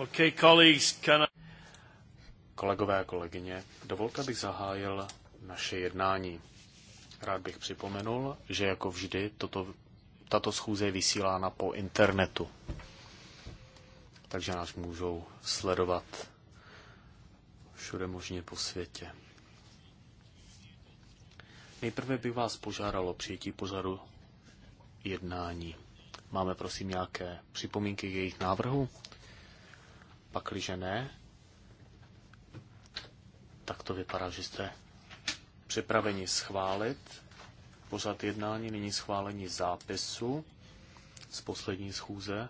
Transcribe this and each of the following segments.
Okay, colleagues, can I... Kolegové a kolegyně, dovolte abych zahájil naše jednání. Rád bych připomenul, že jako vždy toto, tato schůze je vysílána po internetu. Takže nás můžou sledovat všude možně po světě. Nejprve bych vás o přijetí pořadu jednání. Máme prosím nějaké připomínky k jejich návrhu? Pakliže ne, tak to vypadá, že jste připraveni schválit pořad jednání, nyní schválení zápisu z poslední schůze.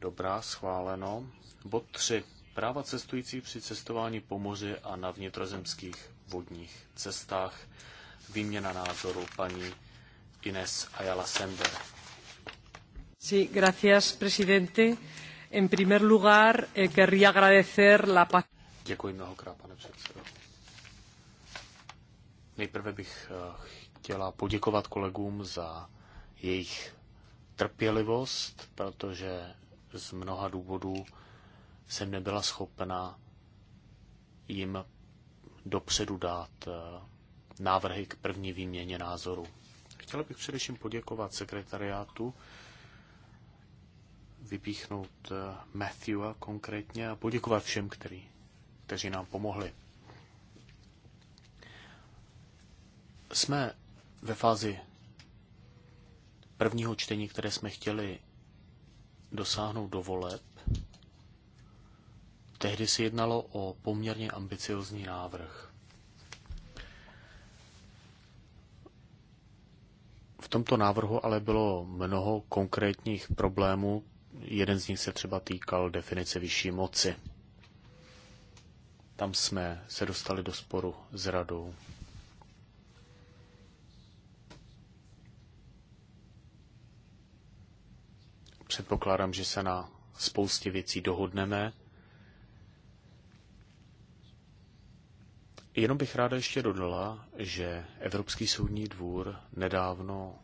Dobrá, schváleno. Bod 3. Práva cestujících při cestování po moři a na vnitrozemských vodních cestách. Výměna názoru paní Ines Ayala Sender presidente. En primer lugar, eh, querría agradecer la... pane předsedo. Nejprve bych eh, chtěla poděkovat kolegům za jejich trpělivost, protože z mnoha důvodů jsem nebyla schopna jim dopředu dát eh, návrhy k první výměně názoru. Chtěla bych především poděkovat sekretariátu vypíchnout eh, Matthewa konkrétně a poděkovat všem, který, kteří nám pomohli. Jsme ve fázi prvního čtení, které jsme chtěli dosáhnout do voleb. Tehdy se jednalo o poměrně ambiciozní návrh. V tomto návrhu ale bylo mnoho konkrétních problémů, Jeden z nich se třeba týkal definice vyšší moci. Tam jsme se dostali do sporu s radou. Předpokládám, že se na spoustě věcí dohodneme. Jenom bych ráda ještě dodala, že Evropský soudní dvůr nedávno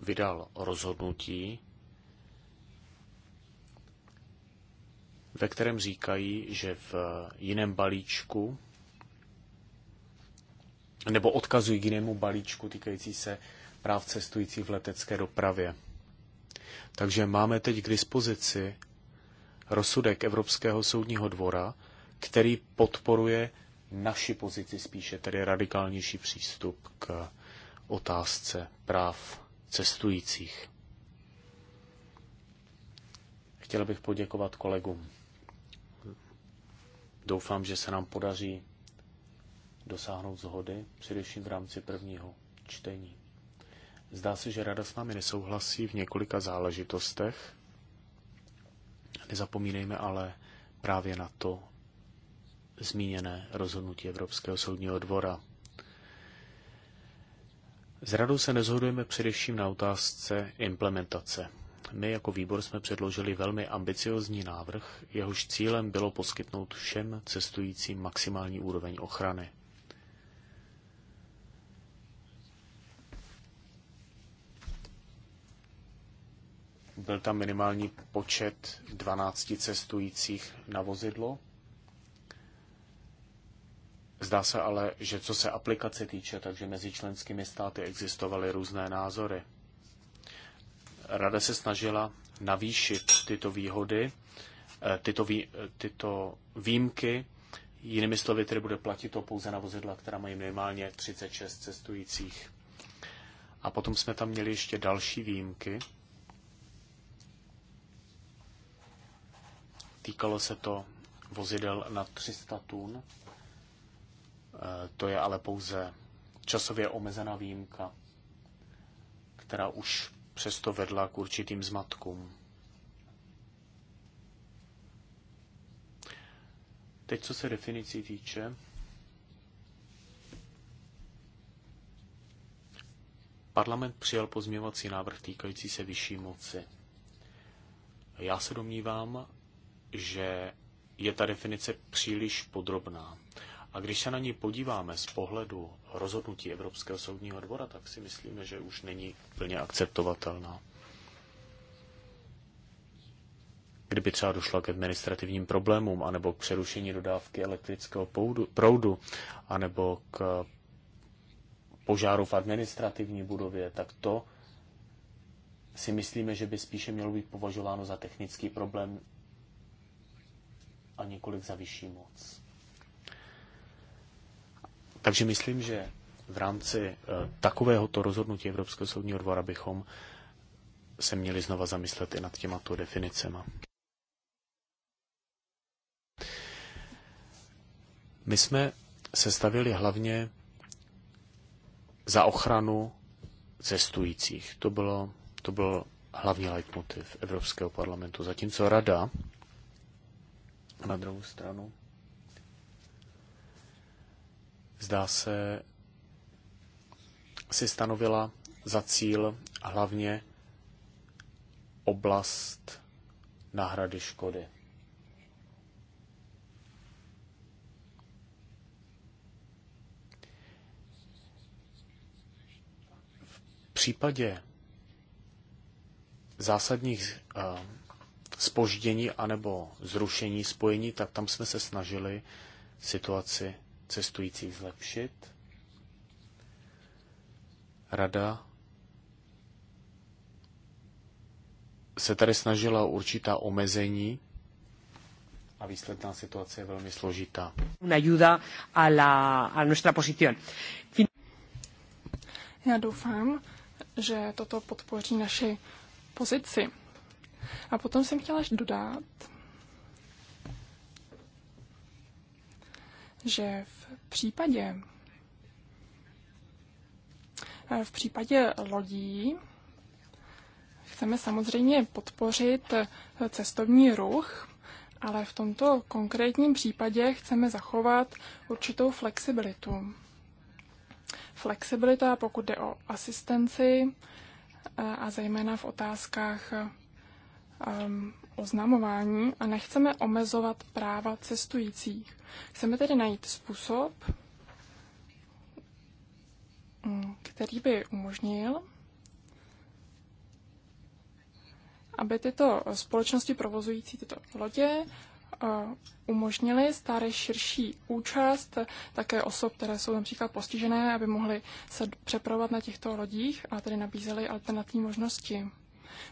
vydal rozhodnutí, ve kterém říkají, že v jiném balíčku nebo odkazují k jinému balíčku týkající se práv cestujících v letecké dopravě. Takže máme teď k dispozici rozsudek Evropského soudního dvora, který podporuje naši pozici spíše, tedy radikálnější přístup k otázce práv cestujících. Chtěl bych poděkovat kolegům. Doufám, že se nám podaří dosáhnout zhody, především v rámci prvního čtení. Zdá se, že Rada s námi nesouhlasí v několika záležitostech. Nezapomínejme ale právě na to zmíněné rozhodnutí Evropského soudního dvora. S Radou se nezhodujeme především na otázce implementace my jako výbor jsme předložili velmi ambiciozní návrh, jehož cílem bylo poskytnout všem cestujícím maximální úroveň ochrany. Byl tam minimální počet 12 cestujících na vozidlo. Zdá se ale, že co se aplikace týče, takže mezi členskými státy existovaly různé názory. Rada se snažila navýšit tyto výhody, eh, tyto, vý, eh, tyto výjimky. Jinými slovy, tedy bude platit to pouze na vozidla, která mají minimálně 36 cestujících. A potom jsme tam měli ještě další výjimky. Týkalo se to vozidel na 300 tun. Eh, to je ale pouze časově omezená výjimka, která už přesto vedla k určitým zmatkům. Teď, co se definicí týče, parlament přijal pozměvací návrh týkající se vyšší moci. Já se domnívám, že je ta definice příliš podrobná. A když se na ní podíváme z pohledu rozhodnutí Evropského soudního dvora, tak si myslíme, že už není plně akceptovatelná. Kdyby třeba došlo k administrativním problémům, anebo k přerušení dodávky elektrického proudu, anebo k požáru v administrativní budově, tak to si myslíme, že by spíše mělo být považováno za technický problém a nikoliv za vyšší moc. Takže myslím, že v rámci eh, takovéhoto rozhodnutí Evropského soudního dvora bychom se měli znova zamyslet i nad těmato definicema. My jsme se stavili hlavně za ochranu cestujících. To, bylo, to byl hlavní leitmotiv Evropského parlamentu. Zatímco rada na druhou stranu zdá se, si stanovila za cíl hlavně oblast náhrady škody. V případě zásadních spoždění eh, anebo zrušení spojení, tak tam jsme se snažili situaci cestujících zlepšit. Rada se tady snažila určitá omezení a výsledná situace je velmi složitá. Una ayuda a, la, a nuestra posición. Fin... Já doufám, že toto podpoří naši pozici. A potom jsem chtěla dodat, že v případě eh, v případě lodí chceme samozřejmě podpořit eh, cestovní ruch, ale v tomto konkrétním případě chceme zachovat určitou flexibilitu. Flexibilita, pokud jde o asistenci eh, a zejména v otázkách oznamování a nechceme omezovat práva cestujících. Chceme tedy najít způsob, mm, který by umožnil, aby tyto společnosti provozující tyto lodě eh, umožnili staré širší účast také osob, které jsou například postižené, aby mohly se přepravovat na těchto lodích a tedy nabízely alternativní možnosti.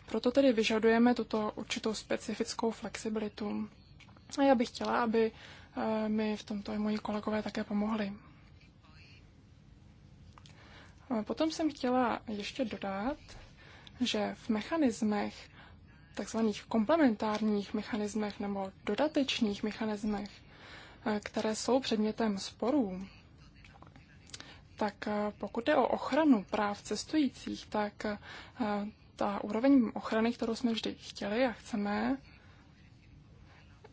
Proto tedy vyžadujeme tuto určitou specifickou flexibilitu. A já bych chtěla, aby eh, mi v tomto i moji kolegové také pomohli. Potom jsem chtěla ještě dodat, že v mechanismech, takzvaných komplementárních mechanismech nebo dodatečných mechanismech, eh, které jsou předmětem sporů, tak eh, pokud je o ochranu práv cestujících, tak ta úroveň ochrany, kterou jsme vždy chtěli a chceme,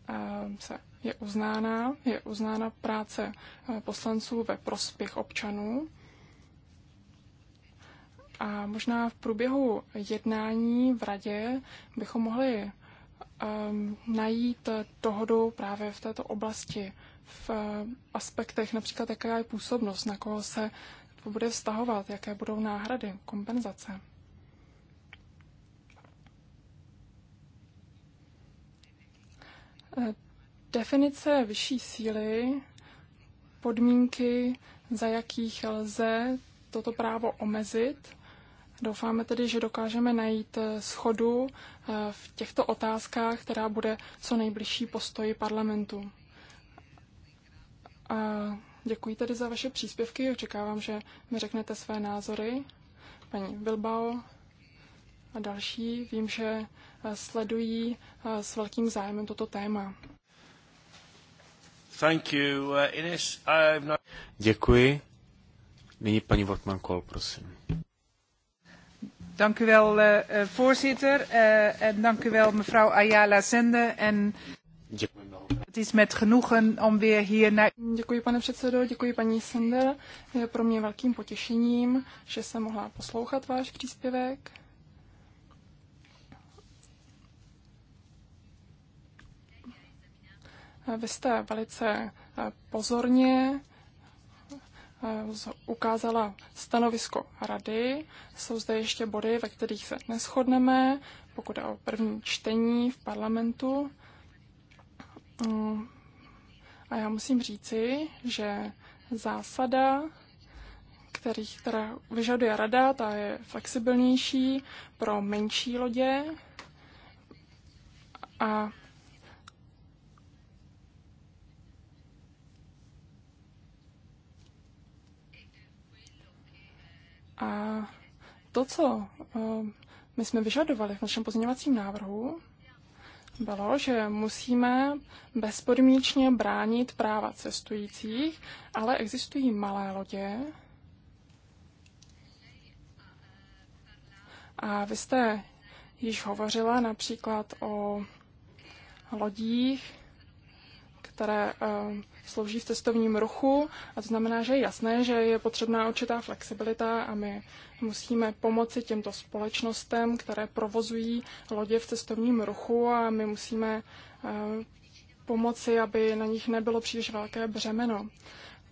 eh, se je uznána, je uznána práce eh, poslanců ve prospěch občanů. A možná v průběhu jednání v radě bychom mohli um, najít dohodu právě v této oblasti, v uh, aspektech například, jaká je působnost, na koho se to bude vztahovat, jaké budou náhrady, kompenzace. Definice vyšší síly, podmínky, za jakých lze toto právo omezit. Doufáme tedy, že dokážeme najít eh, schodu eh, v těchto otázkách, která bude co nejbližší postoji parlamentu. A děkuji tedy za vaše příspěvky, očekávám, že mi řeknete své názory. Paní Bilbao, a další. Vím, že eh, sledují eh, s velkým zájmem toto téma. Thank you, uh, Ines. not... Děkuji. Nyní paní Wortmann Kohl, prosím. Dank u wel, uh, voorzitter. Uh, en dank u wel, mevrouw Ayala Sende. En Děkuji mnohokrát. met genoegen om weer hier naar... Děkuji, pane předsedo, děkuji, paní Sender. Je pro mě velkým potěšením, že jsem mohla poslouchat váš příspěvek. Vy jste velice eh, pozorně eh, ukázala stanovisko rady. Jsou zde ještě body, ve kterých se neschodneme, pokud je o první čtení v parlamentu. Mm, a já musím říci, že zásada, který, která vyžaduje rada, ta je flexibilnější pro menší lodě a A to, co eh, my jsme vyžadovali v našem pozměňovacím návrhu, bylo, že musíme bezpodmínečně bránit práva cestujících, ale existují malé lodě. A vy jste již hovořila například o lodích, které eh, slouží v cestovním ruchu. A to znamená, že je jasné, že je potřebná určitá flexibilita a my musíme pomoci těmto společnostem, které provozují lodě v cestovním ruchu a my musíme eh, pomoci, aby na nich nebylo příliš velké břemeno.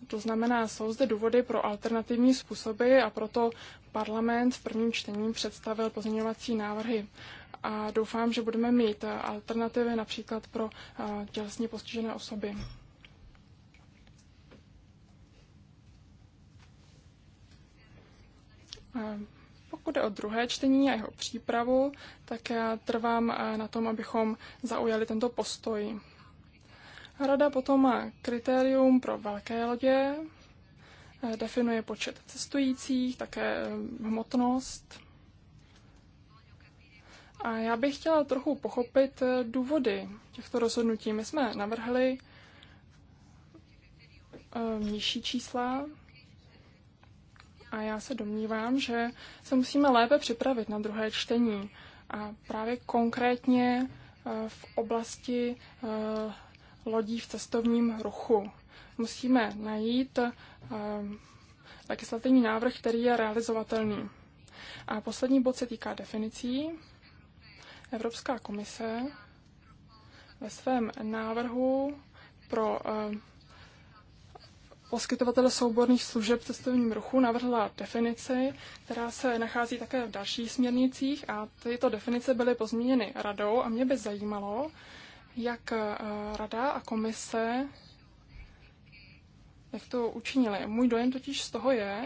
To znamená, jsou zde důvody pro alternativní způsoby a proto parlament v prvním čtení představil pozměňovací návrhy a doufám, že budeme mít eh, alternativy například pro eh, tělesně postižené osoby. Ehm, pokud jde o druhé čtení a jeho přípravu, tak já trvám eh, na tom, abychom zaujali tento postoj. Rada potom má kritérium pro velké lodě, definuje počet cestujících, také hmotnost a já bych chtěla trochu pochopit eh, důvody těchto rozhodnutí. My jsme navrhli eh, nižší čísla a já se domnívám, že se musíme lépe připravit na druhé čtení. A právě konkrétně eh, v oblasti lodí v cestovním ruchu. Musíme najít legislativní návrh, který je realizovatelný. A poslední bod se týká definicí. Evropská komise ve svém návrhu pro eh, poskytovatele souborných služeb v cestovním ruchu navrhla definici, která se nachází také v dalších směrnicích a tyto definice byly pozměněny radou a mě by zajímalo, jak eh, rada a komise jak to učinili. Můj dojem totiž z toho je,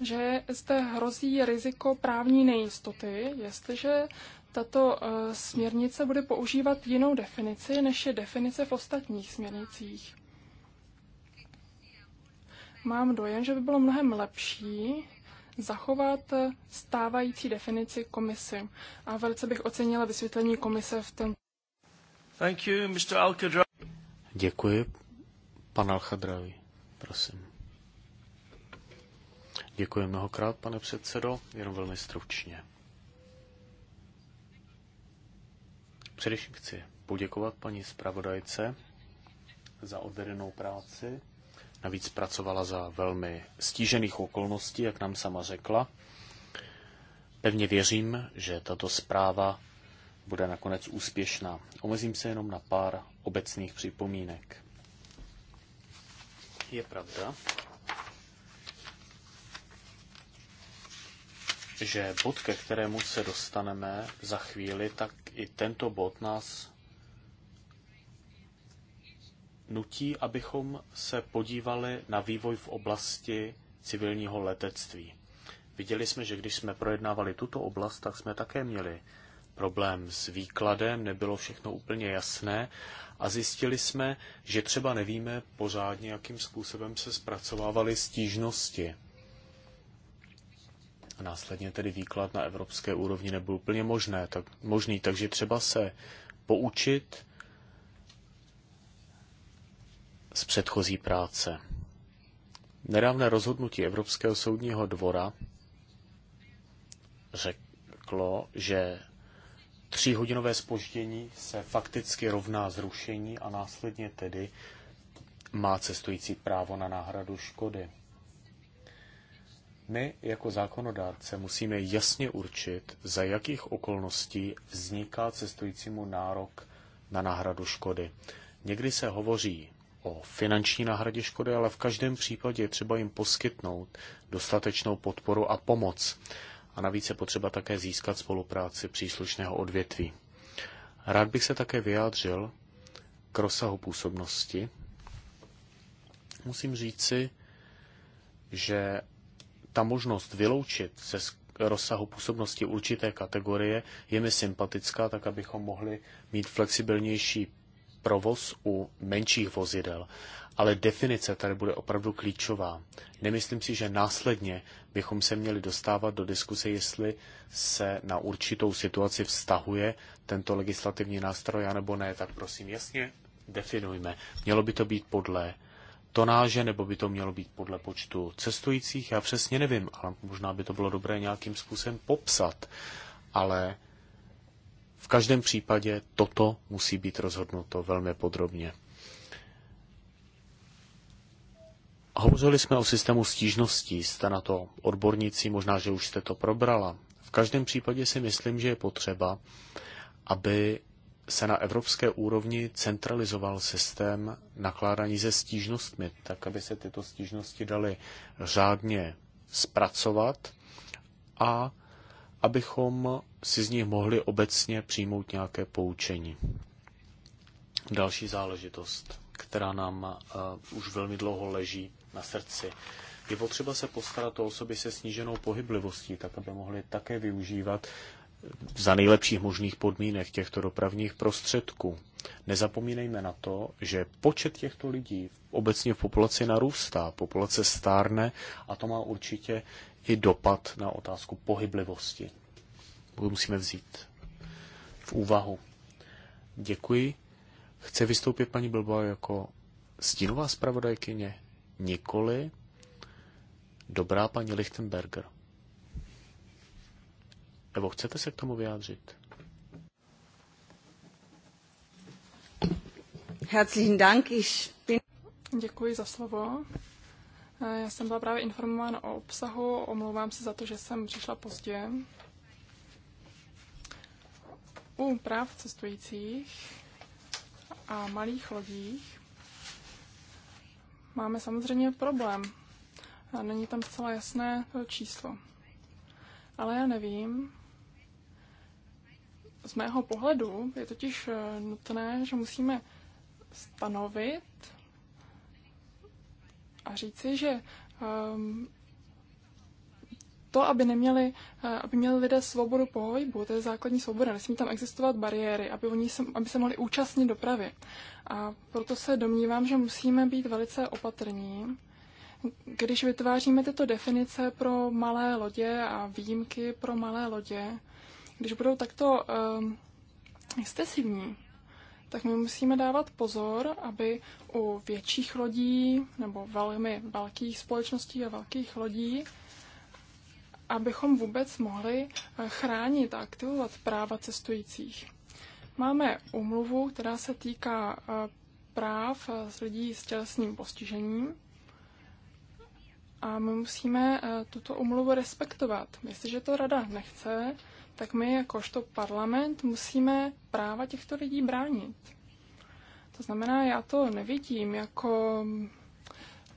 že zde hrozí riziko právní nejistoty, jestliže tato eh, směrnice bude používat jinou definici, než je definice v ostatních směrnicích. Mám dojem, že by bylo mnohem lepší zachovat eh, stávající definici komisy. A velice bych ocenila vysvětlení komise v tom. Thank you, Mr. Děkuji, pan Alchadravi, prosím. Děkuji mnohokrát, pane předsedo, jenom velmi stručně. Především chci poděkovat paní zpravodajce za odvedenou práci. Navíc pracovala za velmi stížených okolností, jak nám sama řekla. Pevně věřím, že tato zpráva bude nakonec úspěšná. Omezím se jenom na pár obecných připomínek. Je pravda, že bod, ke kterému se dostaneme za chvíli, tak i tento bod nás nutí, abychom se podívali na vývoj v oblasti civilního letectví. Viděli jsme, že když jsme projednávali tuto oblast, tak jsme také měli problém s výkladem, nebylo všechno úplně jasné a zjistili jsme, že třeba nevíme pořádně, jakým způsobem se zpracovávaly stížnosti a následně tedy výklad na evropské úrovni nebyl úplně možné, tak, možný, takže třeba se poučit z předchozí práce. Nedávné rozhodnutí Evropského soudního dvora řeklo, že tříhodinové spoždění se fakticky rovná zrušení a následně tedy má cestující právo na náhradu škody. My jako zákonodárce musíme jasně určit, za jakých okolností vzniká cestujícímu nárok na náhradu škody. Někdy se hovoří o finanční náhradě škody, ale v každém případě je třeba jim poskytnout dostatečnou podporu a pomoc. A navíc je potřeba také získat spolupráci příslušného odvětví. Rád bych se také vyjádřil k rozsahu působnosti. Musím říci, že ta možnost vyloučit ze rozsahu působnosti určité kategorie je mi sympatická, tak abychom mohli mít flexibilnější provoz u menších vozidel. Ale definice tady bude opravdu klíčová. Nemyslím si, že následně bychom se měli dostávat do diskuse, jestli se na určitou situaci vztahuje tento legislativní nástroj, anebo ne. Tak prosím, jasně definujme. Mělo by to být podle tonáže, nebo by to mělo být podle počtu cestujících, já přesně nevím, ale možná by to bylo dobré nějakým způsobem popsat. Ale v každém případě toto musí být rozhodnuto velmi podrobně. Hovořili jsme o systému stížností, jste na to odborníci, možná, že už jste to probrala. V každém případě si myslím, že je potřeba, aby se na evropské úrovni centralizoval systém nakládání se stížnostmi, tak aby se tyto stížnosti daly řádně zpracovat a abychom si z nich mohli obecně přijmout nějaké poučení. Další záležitost, která nám uh, už velmi dlouho leží na srdci, je potřeba se postarat o osoby se sníženou pohyblivostí, tak aby mohly také využívat za nejlepších možných podmínek těchto dopravních prostředků. Nezapomínejme na to, že počet těchto lidí obecně v populaci narůstá, populace stárne a to má určitě i dopad na otázku pohyblivosti. To musíme vzít v úvahu. Děkuji. Chce vystoupit paní Bilbao jako stínová zpravodajkyně? Nikoli. Dobrá paní Lichtenberger. Nebo chcete se k tomu vyjádřit? Herzlichen Dank. Ich bin... Děkuji za slovo. Eh, já jsem byla právě informována o obsahu, omlouvám se za to, že jsem přišla pozdě. U práv cestujících a malých lodích máme samozřejmě problém. Není tam zcela jasné eh, číslo. Ale já nevím, z mého pohledu je totiž eh, nutné, že musíme stanovit a říci, že um, to, aby neměli, eh, aby měli lidé svobodu pohybu, to je základní svoboda, nesmí tam existovat bariéry, aby, oni se, aby se mohli účastnit dopravy. A proto se domnívám, že musíme být velice opatrní, když vytváříme tyto definice pro malé lodě a výjimky pro malé lodě, když budou takto um, excesivní, tak my musíme dávat pozor, aby u větších lodí nebo velmi velkých společností a velkých lodí, abychom vůbec mohli eh, chránit a aktivovat práva cestujících. Máme umluvu, která se týká eh, práv s eh, lidí s tělesným postižením. A my musíme tuto umluvu respektovat. Jestliže to rada nechce, tak my jakožto parlament musíme práva těchto lidí bránit. To znamená, já to nevidím jako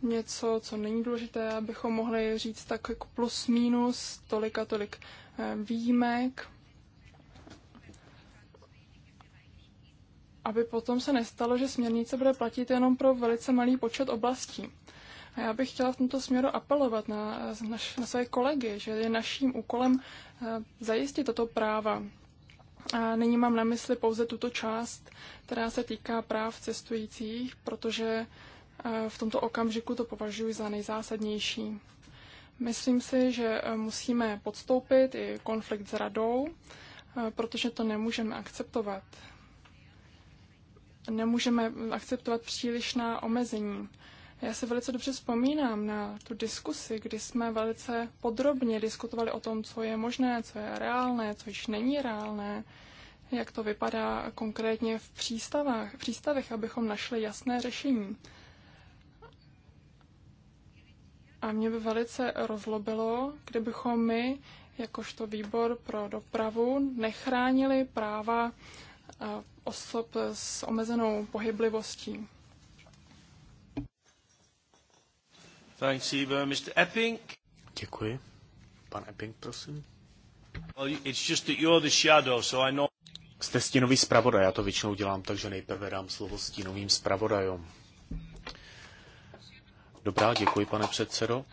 něco, co není důležité, abychom mohli říct tak jako plus minus tolik a tolik eh, výjimek, aby potom se nestalo, že směrnice bude platit jenom pro velice malý počet oblastí. A já bych chtěla v tomto směru apelovat na, na, na své kolegy, že je naším úkolem eh, zajistit toto práva. A nyní mám na mysli pouze tuto část, která se týká práv cestujících, protože eh, v tomto okamžiku to považuji za nejzásadnější. Myslím si, že eh, musíme podstoupit i konflikt s radou, protože to nemůžeme akceptovat. Nemůžeme akceptovat přílišná omezení. Já se velice dobře vzpomínám na tu diskusi, kdy jsme velice podrobně diskutovali o tom, co je možné, co je reálné, co již není reálné, jak to vypadá konkrétně v přístavách, přístavech, abychom našli jasné řešení. A mě by velice rozlobilo, kdybychom my, jakožto výbor pro dopravu, nechránili práva eh, osob s omezenou pohyblivostí. Thanks, Eva. Mr. Epping. Děkuji. Pan Epping, prosím. Well, it's just that you're the shadow, so I know... Jste stínový zpravodaj, já to většinou dělám, takže nejprve dám slovo stínovým zpravodajům. Dobrá, děkuji, pane předsedo.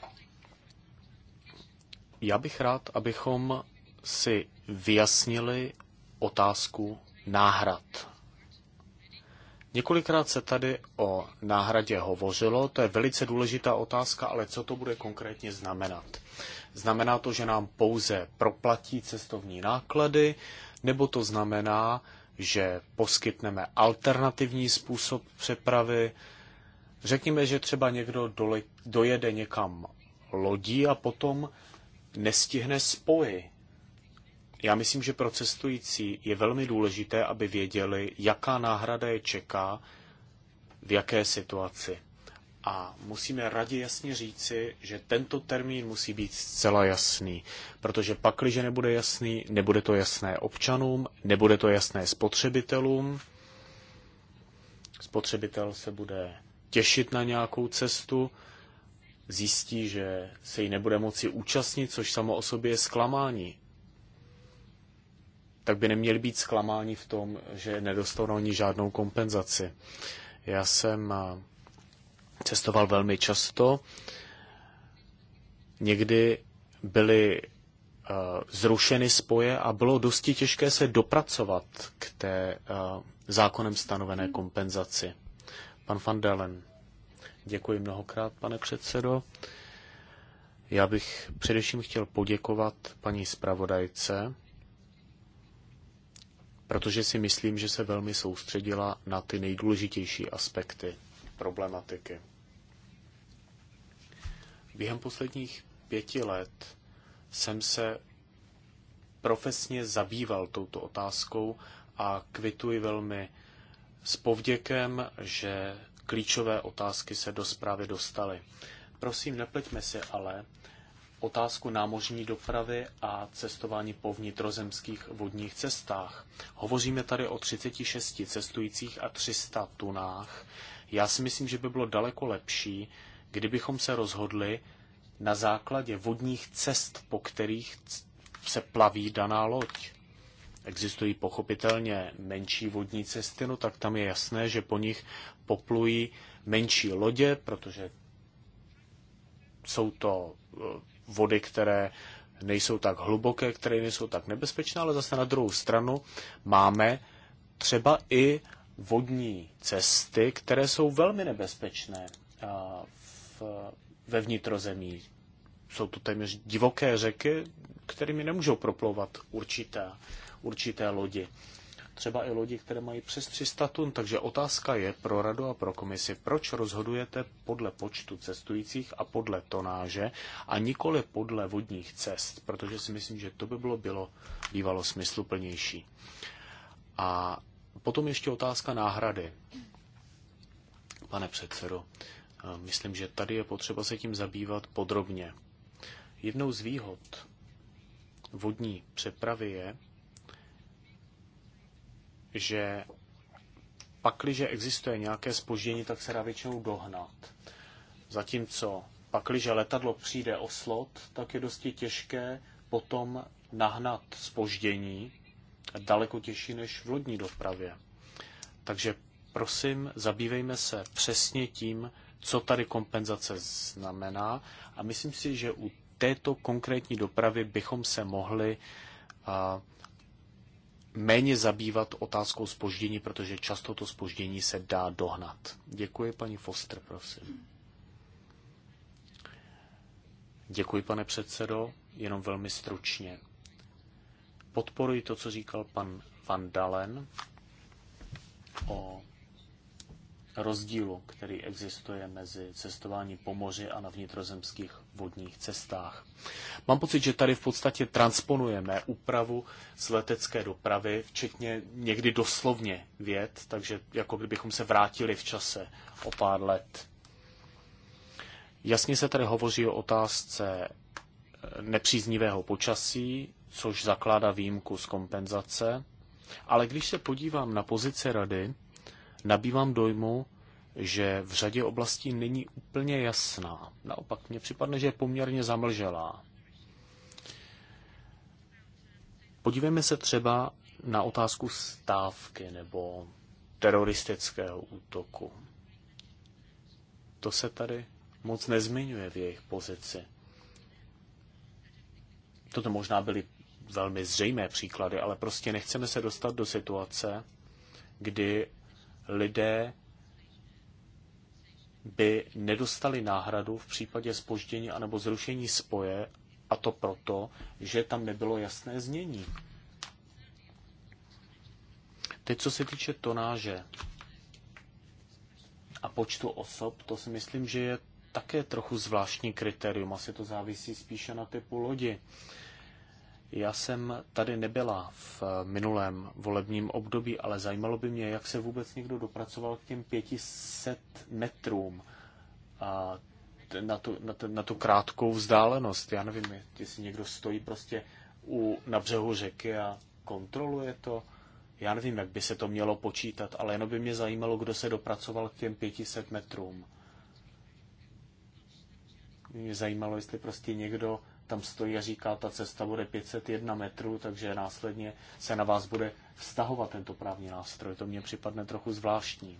Já bych rád, abychom si vyjasnili otázku náhrad Několikrát se tady o náhradě hovořilo, to je velice důležitá otázka, ale co to bude konkrétně znamenat? Znamená to, že nám pouze proplatí cestovní náklady, nebo to znamená, že poskytneme alternativní způsob přepravy? Řekněme, že třeba někdo dojede někam lodí a potom nestihne spoji. Já myslím, že pro cestující je velmi důležité, aby věděli, jaká náhrada je čeká, v jaké situaci. A musíme radě jasně říci, že tento termín musí být zcela jasný, protože pak, když nebude jasný, nebude to jasné občanům, nebude to jasné spotřebitelům. Spotřebitel se bude těšit na nějakou cestu, zjistí, že se jí nebude moci účastnit, což samo o sobě je zklamání tak by neměli být zklamáni v tom, že nedostanou ani žádnou kompenzaci. Já jsem eh, cestoval velmi často. Někdy byly eh, zrušeny spoje a bylo dosti těžké se dopracovat k té eh, zákonem stanovené kompenzaci. Pan van Dalen, děkuji mnohokrát, pane předsedo. Já bych především chtěl poděkovat paní zpravodajce protože si myslím, že se velmi soustředila na ty nejdůležitější aspekty problematiky. Během posledních pěti let jsem se profesně zabýval touto otázkou a kvituji velmi s povděkem, že klíčové otázky se do zprávy dostaly. Prosím, nepleťme se, ale, otázku námořní dopravy a cestování po vnitrozemských vodních cestách. Hovoříme tady o 36 cestujících a 300 tunách. Já si myslím, že by bylo daleko lepší, kdybychom se rozhodli na základě vodních cest, po kterých se plaví daná loď. Existují pochopitelně menší vodní cesty, no tak tam je jasné, že po nich poplují menší lodě, protože jsou to eh, vody, které nejsou tak hluboké, které nejsou tak nebezpečné, ale zase na druhou stranu máme třeba i vodní cesty, které jsou velmi nebezpečné v, ve vnitrozemí. Jsou to téměř divoké řeky, kterými nemůžou proplouvat určité, určité lodi třeba i lodi, které mají přes 300 tun. Takže otázka je pro radu a pro komisi, proč rozhodujete podle počtu cestujících a podle tonáže a nikoli podle vodních cest, protože si myslím, že to by bylo, bylo bývalo smysluplnější. A potom ještě otázka náhrady. Pane předsedo, eh, myslím, že tady je potřeba se tím zabývat podrobně. Jednou z výhod vodní přepravy je, že pakliže existuje nějaké spoždění, tak se dá většinou dohnat. Zatímco pakliže letadlo přijde o slot, tak je dosti těžké potom nahnat spoždění daleko těžší než v lodní dopravě. Takže prosím, zabývejme se přesně tím, co tady kompenzace znamená a myslím si, že u této konkrétní dopravy bychom se mohli méně zabývat otázkou spoždění, protože často to spoždění se dá dohnat. Děkuji, paní Foster, prosím. Děkuji, pane předsedo, jenom velmi stručně. Podporuji to, co říkal pan Van Dalen o rozdílu, který existuje mezi cestování po moři a na vnitrozemských vodních cestách. Mám pocit, že tady v podstatě transponujeme úpravu z letecké dopravy, včetně někdy doslovně věd, takže jako kdybychom se vrátili v čase o pár let. Jasně se tady hovoří o otázce eh, nepříznivého počasí, což zakládá výjimku z kompenzace, ale když se podívám na pozici rady, nabývám dojmu, že v řadě oblastí není úplně jasná. Naopak mně připadne, že je poměrně zamlžela. Podívejme se třeba na otázku stávky nebo teroristického útoku. To se tady moc nezmiňuje v jejich pozici. Toto možná byly velmi zřejmé příklady, ale prostě nechceme se dostat do situace, kdy lidé by nedostali náhradu v případě spoždění anebo zrušení spoje, a to proto, že tam nebylo jasné znění. Teď, co se týče tonáže a počtu osob, to si myslím, že je také trochu zvláštní kritérium. Asi to závisí spíše na typu lodi. Uh, já jsem tady nebyla v minulém volebním období, ale zajímalo by mě, jak se vůbec někdo dopracoval k těm 500 metrům a na, tu, na, tu, na tu krátkou vzdálenost. Já nevím, jestli někdo stojí prostě u, na břehu řeky a kontroluje to. Já nevím, jak by se to mělo počítat, ale jenom by mě zajímalo, kdo se dopracoval k těm 500 metrům. Mě zajímalo, jestli prostě někdo tam stojí a říká, ta cesta bude 501 metrů, takže následně se na vás bude vztahovat tento právní nástroj. To mně připadne trochu zvláštní.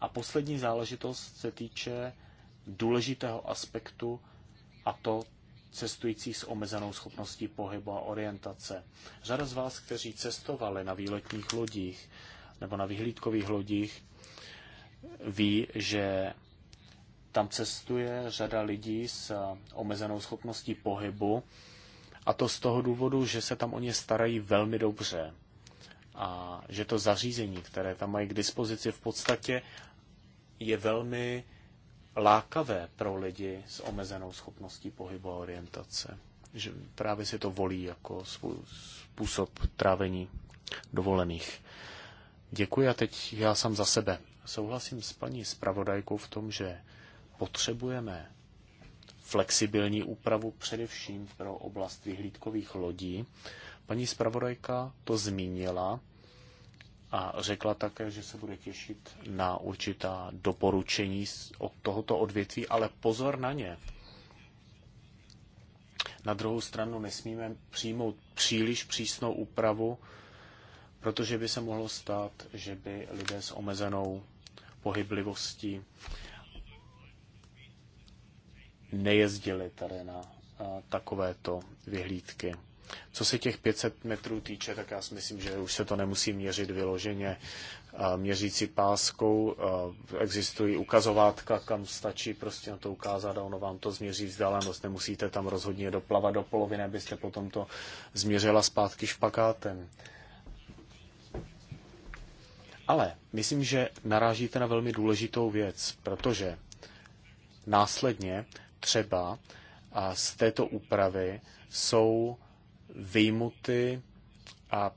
A poslední záležitost se týče důležitého aspektu a to cestující s omezenou schopností pohybu a orientace. Řada z vás, kteří cestovali na výletních lodích nebo na vyhlídkových lodích, ví, že tam cestuje řada lidí s eh, omezenou schopností pohybu a to z toho důvodu, že se tam o ně starají velmi dobře a že to zařízení, které tam mají k dispozici, v podstatě je velmi lákavé pro lidi s omezenou schopností pohybu a orientace. Že právě si to volí jako svůj způsob trávení dovolených. Děkuji a teď já sám za sebe. Souhlasím s paní zpravodajkou v tom, že potřebujeme flexibilní úpravu především pro oblast vyhlídkových lodí. Paní zpravodajka to zmínila a řekla také, že se bude těšit na určitá doporučení od tohoto odvětví, ale pozor na ně. Na druhou stranu nesmíme přijmout příliš přísnou úpravu, protože by se mohlo stát, že by lidé s omezenou pohyblivostí nejezdili tady na takovéto vyhlídky. Co se těch 500 metrů týče, tak já si myslím, že už se to nemusí měřit vyloženě měřící páskou. Existují ukazovátka, kam stačí prostě na to ukázat a ono vám to změří vzdálenost. Nemusíte tam rozhodně doplavat do poloviny, abyste potom to změřila zpátky špakátem. Ale myslím, že narážíte na velmi důležitou věc, protože následně třeba a z této úpravy jsou vyjmuty a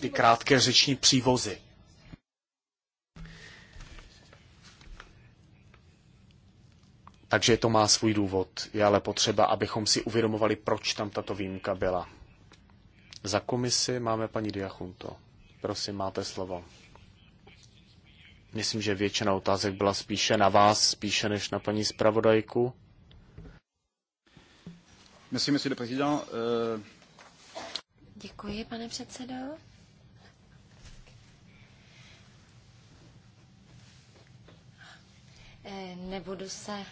ty krátké řeční přívozy. Takže to má svůj důvod. Je ale potřeba, abychom si uvědomovali, proč tam tato výjimka byla. Za komisi máme paní Diachunto. Prosím, máte slovo. Myslím, že většina otázek byla spíše na vás, spíše než na paní zpravodajku. Merci, monsieur le président. Euh, Děkuji, pane předsedo. Eh, nebudu se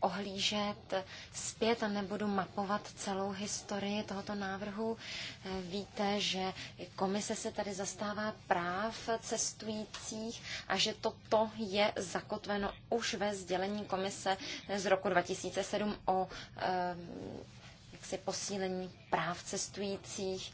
ohlížet zpět a nebudu mapovat celou historii tohoto návrhu. Eh, víte, že komise se tady zastává práv cestujících a že toto je zakotveno už ve sdělení komise z roku 2007 o eh, jaksi, posílení práv cestujících.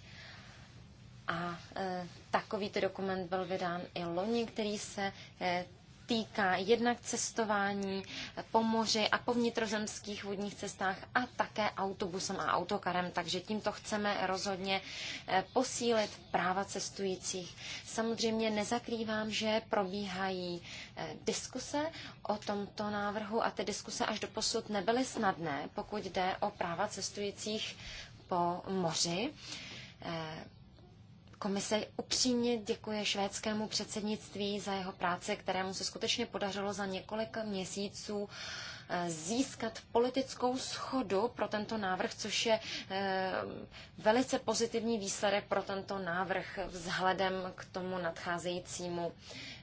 A e, takovýto dokument byl vydán i loni, který se e, týká jednak cestování po moři a po vnitrozemských vodních cestách a také autobusem a autokarem, takže tímto chceme rozhodně eh, posílit práva cestujících. Samozřejmě nezakrývám, že probíhají eh, diskuse o tomto návrhu a ty diskuse až do posud nebyly snadné, pokud jde o práva cestujících po moři eh, Komise upřímně děkuje švédskému předsednictví za jeho práci, kterému se skutečně podařilo za několik měsíců eh, získat politickou schodu pro tento návrh, což je eh, velice pozitivní výsledek pro tento návrh vzhledem k tomu nadcházejícímu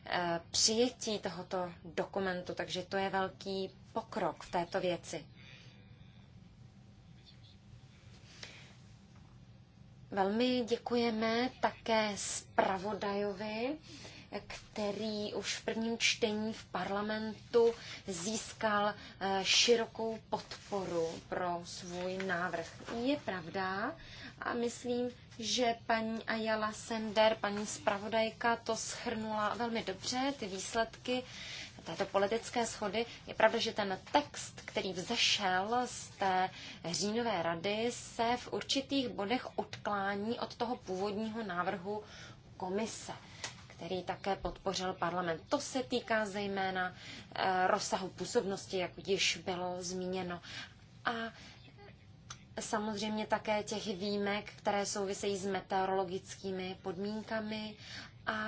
eh, přijetí tohoto dokumentu. Takže to je velký pokrok v této věci. Velmi děkujeme také zpravodajovi, který už v prvním čtení v parlamentu získal eh, širokou podporu pro svůj návrh. Je pravda a myslím, že paní Ayala Sender, paní zpravodajka, to schrnula velmi dobře, ty výsledky této politické schody. Je pravda, že ten text, který vzešel z té říjnové rady, se v určitých bodech odklání od toho původního návrhu komise který také podpořil parlament. To se týká zejména eh, rozsahu působnosti, jak již bylo zmíněno. A samozřejmě také těch výjimek, které souvisejí s meteorologickými podmínkami a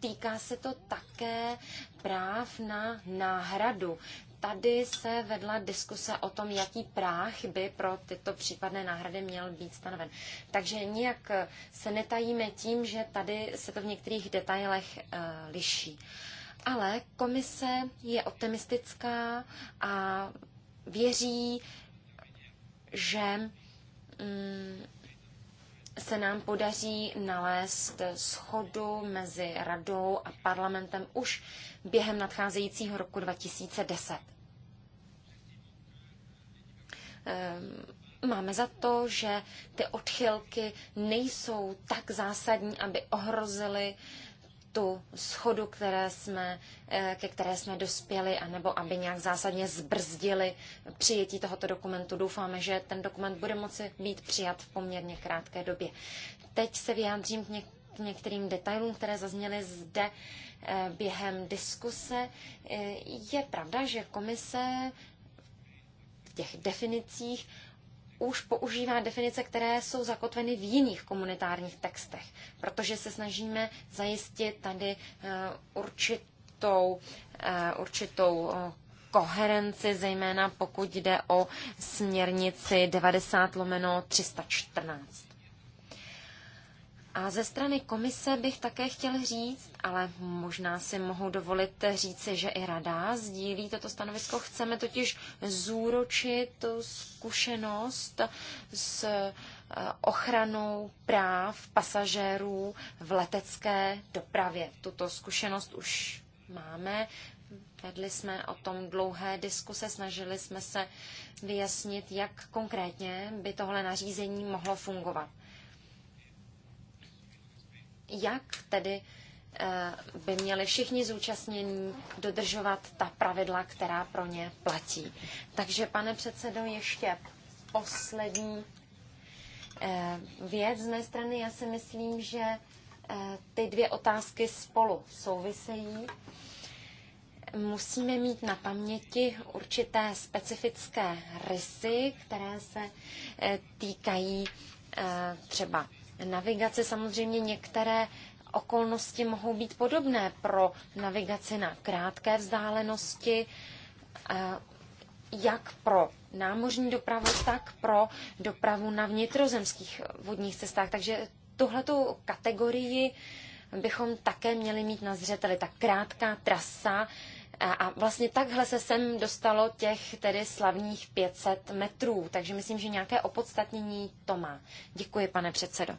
týká se to také práv na náhradu. Tady se vedla diskuse o tom, jaký práh by pro tyto případné náhrady měl být stanoven. Takže nijak se netajíme tím, že tady se to v některých detailech eh, liší. Ale komise je optimistická a věří, že mm, se nám podaří nalézt schodu mezi radou a parlamentem už během nadcházejícího roku 2010. Ehm, máme za to, že ty odchylky nejsou tak zásadní, aby ohrozily tu schodu, které jsme, eh, ke které jsme dospěli, anebo aby nějak zásadně zbrzdili přijetí tohoto dokumentu. Doufáme, že ten dokument bude moci být přijat v poměrně krátké době. Teď se vyjádřím k, něk- k některým detailům, které zazněly zde eh, během diskuse. Eh, je pravda, že komise v těch definicích už používá definice, které jsou zakotveny v jiných komunitárních textech, protože se snažíme zajistit tady eh, určitou, eh, určitou eh, koherenci, zejména pokud jde o směrnici 90 lomeno 314. A ze strany komise bych také chtěl říct, ale možná si mohu dovolit říci, že i rada sdílí toto stanovisko. Chceme totiž zúročit tu zkušenost s eh, ochranou práv pasažérů v letecké dopravě. Tuto zkušenost už máme. Vedli jsme o tom dlouhé diskuse, snažili jsme se vyjasnit, jak konkrétně by tohle nařízení mohlo fungovat jak tedy eh, by měli všichni zúčastnění dodržovat ta pravidla, která pro ně platí. Takže, pane předsedo, ještě poslední eh, věc z mé strany. Já si myslím, že eh, ty dvě otázky spolu souvisejí. Musíme mít na paměti určité specifické rysy, které se týkají třeba Navigace Samozřejmě některé okolnosti mohou být podobné pro navigaci na krátké vzdálenosti, eh, jak pro námořní dopravu, tak pro dopravu na vnitrozemských vodních cestách. Takže tuhletu kategorii bychom také měli mít na zřeteli. Ta krátká trasa a vlastně takhle se sem dostalo těch tedy slavných 500 metrů, takže myslím, že nějaké opodstatnění to má. Děkuji, pane předsedo.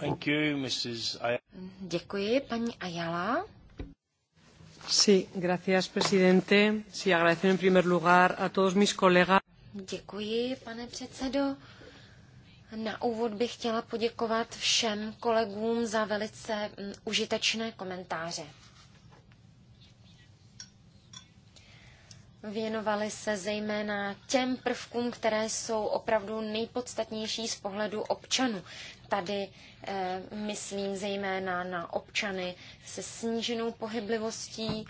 Thank you, Mrs. Děkuji, paní Ayala. Sí, gracias, presidente. Sí, agradecer en primer lugar a todos mis colegas. Děkuji, pane předsedo. Na úvod bych chtěla poděkovat všem kolegům za velice mm, užitečné komentáře. Věnovali se zejména těm prvkům, které jsou opravdu nejpodstatnější z pohledu občanů. Tady e, myslím zejména na občany se sníženou pohyblivostí. E,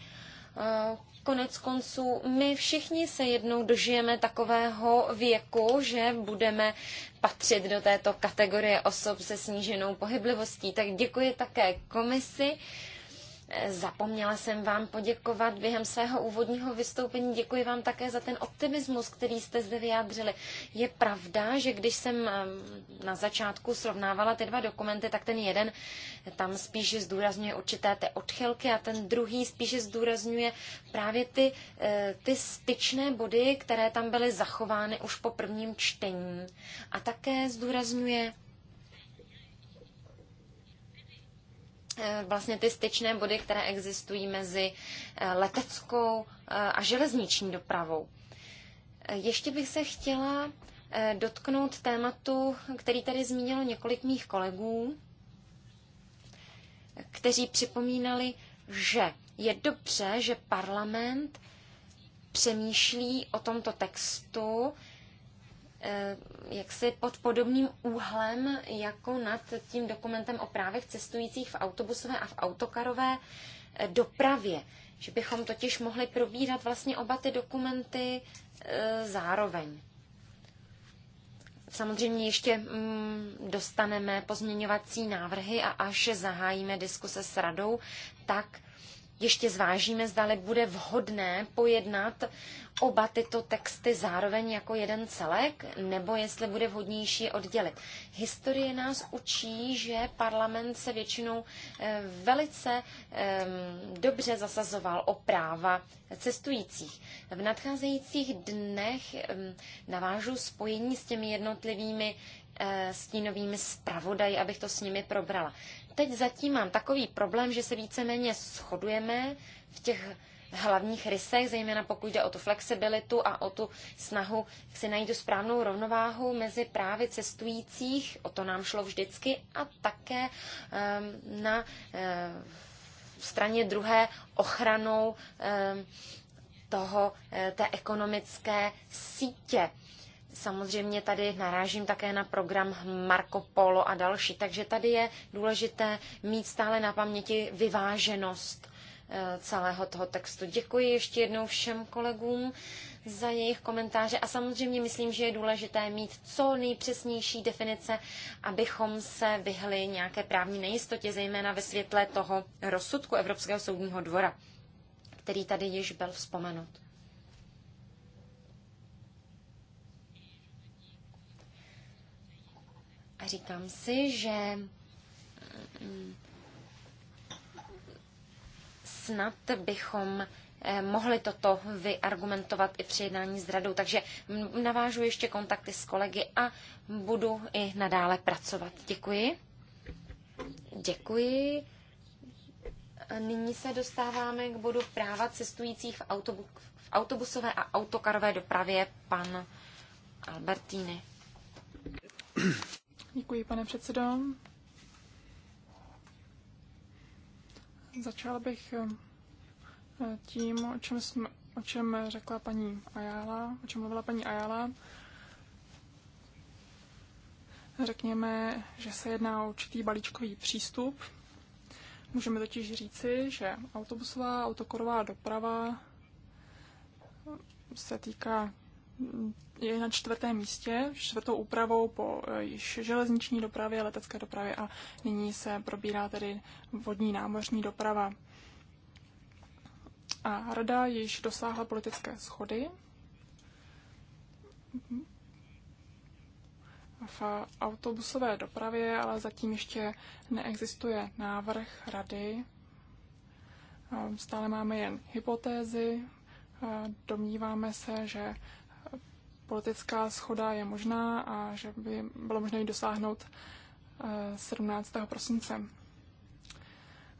konec konců, my všichni se jednou dožijeme takového věku, že budeme patřit do této kategorie osob se sníženou pohyblivostí. Tak děkuji také komisi. Zapomněla jsem vám poděkovat během svého úvodního vystoupení. Děkuji vám také za ten optimismus, který jste zde vyjádřili. Je pravda, že když jsem na začátku srovnávala ty dva dokumenty, tak ten jeden tam spíše zdůrazňuje určité ty odchylky a ten druhý spíše zdůrazňuje právě ty, e, ty styčné body, které tam byly zachovány už po prvním čtení. A také zdůrazňuje Eh, vlastně ty styčné body, které existují mezi eh, leteckou eh, a železniční dopravou. Ještě bych se chtěla dotknout tématu, který tady zmínilo několik mých kolegů, kteří připomínali, že je dobře, že parlament přemýšlí o tomto textu, Eh, jaksi pod podobným úhlem jako nad tím dokumentem o právech cestujících v autobusové a v autokarové eh, dopravě. Že bychom totiž mohli probírat vlastně oba ty dokumenty eh, zároveň. Samozřejmě ještě mm, dostaneme pozměňovací návrhy a až zahájíme diskuse s radou, tak ještě zvážíme, zdali bude vhodné pojednat oba tyto texty zároveň jako jeden celek, nebo jestli bude vhodnější oddělit. Historie nás učí, že parlament se většinou eh, velice ehm, dobře zasazoval o práva cestujících. V nadcházejících dnech ehm, navážu spojení s těmi jednotlivými eh, stínovými zpravodaji, abych to s nimi probrala. Teď zatím mám takový problém, že se víceméně shodujeme v těch hlavních rysech, zejména pokud jde o tu flexibilitu a o tu snahu si najít tu správnou rovnováhu mezi právy cestujících, o to nám šlo vždycky, a také um, na um, straně druhé ochranou um, toho, eh, té ekonomické sítě. Samozřejmě tady narážím také na program Marco Polo a další, takže tady je důležité mít stále na paměti vyváženost eh, celého toho textu. Děkuji ještě jednou všem kolegům za jejich komentáře a samozřejmě myslím, že je důležité mít co nejpřesnější definice, abychom se vyhli nějaké právní nejistotě, zejména ve světle toho rozsudku Evropského soudního dvora, který tady již byl vzpomenut. A říkám si, že mm, snad bychom eh, mohli toto vyargumentovat i při jednání s radou. Takže navážu ještě kontakty s kolegy a budu i nadále pracovat. Děkuji. Děkuji. Nyní se dostáváme k bodu práva cestujících v, autobu- v autobusové a autokarové dopravě pan Albertini. Děkuji, pane předsedo. Začal bych eh, tím, o čem, jsme, o čem řekla paní Ajala, o čem mluvila paní Ajala. Řekněme, že se jedná o určitý balíčkový přístup. Můžeme totiž říci, že autobusová, autokorová doprava se týká je na čtvrtém místě, čtvrtou úpravou po eh, již železniční dopravě, letecké dopravě a nyní se probírá tedy vodní námořní doprava. A rada již dosáhla politické schody. V autobusové dopravě ale zatím ještě neexistuje návrh rady. Eh, stále máme jen hypotézy. Eh, domníváme se, že politická schoda je možná a že by bylo možné ji dosáhnout 17. Eh, prosince.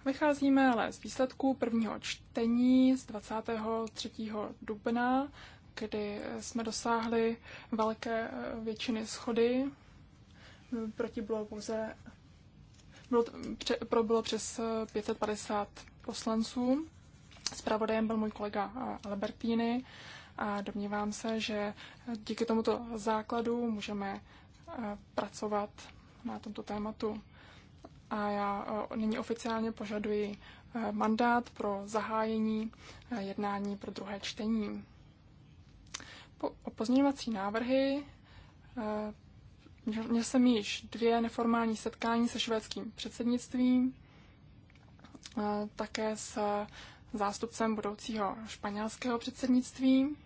Vycházíme ale z výsledků prvního čtení z 23. dubna, kdy jsme dosáhli velké eh, většiny schody. Proti bylo pouze bylo, pře, pro bylo přes 550 eh, poslanců. Spravodajem byl můj kolega Albertini a domnívám se, že díky tomuto základu můžeme eh, pracovat na tomto tématu. A já eh, nyní oficiálně požaduji eh, mandát pro zahájení jednání pro druhé čtení. Po, o pozměňovací návrhy měl jsem již dvě neformální setkání se švédským předsednictvím, také s zástupcem budoucího španělského předsednictví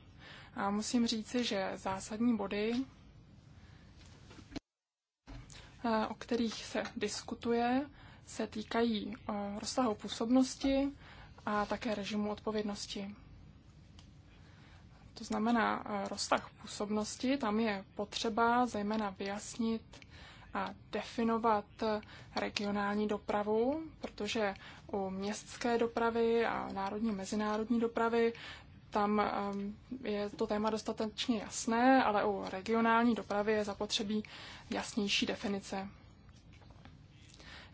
a musím říci, že zásadní body, eh, o kterých se diskutuje, se týkají eh, rozsahu působnosti a také režimu odpovědnosti. To znamená eh, rozsah působnosti, tam je potřeba zejména vyjasnit definovat regionální dopravu, protože u městské dopravy a národní mezinárodní dopravy tam um, je to téma dostatečně jasné, ale u regionální dopravy je zapotřebí jasnější definice.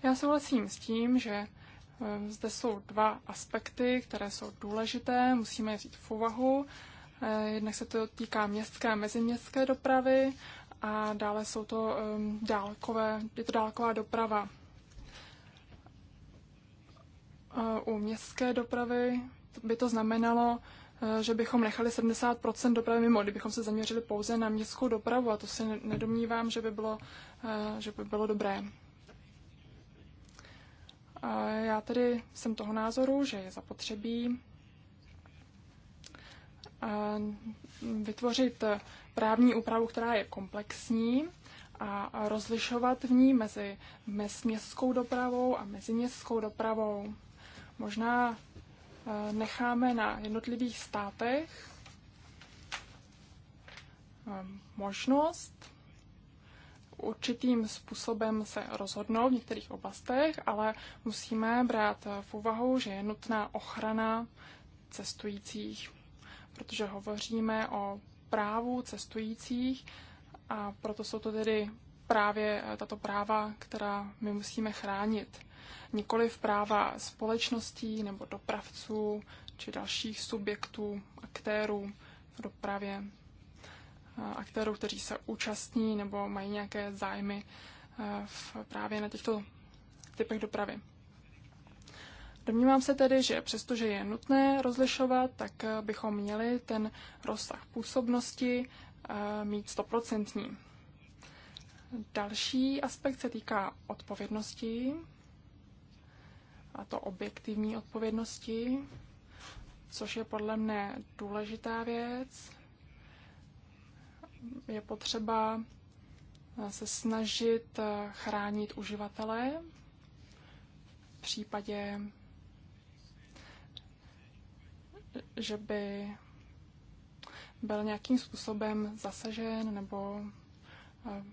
Já souhlasím s tím, že um, zde jsou dva aspekty, které jsou důležité, musíme je vzít v úvahu. Eh, jednak se to týká městské a meziměstské dopravy a dále jsou to um, dálkové, je to dálková doprava. Uh, u městské dopravy by to znamenalo, uh, že bychom nechali 70 dopravy mimo, kdybychom se zaměřili pouze na městskou dopravu a to si nedomnívám, že by bylo, uh, že by bylo dobré. Uh, já tedy jsem toho názoru, že je zapotřebí vytvořit právní úpravu, která je komplexní a rozlišovat v ní mezi městskou dopravou a meziměstskou dopravou. Možná eh, necháme na jednotlivých státech eh, možnost určitým způsobem se rozhodnout v některých oblastech, ale musíme brát eh, v úvahu, že je nutná ochrana cestujících, protože hovoříme o právů cestujících a proto jsou to tedy právě eh, tato práva, která my musíme chránit. Nikoliv práva společností nebo dopravců či dalších subjektů, aktérů v dopravě, eh, aktérů, kteří se účastní nebo mají nějaké zájmy eh, v, právě na těchto typech dopravy. Domnívám se tedy, že přestože je nutné rozlišovat, tak eh, bychom měli ten rozsah působnosti eh, mít stoprocentní. Další aspekt se týká odpovědnosti, a to objektivní odpovědnosti, což je podle mne důležitá věc. Je potřeba eh, se snažit chránit uživatele v případě že by byl nějakým způsobem zasažen nebo eh,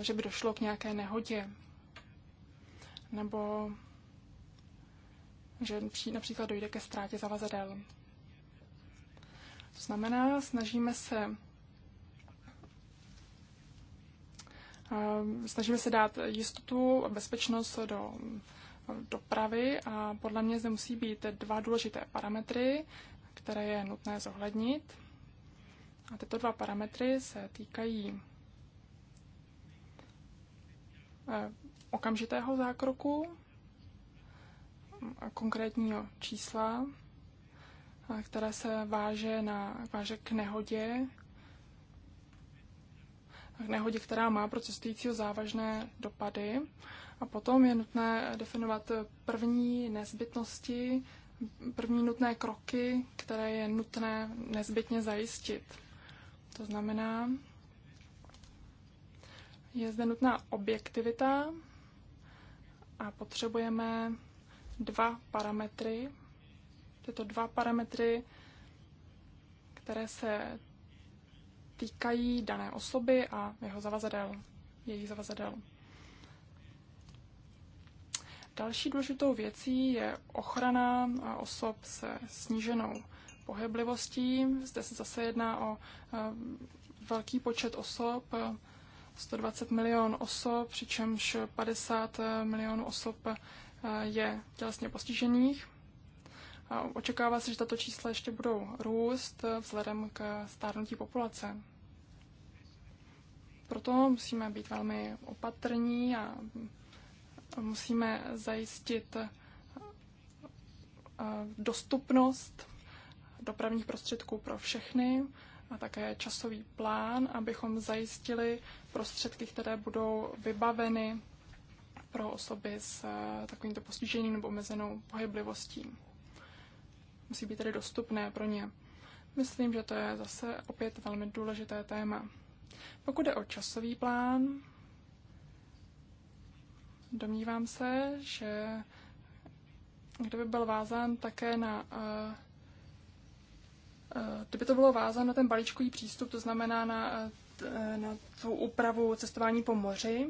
že by došlo k nějaké nehodě. Nebo že například dojde ke ztrátě zavazadel. To znamená, snažíme se eh, snažíme se dát jistotu a bezpečnost do dopravy a podle mě zde musí být dva důležité parametry, které je nutné zohlednit. A tyto dva parametry se týkají eh, okamžitého zákroku, konkrétního čísla, eh, které se váže, na, váže k nehodě, k nehodě, která má pro cestujícího závažné dopady. A potom je nutné definovat první nezbytnosti, první nutné kroky, které je nutné nezbytně zajistit. To znamená, je zde nutná objektivita a potřebujeme dva parametry. Tyto dva parametry, které se týkají dané osoby a jeho zavazadel, jejich zavazadel. Další důležitou věcí je ochrana osob se sníženou pohyblivostí. Zde se zase jedná o eh, velký počet osob, eh, 120 milion osob, přičemž 50 eh, milionů osob je tělesně postižených. očekává se, že tato čísla ještě budou růst vzhledem k stárnutí populace. Proto musíme být velmi opatrní a musíme zajistit eh, dostupnost dopravních prostředků pro všechny a také časový plán, abychom zajistili prostředky, které budou vybaveny pro osoby s eh, takovýmto postižením nebo omezenou pohyblivostí. Musí být tedy dostupné pro ně. Myslím, že to je zase opět velmi důležité téma. Pokud je o časový plán, Domnívám se, že kdyby byl vázán také na. Eh, eh, kdyby to bylo vázáno na ten balíčkový přístup, to znamená na, eh, na tu úpravu cestování po moři,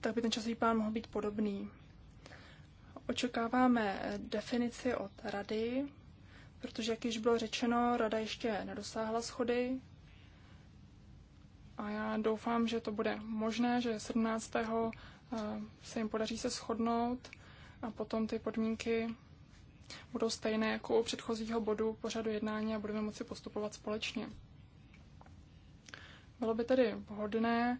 tak by ten časový plán mohl být podobný. Očekáváme definici od rady, protože, jak již bylo řečeno, rada ještě nedosáhla schody a já doufám, že to bude možné, že 17. Eh, se jim podaří se shodnout a potom ty podmínky budou stejné jako u předchozího bodu pořadu jednání a budeme moci postupovat společně. Bylo by tedy vhodné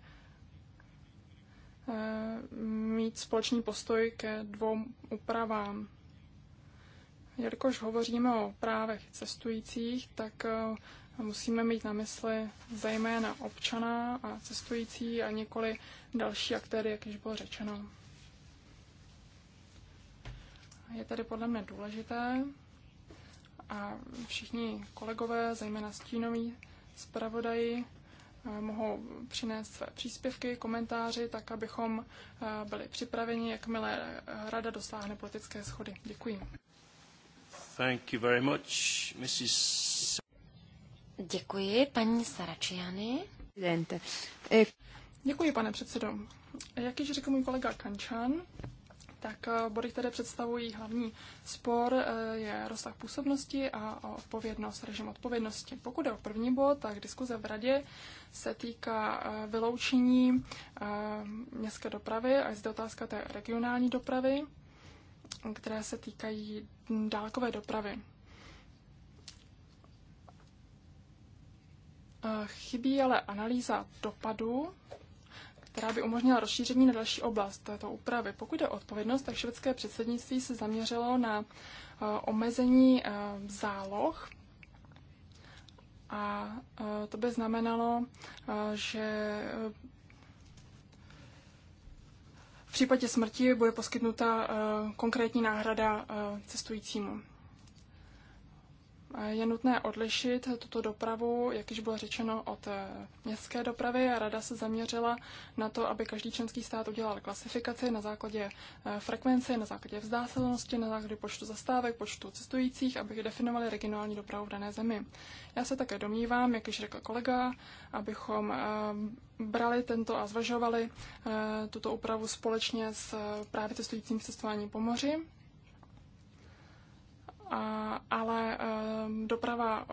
eh, mít společný postoj ke dvou úpravám. Jelikož hovoříme o právech cestujících, tak eh, musíme mít na mysli zejména občana a cestující a nikoli další aktéry, jak již bylo řečeno. Je tedy podle mě důležité a všichni kolegové, zejména stínoví zpravodaji, eh, mohou přinést své příspěvky, komentáři, tak abychom eh, byli připraveni, jakmile eh, rada dosáhne politické schody. Děkuji. Thank you very much, Mrs. Děkuji, paní Saračiany. E, Děkuji, pane předsedo. Jak již řekl můj kolega Kančan, tak e, body, které představují hlavní spor, e, je rozsah působnosti a odpovědnost, režim odpovědnosti. Pokud je o první bod, tak diskuze v radě se týká vyloučení městské dopravy a je zde otázka té regionální dopravy, které se týkají dálkové dopravy. Chybí ale analýza dopadu, která by umožnila rozšíření na další oblast této úpravy. Pokud je o odpovědnost, tak švédské předsednictví se zaměřilo na eh, omezení eh, záloh a eh, to by znamenalo, že v případě smrti bude poskytnuta konkrétní náhrada cestujícímu. Je nutné odlišit tuto dopravu, jak již bylo řečeno, od eh, městské dopravy. Rada se zaměřila na to, aby každý členský stát udělal klasifikaci na základě eh, frekvence, na základě vzdálenosti, na základě počtu zastávek, počtu cestujících, aby definovali regionální dopravu v dané zemi. Já se také domnívám, jak již řekl kolega, abychom eh, brali tento a zvažovali tuto úpravu společně s právě cestujícím cestováním po moři ale ehm, doprava,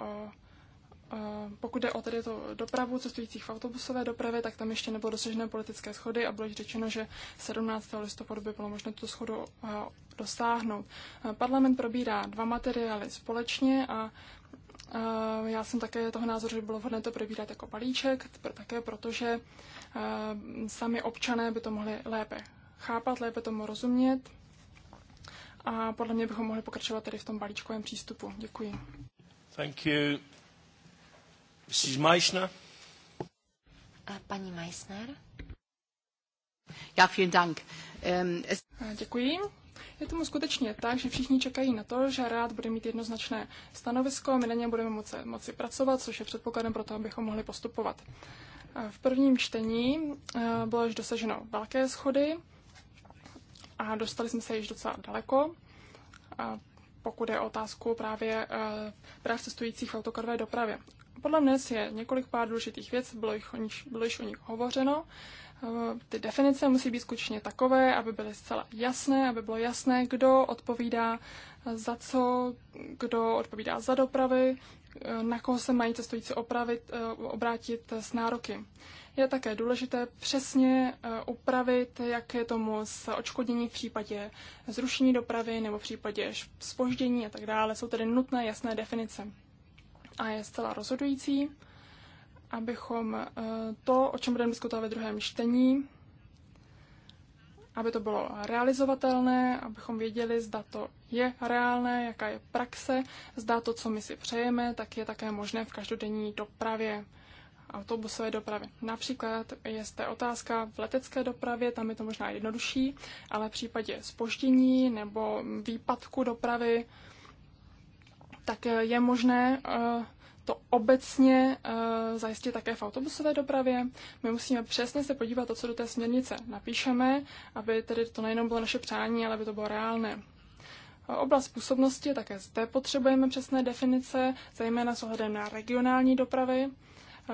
pokud jde o tedy to dopravu cestujících v autobusové dopravě, tak tam ještě nebylo dosažené politické schody a bylo řečeno, že 17. listopadu by bylo možné tu schodu e, dosáhnout. E, parlament probírá dva materiály společně a e, já jsem také toho názoru, že bylo vhodné to probírat jako balíček, také protože sami občané by to mohli lépe chápat, lépe tomu rozumět a podle mě bychom mohli pokračovat tady v tom balíčkovém přístupu. Děkuji. Thank you. Mrs. Meissner. A paní Meissner. Ja, vielen Dank. Um, es... Děkuji. Je tomu skutečně tak, že všichni čekají na to, že rád bude mít jednoznačné stanovisko, my na něm budeme moci, moci pracovat, což je předpokladem pro to, abychom mohli postupovat. V prvním čtení eh, bylo již dosaženo velké schody a dostali jsme se již docela daleko. A pokud je otázku právě eh, práv cestujících v autokarové dopravě. Podle mě je několik pár důležitých věcí, bylo, jich o nich, bylo již o nich hovořeno. Eh, ty definice musí být skutečně takové, aby byly zcela jasné, aby bylo jasné, kdo odpovídá za co, kdo odpovídá za dopravy, eh, na koho se mají cestující opravit, obrátit s nároky je také důležité přesně eh, upravit, jak je tomu s očkodnění v případě zrušení dopravy nebo v případě spoždění a tak dále. Jsou tedy nutné jasné definice. A je zcela rozhodující, abychom eh, to, o čem budeme diskutovat ve druhém čtení, aby to bylo realizovatelné, abychom věděli, zda to je reálné, jaká je praxe, zda to, co my si přejeme, tak je také možné v každodenní dopravě autobusové dopravy. Například je zde otázka v letecké dopravě, tam je to možná jednodušší, ale v případě spoždění nebo výpadku dopravy, tak eh, je možné eh, to obecně eh, zajistit také v autobusové dopravě. My musíme přesně se podívat to, co do té směrnice napíšeme, aby tedy to nejenom bylo naše přání, ale aby to bylo reálné. Oblast působnosti také zde potřebujeme přesné definice, zejména s ohledem na regionální dopravy.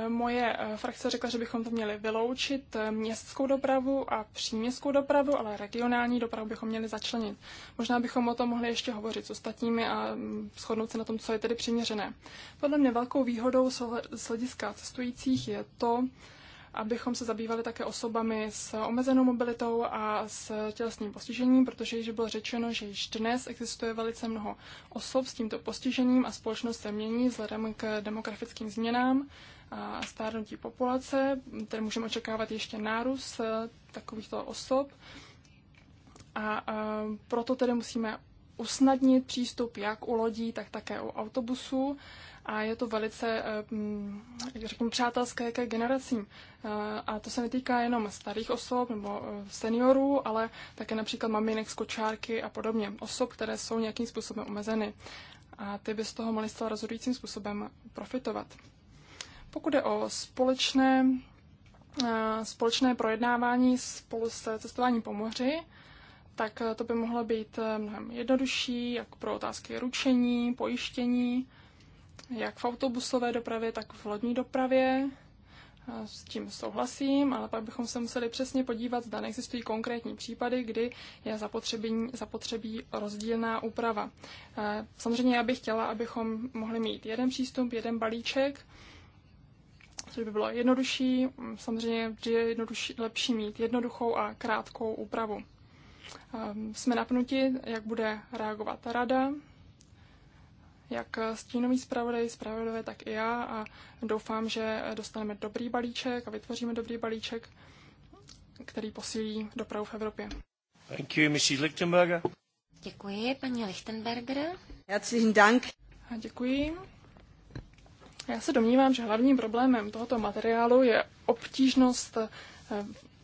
Moje eh, frakce řekla, že bychom to měli vyloučit eh, městskou dopravu a příměstskou dopravu, ale regionální dopravu bychom měli začlenit. Možná bychom o tom mohli ještě hovořit s ostatními a mm, shodnout se na tom, co je tedy přiměřené. Podle mě velkou výhodou z hlediska cestujících je to, abychom se zabývali také osobami s omezenou mobilitou a s tělesným postižením, protože již bylo řečeno, že již dnes existuje velice mnoho osob s tímto postižením a společnost se mění vzhledem k demografickým změnám stárnutí populace, tedy můžeme očekávat ještě nárůst eh, takovýchto osob. A eh, proto tedy musíme usnadnit přístup jak u lodí, tak také u autobusů. A je to velice, eh, mm, jak řeknu, přátelské ke generacím. A to se netýká jenom starých osob nebo seniorů, ale také například maminek z kočárky a podobně. Osob, které jsou nějakým způsobem omezeny. A ty by z toho mohly zcela rozhodujícím způsobem profitovat. Pokud je o společné, eh, společné projednávání spolu s cestováním po moři, tak eh, to by mohlo být eh, mnohem jednodušší, jak pro otázky ručení, pojištění, jak v autobusové dopravě, tak v lodní dopravě. S tím souhlasím, ale pak bychom se museli přesně podívat, zda neexistují konkrétní případy, kdy je zapotřebí, zapotřebí rozdílná úprava. Samozřejmě já bych chtěla, abychom mohli mít jeden přístup, jeden balíček, což by bylo jednodušší. Mm, samozřejmě vždy je jednodušší, lepší mít jednoduchou a krátkou úpravu. Ehm, jsme napnuti, jak bude reagovat rada, jak stínový zpravodaj, zpravodajové, tak i já a doufám, že dostaneme dobrý balíček a vytvoříme dobrý balíček, který posílí dopravu v Evropě. Thank you, Mrs. Lichtenberger. Děkuji, paní Lichtenberger. Herzlichen Dank. děkuji. Já se domnívám, že hlavním problémem tohoto materiálu je obtížnost eh,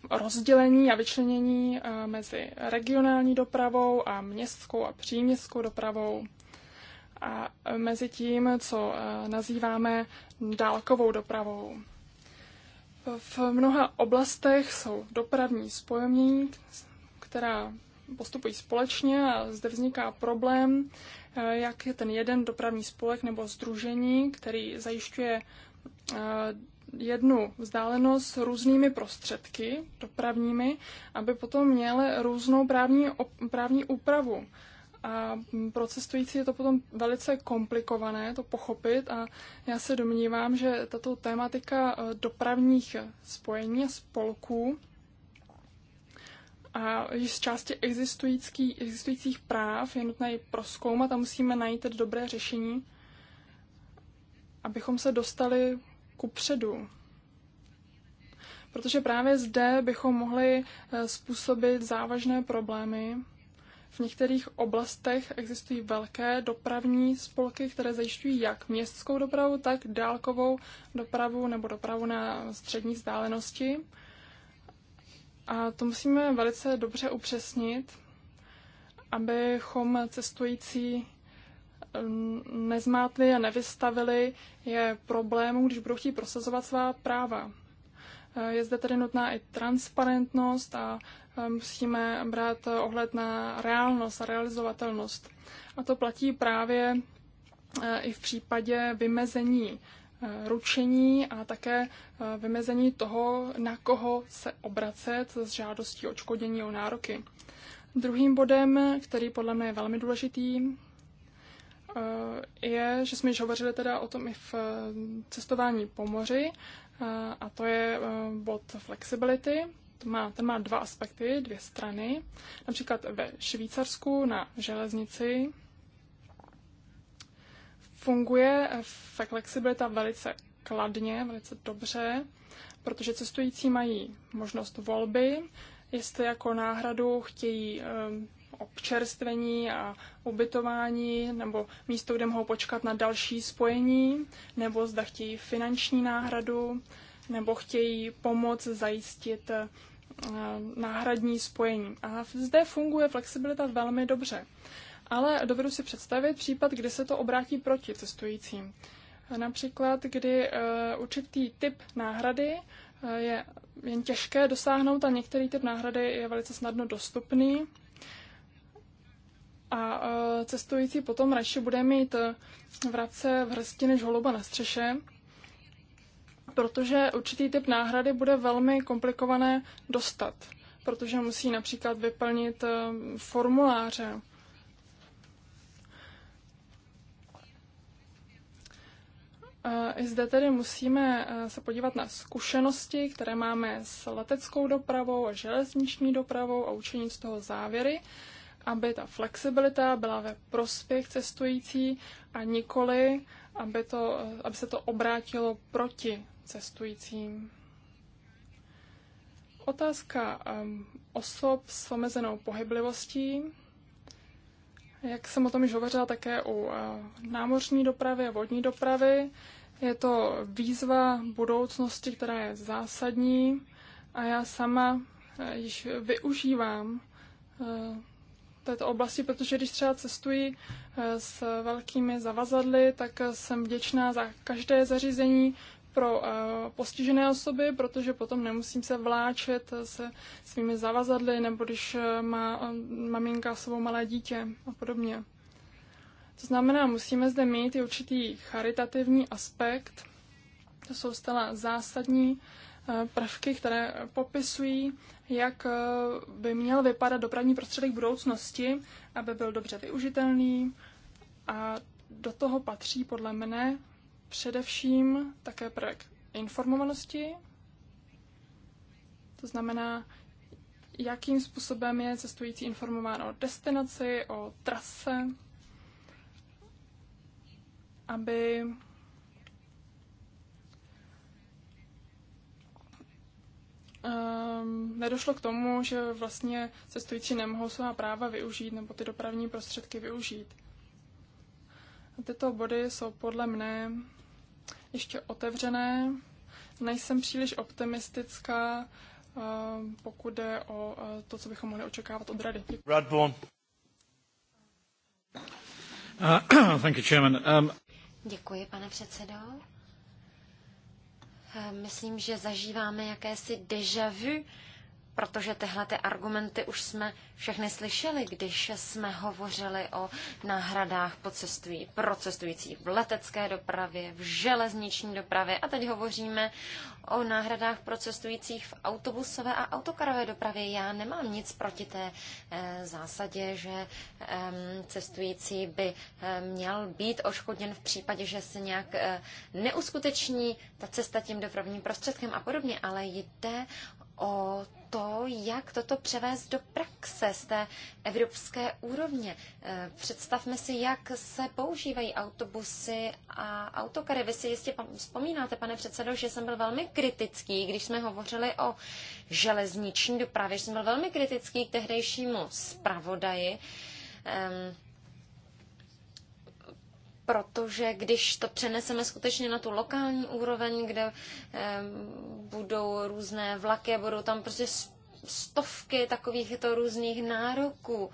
rozdělení a vyčlenění eh, mezi regionální dopravou a městskou a příměstskou dopravou a mezi tím, co eh, nazýváme dálkovou dopravou. V mnoha oblastech jsou dopravní spojení, která postupují společně a zde vzniká problém, Eh, jak je ten jeden dopravní spolek nebo združení, který zajišťuje eh, jednu vzdálenost různými prostředky dopravními, aby potom měl různou právní, právní úpravu. A mm, pro cestující je to potom velice komplikované to pochopit a já se domnívám, že tato tématika eh, dopravních spojení a spolků a již z části existujících práv je nutné ji proskoumat a musíme najít dobré řešení, abychom se dostali ku předu. Protože právě zde bychom mohli eh, způsobit závažné problémy. V některých oblastech existují velké dopravní spolky, které zajišťují jak městskou dopravu, tak dálkovou dopravu nebo dopravu na střední vzdálenosti. A to musíme velice dobře upřesnit, abychom cestující mm, nezmátli a nevystavili je problémům, když budou chtít prosazovat svá práva. E, je zde tedy nutná i transparentnost a e, musíme brát ohled na reálnost a realizovatelnost. A to platí právě e, i v případě vymezení Eh, ručení a také eh, vymezení toho, na koho se obracet s žádostí o o nároky. Druhým bodem, který podle mě je velmi důležitý, eh, je, že jsme již hovořili teda o tom i v cestování po moři, a to je bod flexibility. To má, ten má dva aspekty, dvě strany. Například ve Švýcarsku na železnici funguje flexibilita velice kladně, velice dobře, protože cestující mají možnost volby, jestli jako náhradu chtějí ehm, občerstvení a ubytování, nebo místo, kde mohou počkat na další spojení, nebo zda chtějí finanční náhradu, nebo chtějí pomoc zajistit ehm, náhradní spojení. A zde funguje flexibilita velmi dobře ale dovedu si představit případ, kdy se to obrátí proti cestujícím. Například, kdy eh, určitý typ náhrady eh, je jen těžké dosáhnout a některý typ náhrady je velice snadno dostupný. A eh, cestující potom radši bude mít vrace v hrsti než holuba na střeše, protože určitý typ náhrady bude velmi komplikované dostat, protože musí například vyplnit formuláře I zde tedy musíme e, se podívat na zkušenosti, které máme s leteckou dopravou a železniční dopravou a učinit z toho závěry, aby ta flexibilita byla ve prospěch cestující a nikoli, aby, to, e, aby se to obrátilo proti cestujícím. Otázka e, osob s omezenou pohyblivostí. Jak jsem o tom již hovořila také u námořní dopravy a vodní dopravy, je to výzva budoucnosti, která je zásadní a já sama eh, již využívám eh, této oblasti, protože když třeba cestuji eh, s velkými zavazadly, tak jsem vděčná za každé zařízení pro postižené osoby, protože potom nemusím se vláčet se svými zavazadly, nebo když má maminka svou malé dítě a podobně. To znamená, musíme zde mít i určitý charitativní aspekt. To jsou zcela zásadní eh, prvky, které popisují, jak eh, by měl vypadat dopravní prostředek budoucnosti, aby byl dobře využitelný. A do toho patří podle mne především také prvek informovanosti. To znamená, jakým způsobem je cestující informován o destinaci, o trase, aby um, nedošlo k tomu, že vlastně cestující nemohou svá práva využít nebo ty dopravní prostředky využít. A tyto body jsou podle mne ještě otevřené. Nejsem příliš optimistická, ehm, pokud jde o eh, to, co bychom mohli očekávat od Rady. Radborn. Uh, thank you, Chairman. Um... Děkuji, pane předsedo. Myslím, že zažíváme jakési deja vu protože tyhle ty argumenty už jsme všechny slyšeli, když jsme hovořili o náhradách po cestují, pro cestující v letecké dopravě, v železniční dopravě a teď hovoříme o náhradách pro cestujících v autobusové a autokarové dopravě. Já nemám nic proti té eh, zásadě, že cestující by eh, měl být oškoděn v případě, že se nějak eh, neuskuteční ta cesta tím dopravním prostředkem a podobně, ale jde o to, jak toto převést do praxe z té evropské úrovně. E, představme si, jak se používají autobusy a autokary. Vy si jistě vzpomínáte, pane předsedo, že jsem byl velmi kritický, když jsme hovořili o železniční dopravě, že jsem byl velmi kritický k tehdejšímu zpravodaji. Ehm, protože když to přeneseme skutečně na tu lokální úroveň, kde eh, budou různé vlaky a budou tam prostě stovky takových to různých nároků.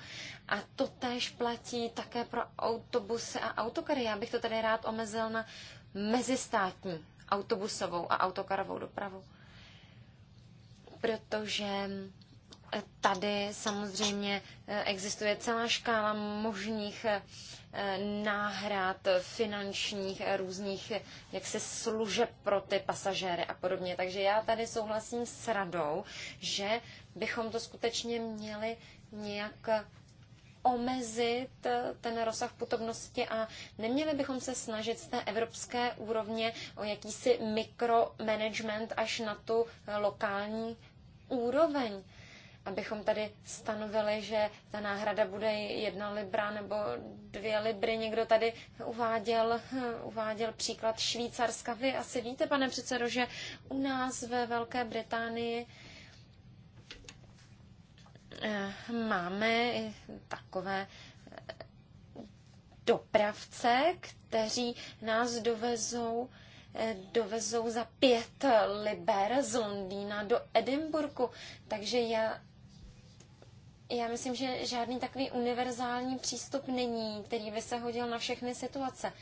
A to též platí také pro autobusy a autokary. Já bych to tady rád omezil na mezistátní autobusovou a autokarovou dopravu. Protože tady samozřejmě eh, existuje celá škála možných eh, náhrad finančních eh, různých jaksi služeb pro ty pasažéry a podobně. Takže já tady souhlasím s radou, že bychom to skutečně měli nějak omezit ten rozsah putovnosti a neměli bychom se snažit z té evropské úrovně o jakýsi mikromanagement až na tu lokální úroveň abychom tady stanovili, že ta náhrada bude jedna libra nebo dvě libry. Někdo tady uváděl, uváděl příklad Švýcarska. Vy asi víte, pane předsedo, že u nás ve Velké Británii eh, máme takové eh, dopravce, kteří nás dovezou eh, dovezou za pět liber z Londýna do Edinburgu. Takže já já myslím, že žádný takový univerzální přístup není, který by se hodil na všechny situace.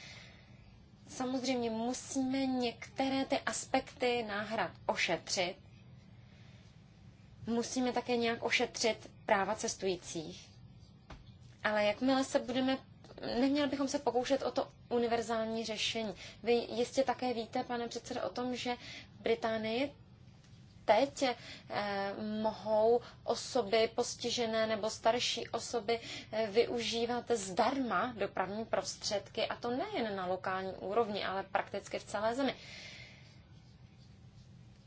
Samozřejmě musíme některé ty aspekty náhrad ošetřit. Musíme také nějak ošetřit práva cestujících. Ale jakmile se budeme, neměli bychom se pokoušet o to univerzální řešení. Vy jistě také víte, pane předsedo, o tom, že Británie teď eh, mohou osoby postižené nebo starší osoby eh, využívat zdarma dopravní prostředky, a to nejen na lokální úrovni, ale prakticky v celé zemi.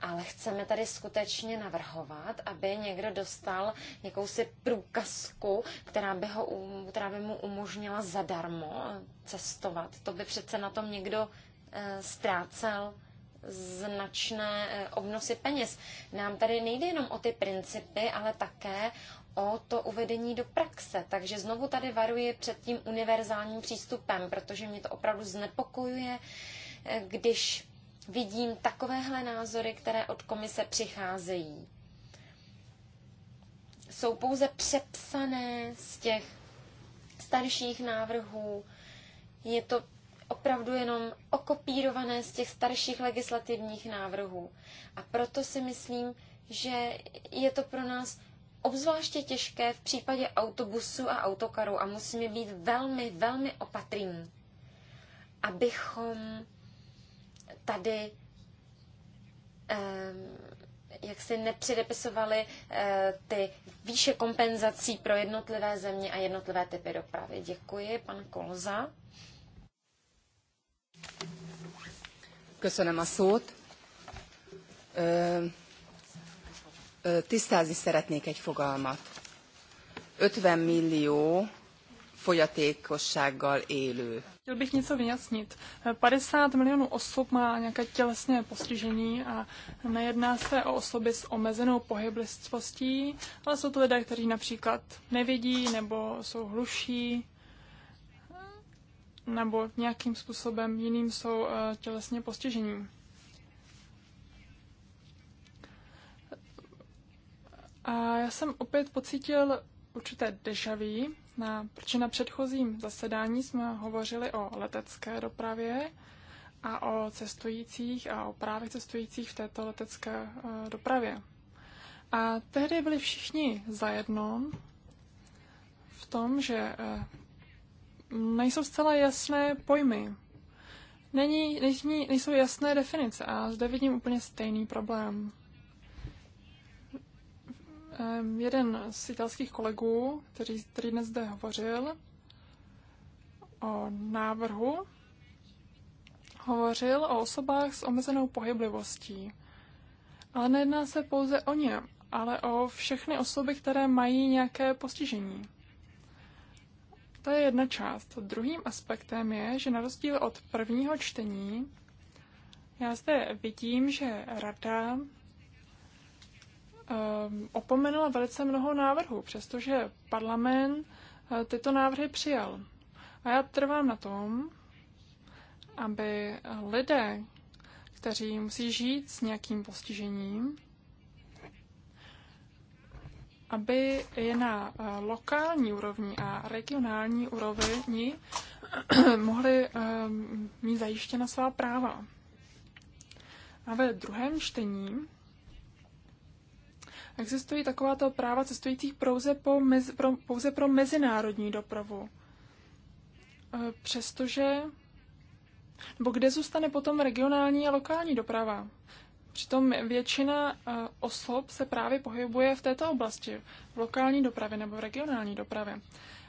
Ale chceme tady skutečně navrhovat, aby někdo dostal jakousi průkazku, která by, ho, která by mu umožnila zadarmo cestovat. To by přece na tom někdo e, ztrácel značné eh, obnosy peněz. Nám tady nejde jenom o ty principy, ale také o to uvedení do praxe. Takže znovu tady varuji před tím univerzálním přístupem, protože mě to opravdu znepokojuje, eh, když vidím takovéhle názory, které od komise přicházejí. Jsou pouze přepsané z těch starších návrhů. Je to opravdu jenom okopírované z těch starších legislativních návrhů. A proto si myslím, že je to pro nás obzvláště těžké v případě autobusu a autokaru a musíme být velmi, velmi opatrní, abychom tady ehm, jak si nepředepisovali eh, ty výše kompenzací pro jednotlivé země a jednotlivé typy dopravy. Děkuji, pan Kolza. Köszönöm a szót. Ö, tisztázni szeretnék egy fogalmat. 50 millió fogyatékossággal élő. Chtěl bych něco vyjasnit. 50 milionů osob má nějaké tělesné postižení a nejedná se o osoby s omezenou pohyblivostí, ale jsou to lidé, kteří například nevidí nebo jsou hluší nebo nějakým způsobem jiným jsou eh, tělesně postižení. A já jsem opět pocítil určité dežaví, na, protože na předchozím zasedání jsme hovořili o letecké dopravě a o cestujících a o právech cestujících v této letecké eh, dopravě. A tehdy byli všichni zajedno v tom, že eh, nejsou zcela jasné pojmy. Není, nejsou, nejsou jasné definice a zde vidím úplně stejný problém. Ehm, jeden z italských kolegů, který, který dnes zde hovořil o návrhu, hovořil o osobách s omezenou pohyblivostí. Ale nejedná se pouze o ně, ale o všechny osoby, které mají nějaké postižení. To je jedna část. Druhým aspektem je, že na rozdíl od prvního čtení, já zde vidím, že rada ehm, opomenula velice mnoho návrhů, přestože parlament eh, tyto návrhy přijal. A já trvám na tom, aby lidé, kteří musí žít s nějakým postižením, aby je na eh, lokální úrovni a regionální úrovni mohly eh, mít zajištěna svá práva. A ve druhém čtení existují takováto práva cestujících pouze, po mez, pro, pouze pro mezinárodní dopravu. Eh, přestože, nebo kde zůstane potom regionální a lokální doprava? Přitom většina eh, osob se právě pohybuje v této oblasti, v lokální dopravě nebo v regionální dopravě.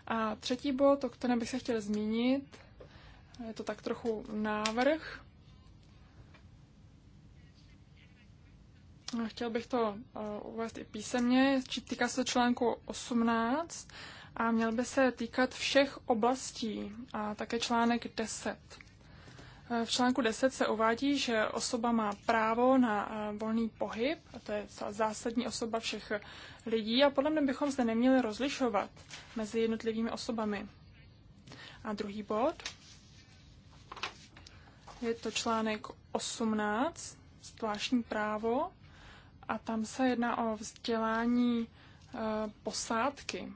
A třetí bod, o kterém bych se chtěl zmínit, je to tak trochu návrh. Chtěl bych to eh, uvést i písemně. Týká se článku 18 a měl by se týkat všech oblastí a také článek 10. V článku 10 se uvádí, že osoba má právo na eh, volný pohyb, a to je zásadní osoba všech lidí, a podle mě bychom zde neměli rozlišovat mezi jednotlivými osobami. A druhý bod je to článek 18, zvláštní právo, a tam se jedná o vzdělání eh, posádky.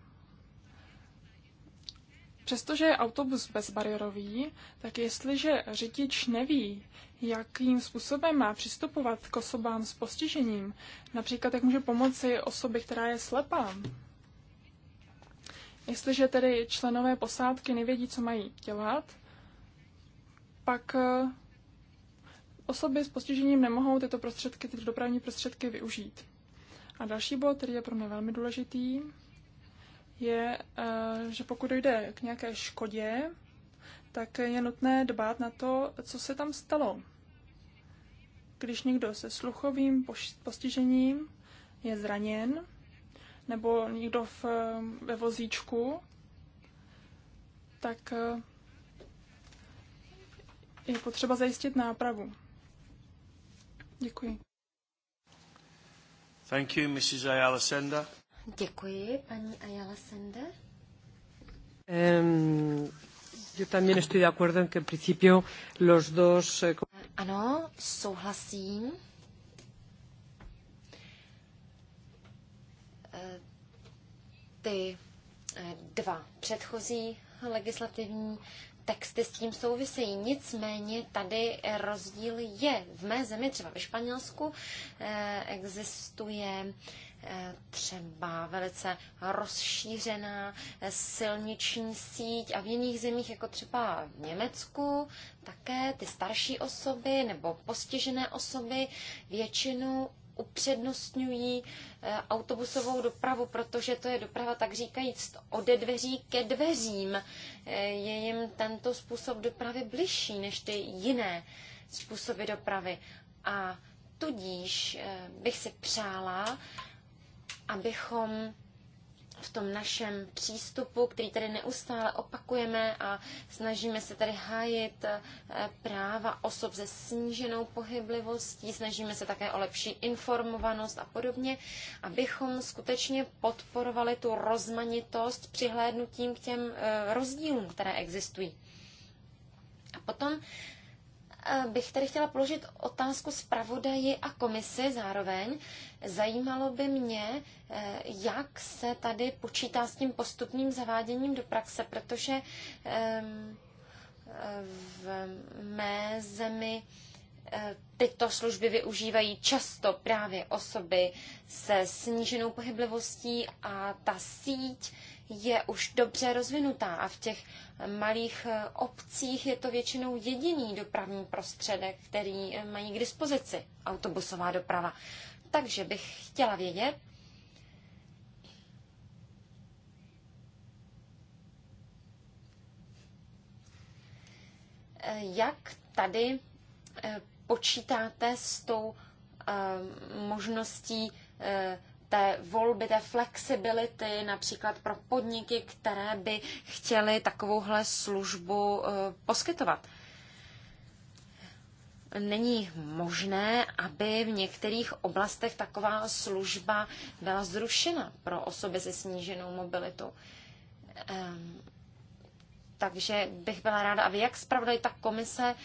Přestože je autobus bezbariérový, tak jestliže řidič neví, jakým způsobem má přistupovat k osobám s postižením, například jak může pomoci osobě, která je slepá, jestliže tedy členové posádky nevědí, co mají dělat, pak eh, osoby s postižením nemohou tyto prostředky, tyto dopravní prostředky využít. A další bod, který je pro mě velmi důležitý, je, eh, že pokud dojde k nějaké škodě, tak je nutné dbát na to, co se tam stalo. Když někdo se sluchovým postižením je zraněn, nebo někdo v, eh, ve vozíčku, tak eh, je potřeba zajistit nápravu. Děkuji. Thank you, Mrs. Ayala Senda. Děkuji, paní Ayala Sende. Um, yo también estoy de acuerdo en que en principio los dos... Eh, ano, souhlasím. Eh, ty eh, dva předchozí legislativní texty s tím souvisejí. Nicméně tady rozdíl je. V mé zemi, třeba ve Španělsku, existuje Eh, třeba velice rozšířená eh, silniční síť a v jiných zemích, jako třeba v Německu, také ty starší osoby nebo postižené osoby většinu upřednostňují eh, autobusovou dopravu, protože to je doprava, tak říkajíc, ode dveří ke dveřím. Je jim tento způsob dopravy bližší než ty jiné způsoby dopravy. A tudíž bych si přála, abychom v tom našem přístupu, který tady neustále opakujeme a snažíme se tady hájit eh, práva osob se sníženou pohyblivostí, snažíme se také o lepší informovanost a podobně, abychom skutečně podporovali tu rozmanitost přihlédnutím k těm eh, rozdílům, které existují. A potom Eh, bych tady chtěla položit otázku zpravodaji a komisi zároveň. Zajímalo by mě, eh, jak se tady počítá s tím postupným zaváděním do praxe, protože ehm, v mé zemi eh, tyto služby využívají často právě osoby se sníženou pohyblivostí a ta síť je už dobře rozvinutá a v těch malých eh, obcích je to většinou jediný dopravní prostředek, který eh, mají k dispozici autobusová doprava. Takže bych chtěla vědět, eh, jak tady počítáte s tou možností té volby, té flexibility, například pro podniky, které by chtěly takovouhle službu eh, poskytovat. Není možné, aby v některých oblastech taková služba byla zrušena pro osoby se sníženou mobilitou. Ehm, takže bych byla ráda, aby jak zpravodaj, tak komise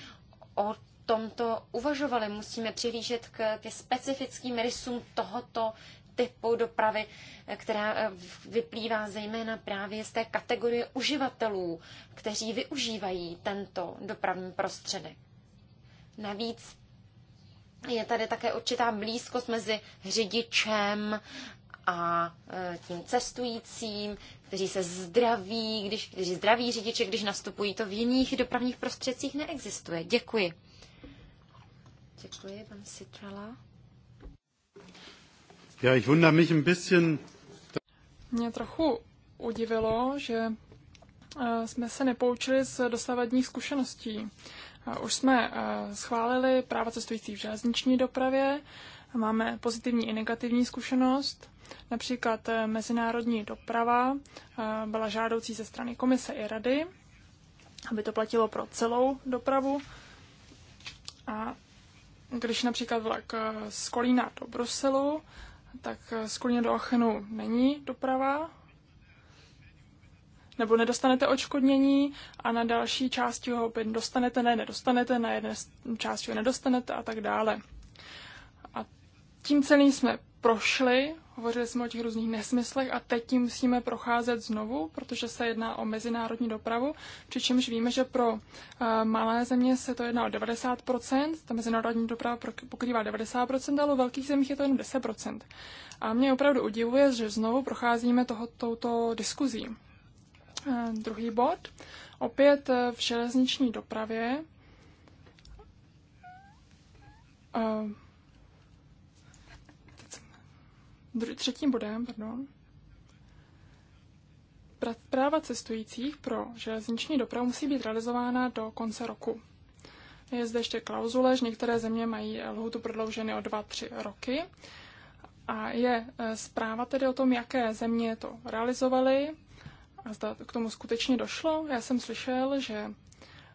o tomto uvažovali. Musíme přihlížet k, ke specifickým rysům tohoto typu dopravy, eh, která eh, vyplývá zejména právě z té kategorie uživatelů, kteří využívají tento dopravní prostředek. Navíc je tady také určitá blízkost mezi řidičem a eh, tím cestujícím, kteří se zdraví, když, kteří zdraví řidiče, když nastupují, to v jiných dopravních prostředcích neexistuje. Děkuji. Děkuji, pan Citrala. Já ich wundere mich ein bisschen. Mě trochu udivilo, že eh, jsme se nepoučili z dosavadních zkušeností. Eh, už jsme eh, schválili práva cestující v železniční dopravě, máme pozitivní i negativní zkušenost. Například mezinárodní doprava byla žádoucí ze strany komise i rady, aby to platilo pro celou dopravu. A když například vlak z Kolína do Bruselu tak z eh, Kulně do Achenu není doprava, nebo nedostanete očkodnění a na další části ho opět dostanete, ne, nedostanete, na jedné části ho nedostanete a tak dále. A tím celým jsme prošli, hovořili jsme o těch různých nesmyslech a teď tím musíme procházet znovu, protože se jedná o mezinárodní dopravu, přičemž víme, že pro eh, malé země se to jedná o 90%, ta mezinárodní doprava pokrývá 90%, ale u velkých zemích je to jen 10%. A mě opravdu udivuje, že znovu procházíme toho, touto diskuzí. Eh, druhý bod, opět eh, v železniční dopravě Třetím bodem, pardon, práva cestujících pro železniční dopravu musí být realizována do konce roku. Je zde ještě klauzule, že některé země mají lhutu prodlouženy o 2-3 roky. A je e, zpráva tedy o tom, jaké země to realizovaly a zda k tomu skutečně došlo. Já jsem slyšel, že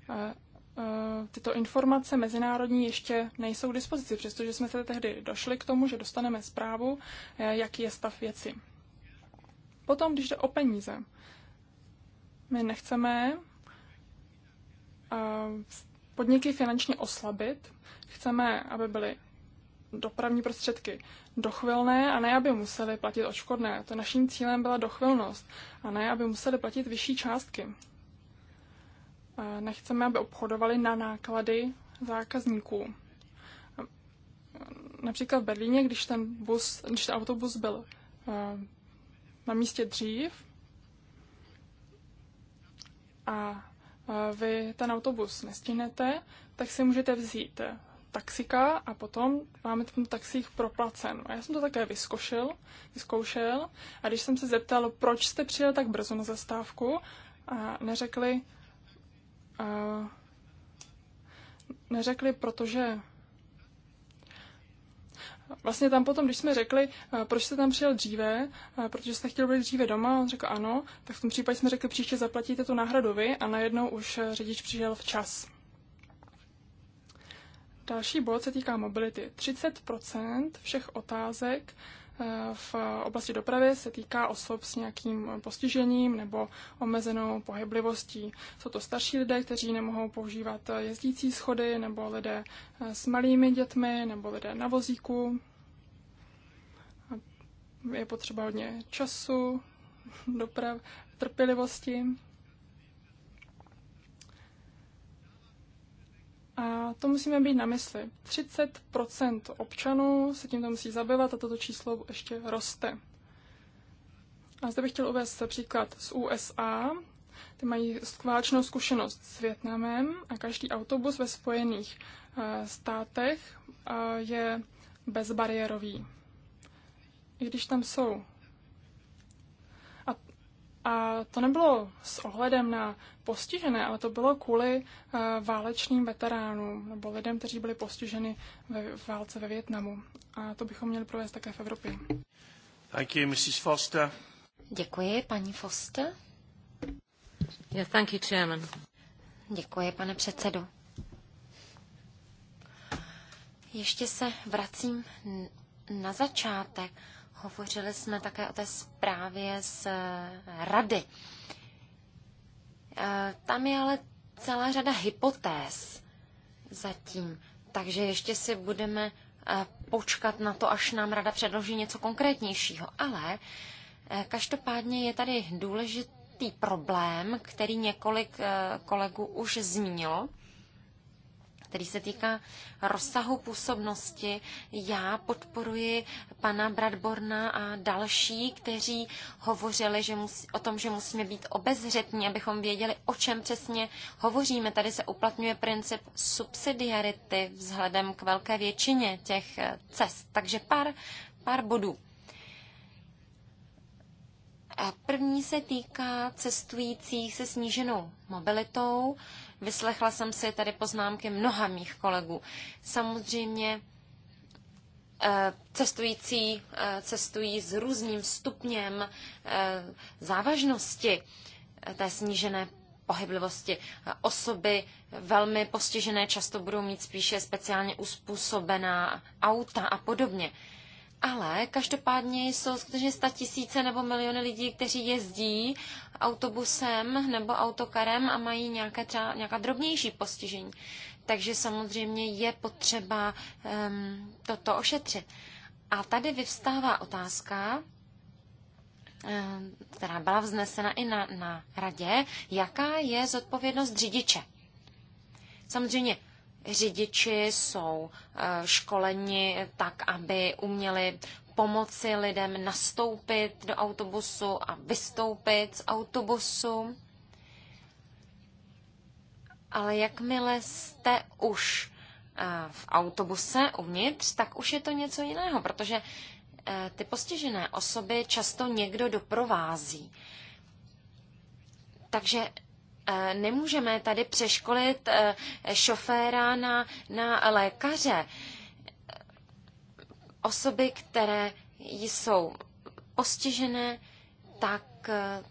e, Eh, tyto informace mezinárodní ještě nejsou k dispozici, přestože jsme se tehdy došli k tomu, že dostaneme zprávu, eh, jaký je stav věci. Potom, když jde o peníze, my nechceme eh, podniky finančně oslabit, chceme, aby byly dopravní prostředky dochvilné a ne, aby museli platit odškodné. To naším cílem byla dochvilnost a ne, aby museli platit vyšší částky nechceme, aby obchodovali na náklady zákazníků. Například v Berlíně, když ten, bus, když ten autobus byl eh, na místě dřív a eh, vy ten autobus nestihnete, tak si můžete vzít taxika a potom máme ten taxík proplacen. A já jsem to také vyzkoušel, vyzkoušel a když jsem se zeptal, proč jste přijel tak brzo na zastávku, a neřekli, neřekli, protože Vlastně tam potom, když jsme řekli, proč jste tam přijel dříve, protože jste chtěl být dříve doma, on řekl ano, tak v tom případě jsme řekli, příště zaplatíte tu náhradu vy a najednou už e, řidič přijel včas. Další bod se týká mobility. 30% všech otázek v oblasti dopravy se týká osob s nějakým postižením nebo omezenou pohyblivostí. Jsou to starší lidé, kteří nemohou používat jezdící schody, nebo lidé eh, s malými dětmi, nebo lidé na vozíku. Je potřeba hodně času, doprav, trpělivosti. A to musíme být na mysli. 30 občanů se tímto musí zabývat a toto číslo ještě roste. A zde bych chtěl uvést příklad z USA. Ty mají skvělou zkušenost s Větnamem a každý autobus ve Spojených eh, státech eh, je bezbariérový. I když tam jsou a to nebylo s ohledem na postižené, ale to bylo kvůli eh, válečným veteránům nebo lidem, kteří byli postiženi ve válce ve Větnamu. A to bychom měli provést také v Evropě. Thank you, Mrs. Foster. Děkuji, paní Foster. Yeah, thank you, Chairman. Děkuji, pane předsedo. Ještě se vracím na začátek. Hovořili jsme také o té zprávě z eh, rady. Eh, tam je ale celá řada hypotéz zatím, takže ještě si budeme eh, počkat na to, až nám rada předloží něco konkrétnějšího. Ale každopádně je tady důležitý problém, který několik kolegů už zmínilo který se týká rozsahu působnosti. Já podporuji pana Bradborna a další, kteří hovořili že musí, o tom, že musíme být obezřetní, abychom věděli, o čem přesně hovoříme. Tady se uplatňuje princip subsidiarity vzhledem k velké většině těch eh, cest. Takže pár, pár bodů. První se týká cestujících se sníženou mobilitou. Vyslechla jsem si tady poznámky mnoha mých kolegů. Samozřejmě eh, cestující eh, cestují s různým stupněm eh, závažnosti té snížené pohyblivosti. Osoby velmi postižené často budou mít spíše speciálně uspůsobená auta a podobně. Ale každopádně jsou skutečně sta tisíce nebo miliony lidí, kteří jezdí autobusem nebo autokarem a mají nějaké třeba, nějaká drobnější postižení. Takže samozřejmě je potřeba um, toto ošetřit. A tady vyvstává otázka, um, která byla vznesena i na, na radě, jaká je zodpovědnost řidiče. Samozřejmě řidiči jsou eh, školeni tak, aby uměli pomoci lidem nastoupit do autobusu a vystoupit z autobusu. Ale jakmile jste už eh, v autobuse uvnitř, tak už je to něco jiného, protože eh, ty postižené osoby často někdo doprovází. Takže Eh, nemůžeme tady přeškolit eh, šoféra na, na lékaře. Osoby, které jsou postižené, tak eh,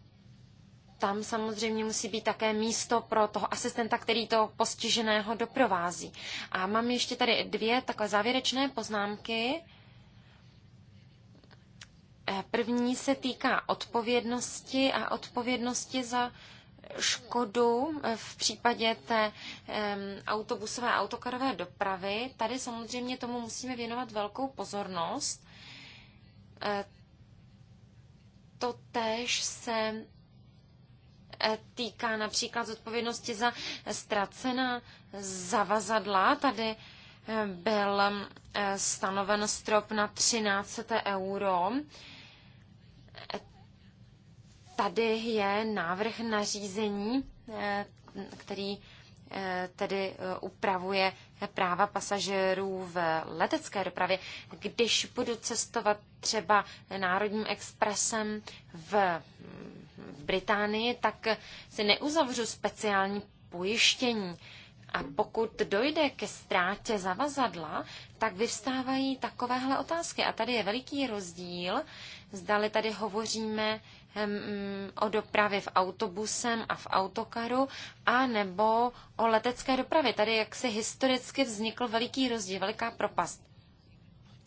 tam samozřejmě musí být také místo pro toho asistenta, který to postiženého doprovází. A mám ještě tady dvě takové závěrečné poznámky. První se týká odpovědnosti a odpovědnosti za škodu v případě té autobusové a autokarové dopravy. Tady samozřejmě tomu musíme věnovat velkou pozornost. E, to též se e, týká například zodpovědnosti za ztracená zavazadla. Tady e, byl stanoven strop na 13 euro tady je návrh nařízení, eh, který eh, tedy eh, upravuje práva pasažérů v letecké dopravě. Když budu cestovat třeba národním expresem v Británii, tak si neuzavřu speciální pojištění. A pokud dojde ke ztrátě zavazadla, tak vyvstávají takovéhle otázky. A tady je veliký rozdíl, zdali tady hovoříme Mm, o dopravě v autobusem a v autokaru, a nebo o letecké dopravě. Tady jak se historicky vznikl veliký rozdíl, veliká propast.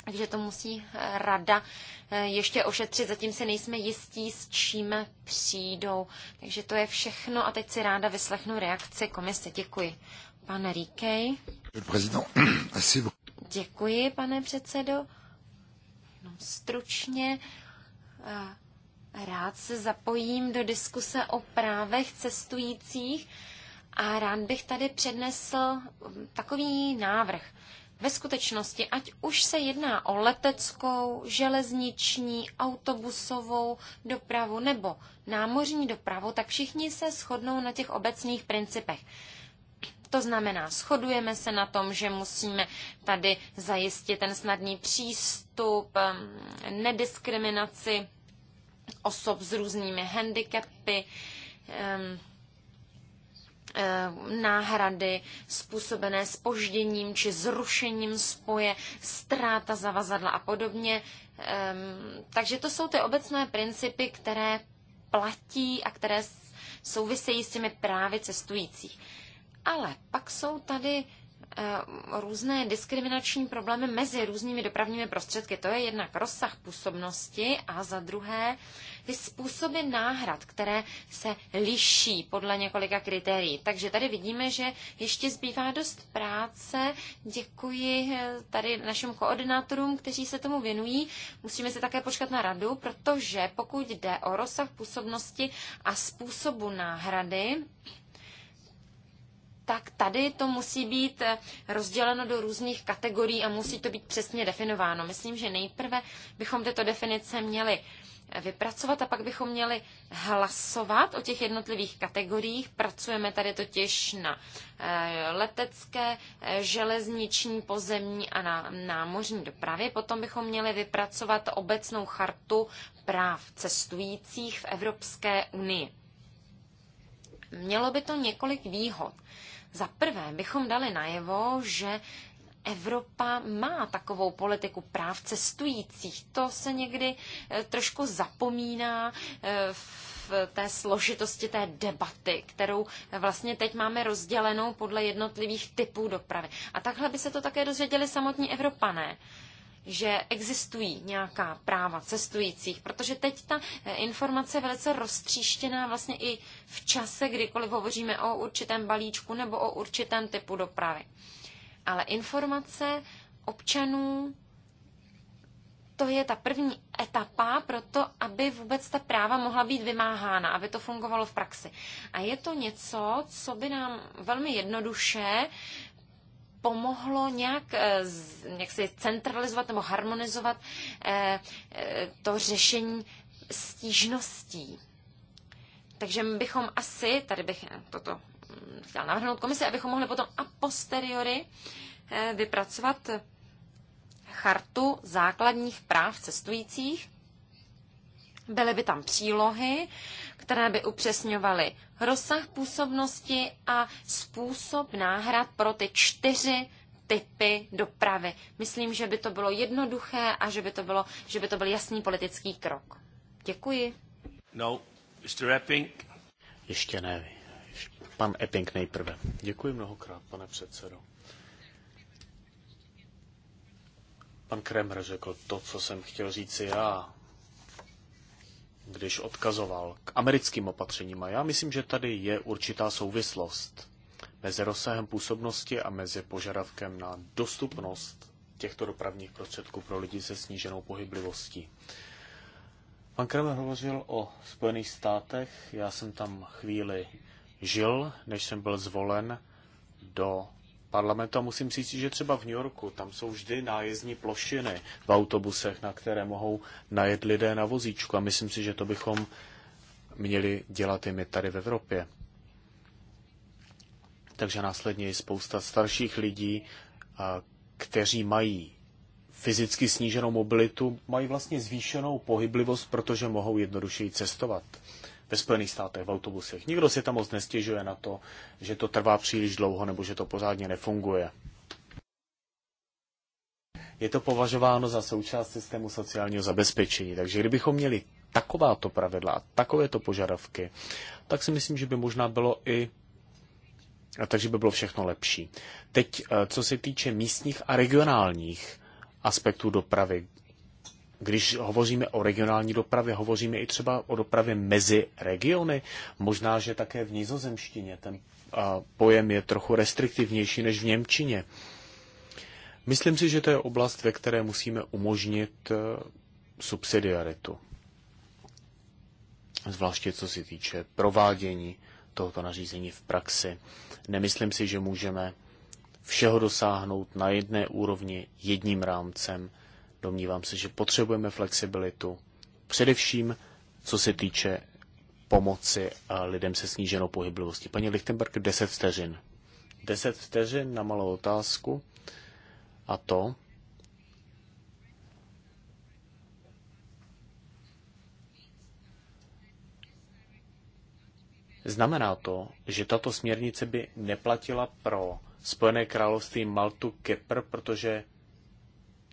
Takže to musí eh, rada eh, ještě ošetřit, zatím se nejsme jistí, s čím přijdou. Takže to je všechno a teď si ráda vyslechnu reakci komise. Děkuji. Pane Ríkej. Děkuji, pane předsedo. No, stručně. Eh, rád se zapojím do diskuse o právech cestujících a rád bych tady přednesl um, takový návrh. Ve skutečnosti, ať už se jedná o leteckou, železniční, autobusovou dopravu nebo námořní dopravu, tak všichni se shodnou na těch obecných principech. To znamená, shodujeme se na tom, že musíme tady zajistit ten snadný přístup, um, nediskriminaci osob s různými handicapy, náhrady způsobené spožděním či zrušením spoje, ztráta zavazadla a podobně. Takže to jsou ty obecné principy, které platí a které souvisejí s těmi právy cestujících. Ale pak jsou tady Eh, různé diskriminační problémy mezi různými dopravními prostředky. To je jednak rozsah působnosti a za druhé ty způsoby náhrad, které se liší podle několika kritérií. Takže tady vidíme, že ještě zbývá dost práce. Děkuji eh, tady našim koordinátorům, kteří se tomu věnují. Musíme se také počkat na radu, protože pokud jde o rozsah působnosti a způsobu náhrady, tak tady to musí být eh, rozděleno do různých kategorií a musí to být přesně definováno. Myslím, že nejprve bychom tyto definice měli eh, vypracovat a pak bychom měli hlasovat o těch jednotlivých kategoriích. Pracujeme tady totiž na eh, letecké, železniční, pozemní a na námořní dopravě. Potom bychom měli vypracovat obecnou chartu práv cestujících v Evropské unii. Mělo by to několik výhod. Za prvé bychom dali najevo, že Evropa má takovou politiku práv cestujících. To se někdy e, trošku zapomíná e, v té složitosti té debaty, kterou vlastně teď máme rozdělenou podle jednotlivých typů dopravy. A takhle by se to také dozvěděli samotní Evropané že existují nějaká práva cestujících, protože teď ta eh, informace je velice roztříštěná vlastně i v čase, kdykoliv hovoříme o určitém balíčku nebo o určitém typu dopravy. Ale informace občanů, to je ta první etapa pro to, aby vůbec ta práva mohla být vymáhána, aby to fungovalo v praxi. A je to něco, co by nám velmi jednoduše pomohlo nějak, nějak eh, si centralizovat nebo harmonizovat eh, eh, to řešení stížností. Takže my bychom asi, tady bych toto mm, chtěla navrhnout komisi, abychom mohli potom a posteriori vypracovat chartu základních práv cestujících. Byly by tam přílohy, které by upřesňovaly rozsah působnosti a způsob náhrad pro ty čtyři typy dopravy. Myslím, že by to bylo jednoduché a že by to, bylo, že by to byl jasný politický krok. Děkuji. No, Mr. Epping. Ještě ne. Pan Epping nejprve. Děkuji mnohokrát, pane předsedo. Pan Kremer řekl to, co jsem chtěl říci já když odkazoval k americkým opatřením. A já myslím, že tady je určitá souvislost mezi rozsahem působnosti a mezi požadavkem na dostupnost těchto dopravních prostředků pro lidi se sníženou pohyblivostí. Pan Kramer hovořil o Spojených státech. Já jsem tam chvíli žil, než jsem byl zvolen do parlamentu a musím říct, že třeba v New Yorku, tam jsou vždy nájezdní plošiny v autobusech, na které mohou najet lidé na vozíčku a myslím si, že to bychom měli dělat i my tady v Evropě. Takže následně je spousta starších lidí, kteří mají fyzicky sníženou mobilitu, mají vlastně zvýšenou pohyblivost, protože mohou jednodušeji cestovat ve Spojených státech v autobusech. Nikdo si tam moc nestěžuje na to, že to trvá příliš dlouho nebo že to pořádně nefunguje. Je to považováno za součást systému sociálního zabezpečení, takže kdybychom měli takováto pravidla, takovéto požadavky, tak si myslím, že by možná bylo i a takže by bylo všechno lepší. Teď, eh, co se týče místních a regionálních aspektů dopravy, když hovoříme o regionální dopravě, hovoříme i třeba o dopravě mezi regiony. Možná, že také v nizozemštině ten pojem je trochu restriktivnější než v Němčině. Myslím si, že to je oblast, ve které musíme umožnit e, subsidiaritu. Zvláště co se týče provádění tohoto nařízení v praxi. Nemyslím si, že můžeme všeho dosáhnout na jedné úrovni jedním rámcem, Domnívám se, že potřebujeme flexibilitu, především co se týče pomoci a lidem se sníženou pohyblivostí. Paní Lichtenberg, 10 vteřin. 10 vteřin na malou otázku a to, Znamená to, že tato směrnice by neplatila pro Spojené království Maltu Kepr, protože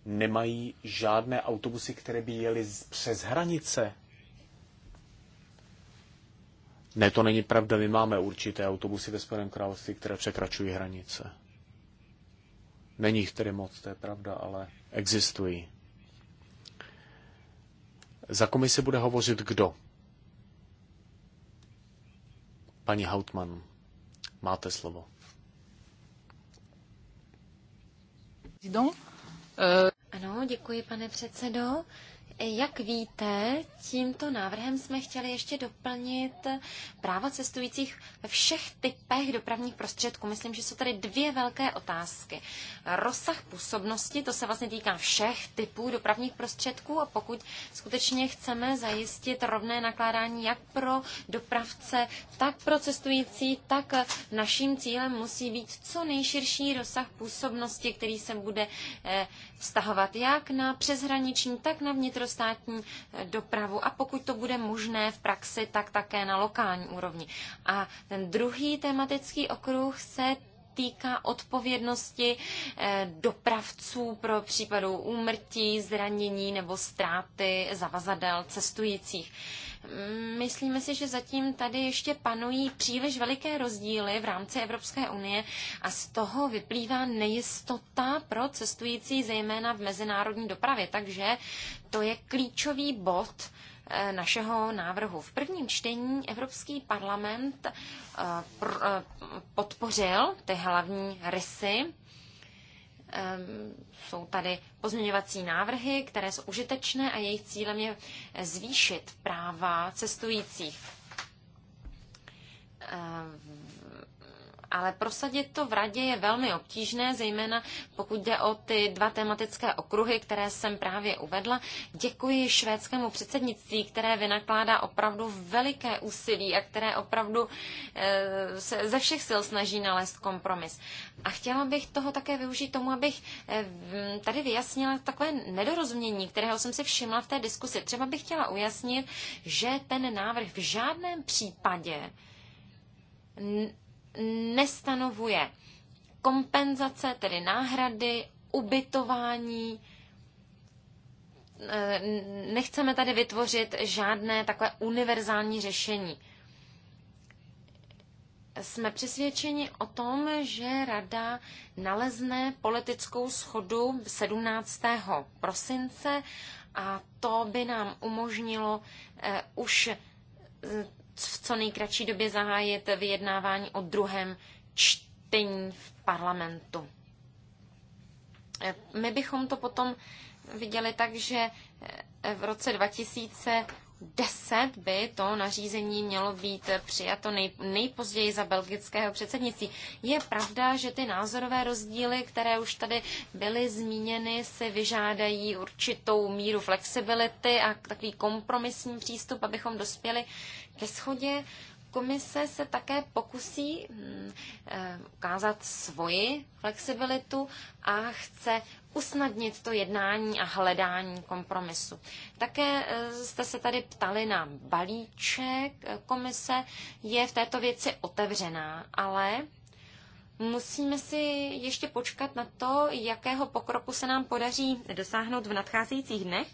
nemají žádné autobusy, které by jeli přes hranice. Ne, to není pravda, my máme určité autobusy ve Spojeném království, které překračují hranice. Není jich tedy moc, to je pravda, ale existují. Za komisi bude hovořit kdo? Paní Hautman, máte slovo. euh... Ano, děkuji, pane předsedo. Jak víte, tímto návrhem jsme chtěli ještě doplnit práva cestujících ve všech typech dopravních prostředků. Myslím, že jsou tady dvě velké otázky. Rozsah působnosti, to se vlastně týká všech typů dopravních prostředků a pokud skutečně chceme zajistit rovné nakládání jak pro dopravce, tak pro cestující, tak naším cílem musí být co nejširší rozsah působnosti, který se bude eh, vztahovat jak na přeshraniční, tak na vnitro vnitrostátní dopravu a pokud to bude možné v praxi, tak také na lokální úrovni. A ten druhý tematický okruh se týká odpovědnosti eh, dopravců pro případu úmrtí, zranění nebo ztráty zavazadel cestujících. Mm, myslíme si, že zatím tady ještě panují příliš veliké rozdíly v rámci Evropské unie a z toho vyplývá nejistota pro cestující, zejména v mezinárodní dopravě. Takže to je klíčový bod, Eh, našeho návrhu. V prvním čtení Evropský parlament eh, eh, podpořil ty hlavní rysy. Jsou tady pozměňovací návrhy, které jsou užitečné a jejich cílem je zvýšit práva cestujících ale prosadit to v radě je velmi obtížné, zejména pokud jde o ty dva tematické okruhy, které jsem právě uvedla. Děkuji švédskému předsednictví, které vynakládá opravdu veliké úsilí a které opravdu eh, se ze všech sil snaží nalézt kompromis. A chtěla bych toho také využít tomu, abych eh, tady vyjasnila takové nedorozumění, kterého jsem si všimla v té diskusi. Třeba bych chtěla ujasnit, že ten návrh v žádném případě nestanovuje kompenzace, tedy náhrady, ubytování. E, nechceme tady vytvořit žádné takové univerzální řešení. Jsme přesvědčeni o tom, že Rada nalezne politickou schodu 17. prosince a to by nám umožnilo e, už v co nejkratší době zahájit vyjednávání o druhém čtení v parlamentu. Eh, my bychom to potom viděli tak, že eh, v roce 2010 by to nařízení mělo být přijato nej, nejpozději za belgického předsednictví. Je pravda, že ty názorové rozdíly, které už tady byly zmíněny, si vyžádají určitou míru flexibility a takový kompromisní přístup, abychom dospěli ve shodě. Komise se také pokusí hm, eh, ukázat svoji flexibilitu a chce usnadnit to jednání a hledání kompromisu. Také eh, jste se tady ptali na balíček. Komise je v této věci otevřená, ale musíme si ještě počkat na to, jakého pokroku se nám podaří dosáhnout v nadcházejících dnech.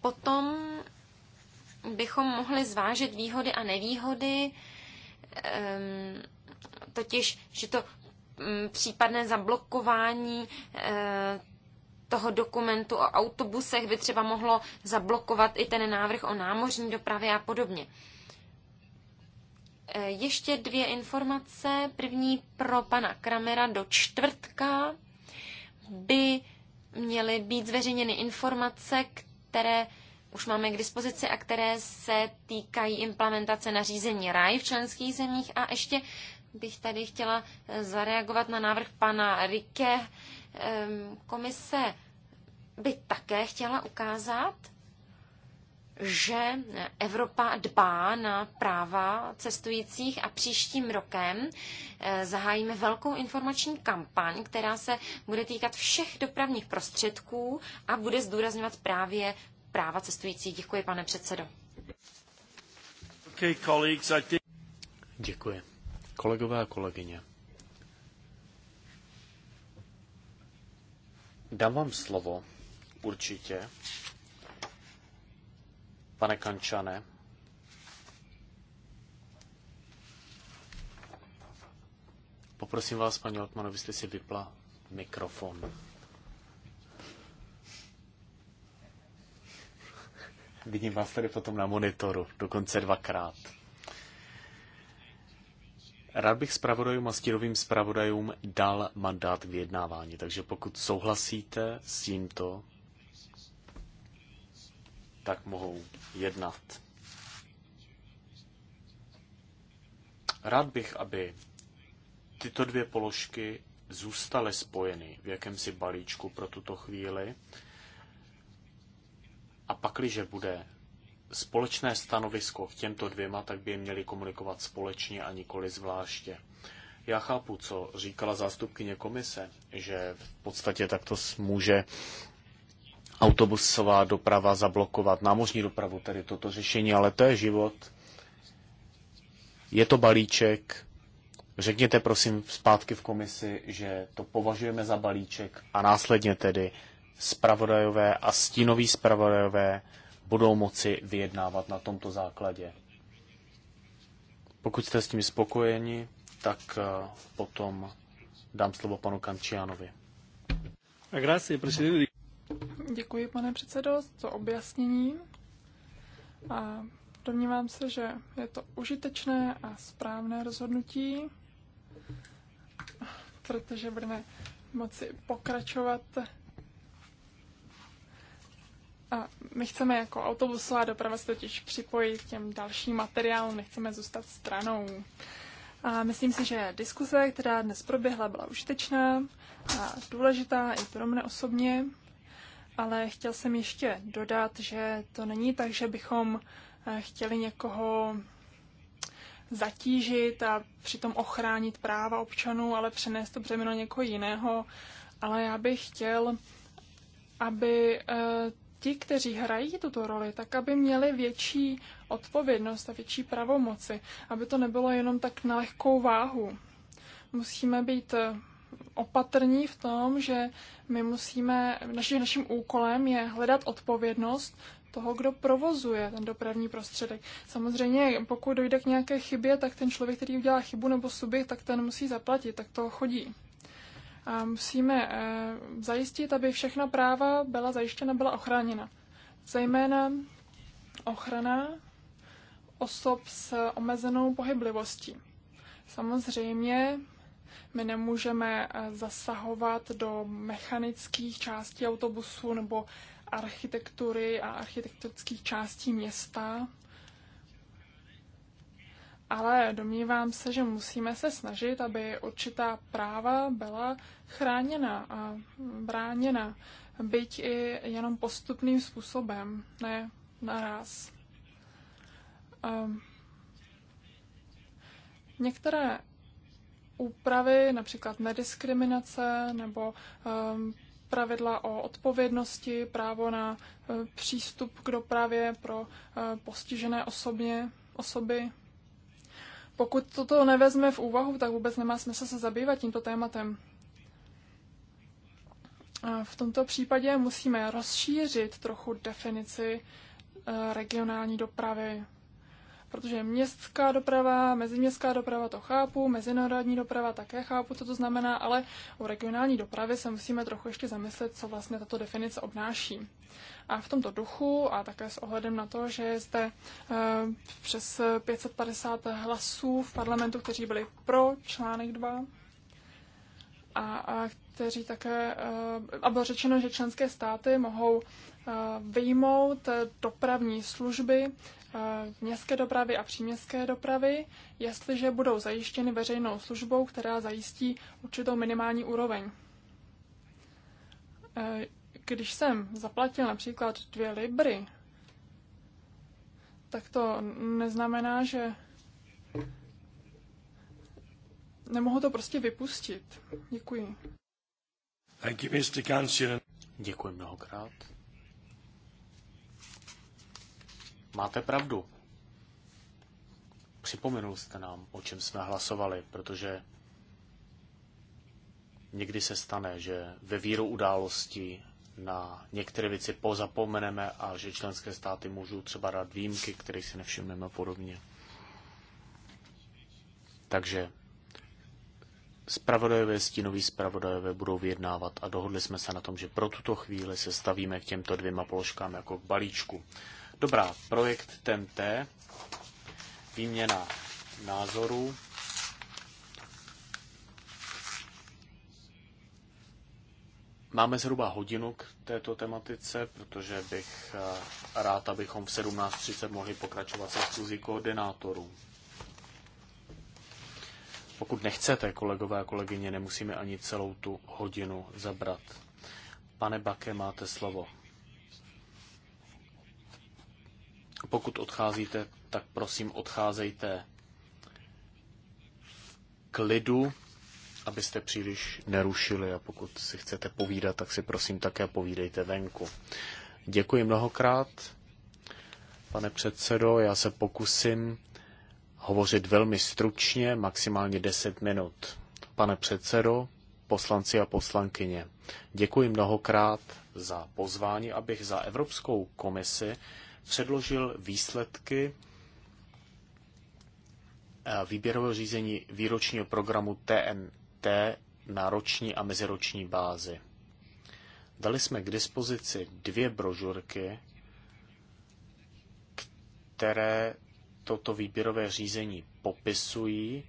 Potom bychom mohli zvážit výhody a nevýhody, ehm, totiž, že to mm, případné zablokování eh, toho dokumentu o autobusech by třeba mohlo zablokovat i ten návrh o námořní dopravě a podobně. Eh, ještě dvě informace. První pro pana Kramera do čtvrtka by měly být zveřejněny informace, které už máme k dispozici a které se týkají implementace nařízení RAI v členských zemích. A ještě bych tady chtěla eh, zareagovat na návrh pana Rike. Ehm, komise by také chtěla ukázat, že Evropa dbá na práva cestujících a příštím rokem eh, zahájíme velkou informační kampaň, která se bude týkat všech dopravních prostředků a bude zdůrazňovat právě práva cestujících. Děkuji, pane předsedo. Děkuji. Kolegové a kolegyně. Dám vám slovo, určitě. Pane Kančane, Poprosím vás, paní Otman, abyste si vypla mikrofon. Vidím vás tady potom na monitoru, dokonce dvakrát. Rád bych zpravodajům a stírovým zpravodajům dal mandát vyjednávání, takže pokud souhlasíte s tímto, tak mohou jednat. Rád bych, aby tyto dvě položky zůstaly spojeny v jakémsi balíčku pro tuto chvíli, a pakliže bude společné stanovisko k těmto dvěma, tak by je měli komunikovat společně a nikoli zvláště. Já chápu, co říkala zástupkyně komise, že v podstatě takto může autobusová doprava zablokovat námořní dopravu, tedy toto řešení, ale to je život. Je to balíček. Řekněte prosím zpátky v komisi, že to považujeme za balíček a následně tedy spravodajové a stínoví spravodajové budou moci vyjednávat na tomto základě. Pokud jste s tím spokojeni, tak eh, potom dám slovo panu Kančianovi. Děkuji, pane předsedo, za objasnění. A domnívám se, že je to užitečné a správné rozhodnutí, protože budeme moci pokračovat a my chceme jako autobusová doprava se totiž připojit k těm dalším materiálům, nechceme zůstat stranou. A myslím si, že diskuze, která dnes proběhla, byla užitečná a důležitá i pro mne osobně, ale chtěl jsem ještě dodat, že to není tak, že bychom eh, chtěli někoho zatížit a přitom ochránit práva občanů, ale přenést to břemeno někoho jiného. Ale já bych chtěl, aby eh, ti, kteří hrají tuto roli, tak aby měli větší odpovědnost a větší pravomoci, aby to nebylo jenom tak na lehkou váhu. Musíme být eh, opatrní v tom, že my musíme, naši, naším úkolem je hledat odpovědnost toho, kdo provozuje ten dopravní prostředek. Samozřejmě, pokud dojde k nějaké chybě, tak ten člověk, který udělá chybu nebo subjekt, tak ten musí zaplatit, tak to chodí. A musíme eh, zajistit, aby všechna práva byla zajištěna, byla ochráněna. Zejména ochrana osob s eh, omezenou pohyblivostí. Samozřejmě my nemůžeme eh, zasahovat do mechanických částí autobusu nebo architektury a architektonických částí města ale domnívám se, že musíme se snažit, aby určitá práva byla chráněna a bráněna, byť i jenom postupným způsobem, ne naraz. Um, některé úpravy, například nediskriminace nebo um, pravidla o odpovědnosti, právo na uh, přístup k dopravě pro uh, postižené osobně, osoby pokud toto nevezme v úvahu, tak vůbec nemá smysl se zabývat tímto tématem. V tomto případě musíme rozšířit trochu definici eh, regionální dopravy protože městská doprava, meziměstská doprava to chápu, mezinárodní doprava také chápu, co to znamená, ale o regionální dopravě se musíme trochu ještě zamyslet, co vlastně tato definice obnáší. A v tomto duchu a také s ohledem na to, že je zde e, přes 550 hlasů v parlamentu, kteří byli pro článek 2 a, a kteří také, eh, a bylo řečeno, že členské státy mohou eh, vyjmout dopravní služby Eh, městské dopravy a příměstské dopravy, jestliže budou zajištěny veřejnou službou, která zajistí určitou minimální úroveň. Eh, když jsem zaplatil například dvě libry, tak to neznamená, že nemohu to prostě vypustit. Děkuji. Děkuji mnohokrát. Máte pravdu. Připomenul jste nám, o čem jsme hlasovali, protože někdy se stane, že ve víru události na některé věci pozapomeneme a že členské státy můžou třeba dát výjimky, které si nevšimneme podobně. Takže spravodajové, stínoví spravodajové budou vyjednávat a dohodli jsme se na tom, že pro tuto chvíli se stavíme k těmto dvěma položkám jako k balíčku. Dobrá, projekt t, výměna názorů. Máme zhruba hodinu k této tematice, protože bych eh, rád, abychom v 17.30 mohli pokračovat se schůzí koordinátorů. Pokud nechcete, kolegové a kolegyně, nemusíme ani celou tu hodinu zabrat. Pane Bake, máte slovo. Pokud odcházíte, tak prosím odcházejte v klidu, abyste příliš nerušili a pokud si chcete povídat, tak si prosím také povídejte venku. Děkuji mnohokrát, pane předsedo. Já se pokusím hovořit velmi stručně, maximálně 10 minut. Pane předsedo, poslanci a poslankyně, děkuji mnohokrát za pozvání, abych za Evropskou komisi předložil výsledky eh, výběrového řízení výročního programu TNT na roční a meziroční bázi. Dali jsme k dispozici dvě brožurky, které toto výběrové řízení popisují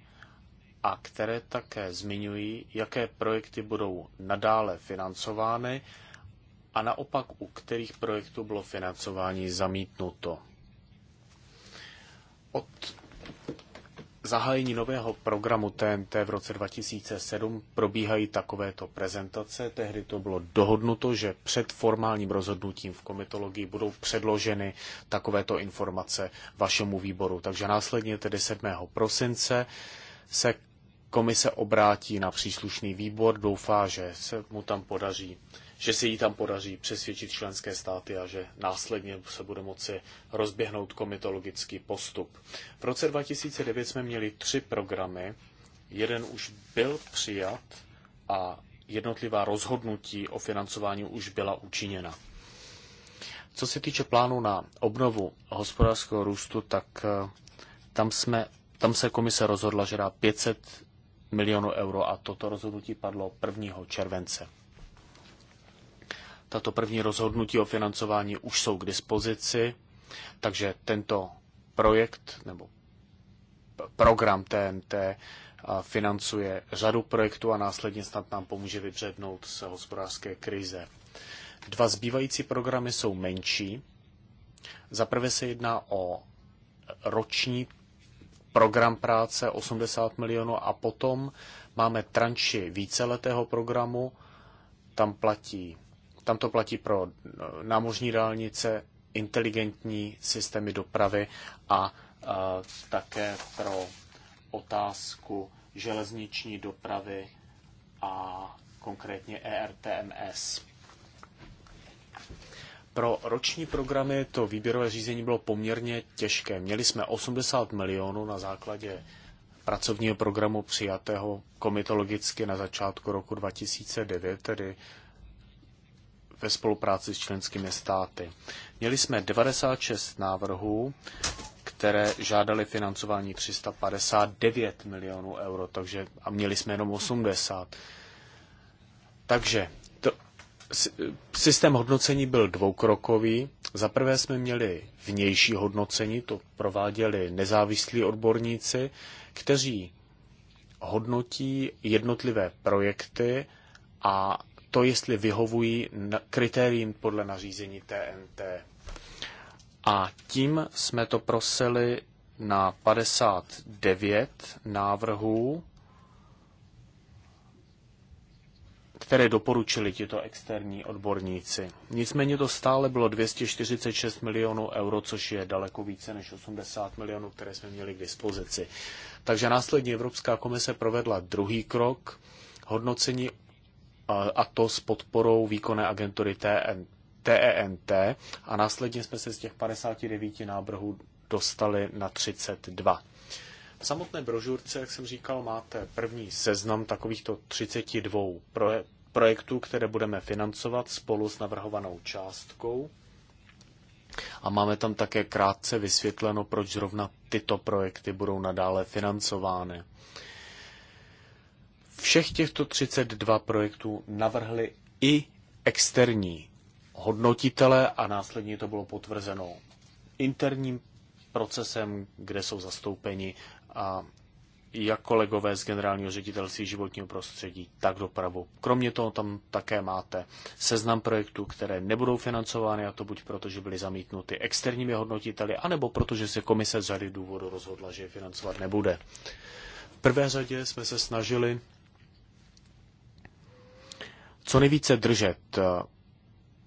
a které také zmiňují, jaké projekty budou nadále financovány a naopak u kterých projektů bylo financování zamítnuto. Od zahájení nového programu TNT v roce 2007 probíhají takovéto prezentace. Tehdy to bylo dohodnuto, že před formálním rozhodnutím v komitologii budou předloženy takovéto informace vašemu výboru. Takže následně tedy 7. prosince se komise obrátí na příslušný výbor, doufá, že se mu tam podaří že se jí tam podaří přesvědčit členské státy a že následně se bude moci rozběhnout komitologický postup. V roce 2009 jsme měli tři programy, jeden už byl přijat a jednotlivá rozhodnutí o financování už byla učiněna. Co se týče plánu na obnovu hospodářského růstu, tak eh, tam, jsme, tam se komise rozhodla, že dá 500 milionů euro a toto rozhodnutí padlo 1. července. Tato první rozhodnutí o financování už jsou k dispozici, takže tento projekt nebo program TNT eh, financuje řadu projektů a následně snad nám pomůže vybřednout z hospodářské krize. Dva zbývající programy jsou menší. Za prvé se jedná o roční program práce 80 milionů a potom máme tranši víceletého programu, tam platí tam to platí pro eh, námořní dálnice, inteligentní systémy dopravy a eh, také pro otázku železniční dopravy a konkrétně ERTMS. Pro roční programy to výběrové řízení bylo poměrně těžké. Měli jsme 80 milionů na základě pracovního programu přijatého komitologicky na začátku roku 2009, tedy ve spolupráci s členskými státy. Měli jsme 96 návrhů, které žádali financování 359 milionů euro, takže a měli jsme jenom 80. Takže to, systém hodnocení byl dvoukrokový. Za prvé jsme měli vnější hodnocení, to prováděli nezávislí odborníci, kteří hodnotí jednotlivé projekty a to, jestli vyhovují kritériím podle nařízení TNT. A tím jsme to prosili na 59 návrhů, které doporučili tito externí odborníci. Nicméně to stále bylo 246 milionů euro, což je daleko více než 80 milionů, které jsme měli k dispozici. Takže následně Evropská komise provedla druhý krok, hodnocení a to s podporou výkonné agentury TENT e a následně jsme se z těch 59 návrhů dostali na 32. V samotné brožurce, jak jsem říkal, máte první seznam takovýchto 32 projektů, které budeme financovat spolu s navrhovanou částkou. A máme tam také krátce vysvětleno, proč zrovna tyto projekty budou nadále financovány. Všech těchto 32 projektů navrhli i externí hodnotitele a následně to bylo potvrzeno interním procesem, kde jsou zastoupeni a jak kolegové z generálního ředitelství životního prostředí, tak dopravu. Kromě toho tam také máte seznam projektů, které nebudou financovány, a to buď proto, že byly zamítnuty externími hodnotiteli, anebo protože se komise z řady důvodu rozhodla, že je financovat nebude. V prvé řadě jsme se snažili co nejvíce držet eh,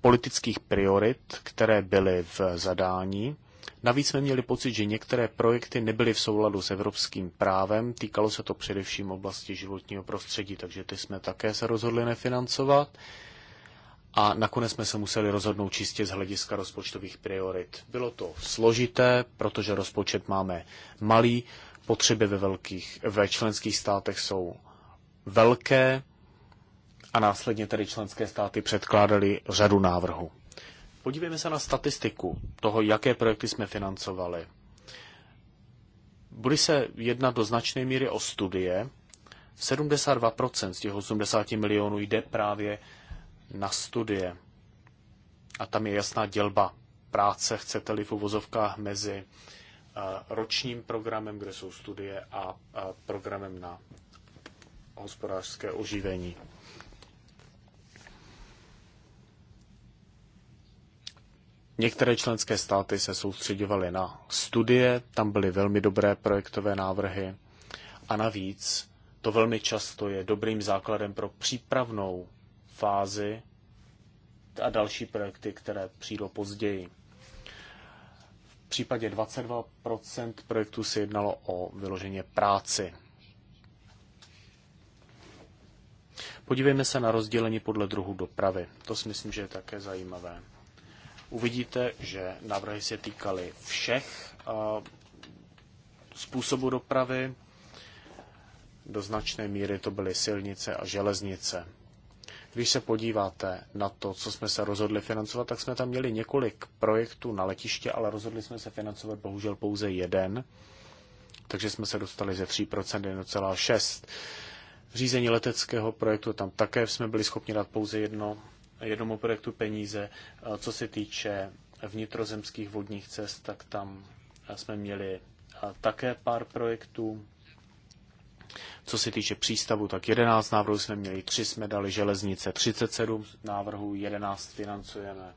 politických priorit, které byly v zadání. Navíc jsme měli pocit, že některé projekty nebyly v souladu s evropským právem, týkalo se to především oblasti životního prostředí, takže ty jsme také se rozhodli nefinancovat. A nakonec jsme se museli rozhodnout čistě z hlediska rozpočtových priorit. Bylo to složité, protože rozpočet máme malý, potřeby ve, velkých, ve členských státech jsou velké, a následně tedy členské státy předkládali řadu návrhů. Podívejme se na statistiku toho, jaké projekty jsme financovali. Bude se jednat do značné míry o studie. 72% z těch 80 milionů jde právě na studie. A tam je jasná dělba práce, chcete-li v uvozovkách, mezi eh, ročním programem, kde jsou studie, a programem na hospodářské oživení. Některé členské státy se soustředovaly na studie, tam byly velmi dobré projektové návrhy a navíc to velmi často je dobrým základem pro přípravnou fázi a další projekty, které přijdou později. V případě 22% projektů se jednalo o vyloženě práci. Podívejme se na rozdělení podle druhu dopravy. To si myslím, že je také zajímavé. Uvidíte, že návrhy se týkaly všech eh, způsobů dopravy. Do značné míry to byly silnice a železnice. Když se podíváte na to, co jsme se rozhodli financovat, tak jsme tam měli několik projektů na letiště, ale rozhodli jsme se financovat bohužel pouze jeden, takže jsme se dostali ze 3% 1,6. Řízení leteckého projektu tam také jsme byli schopni dát pouze jedno jednomu projektu peníze. Eh, co se týče vnitrozemských vodních cest, tak tam eh, jsme měli eh, také pár projektů. Co se týče přístavu, tak 11 návrhů jsme měli, 3 jsme dali železnice, 37 návrhů, 11 financujeme.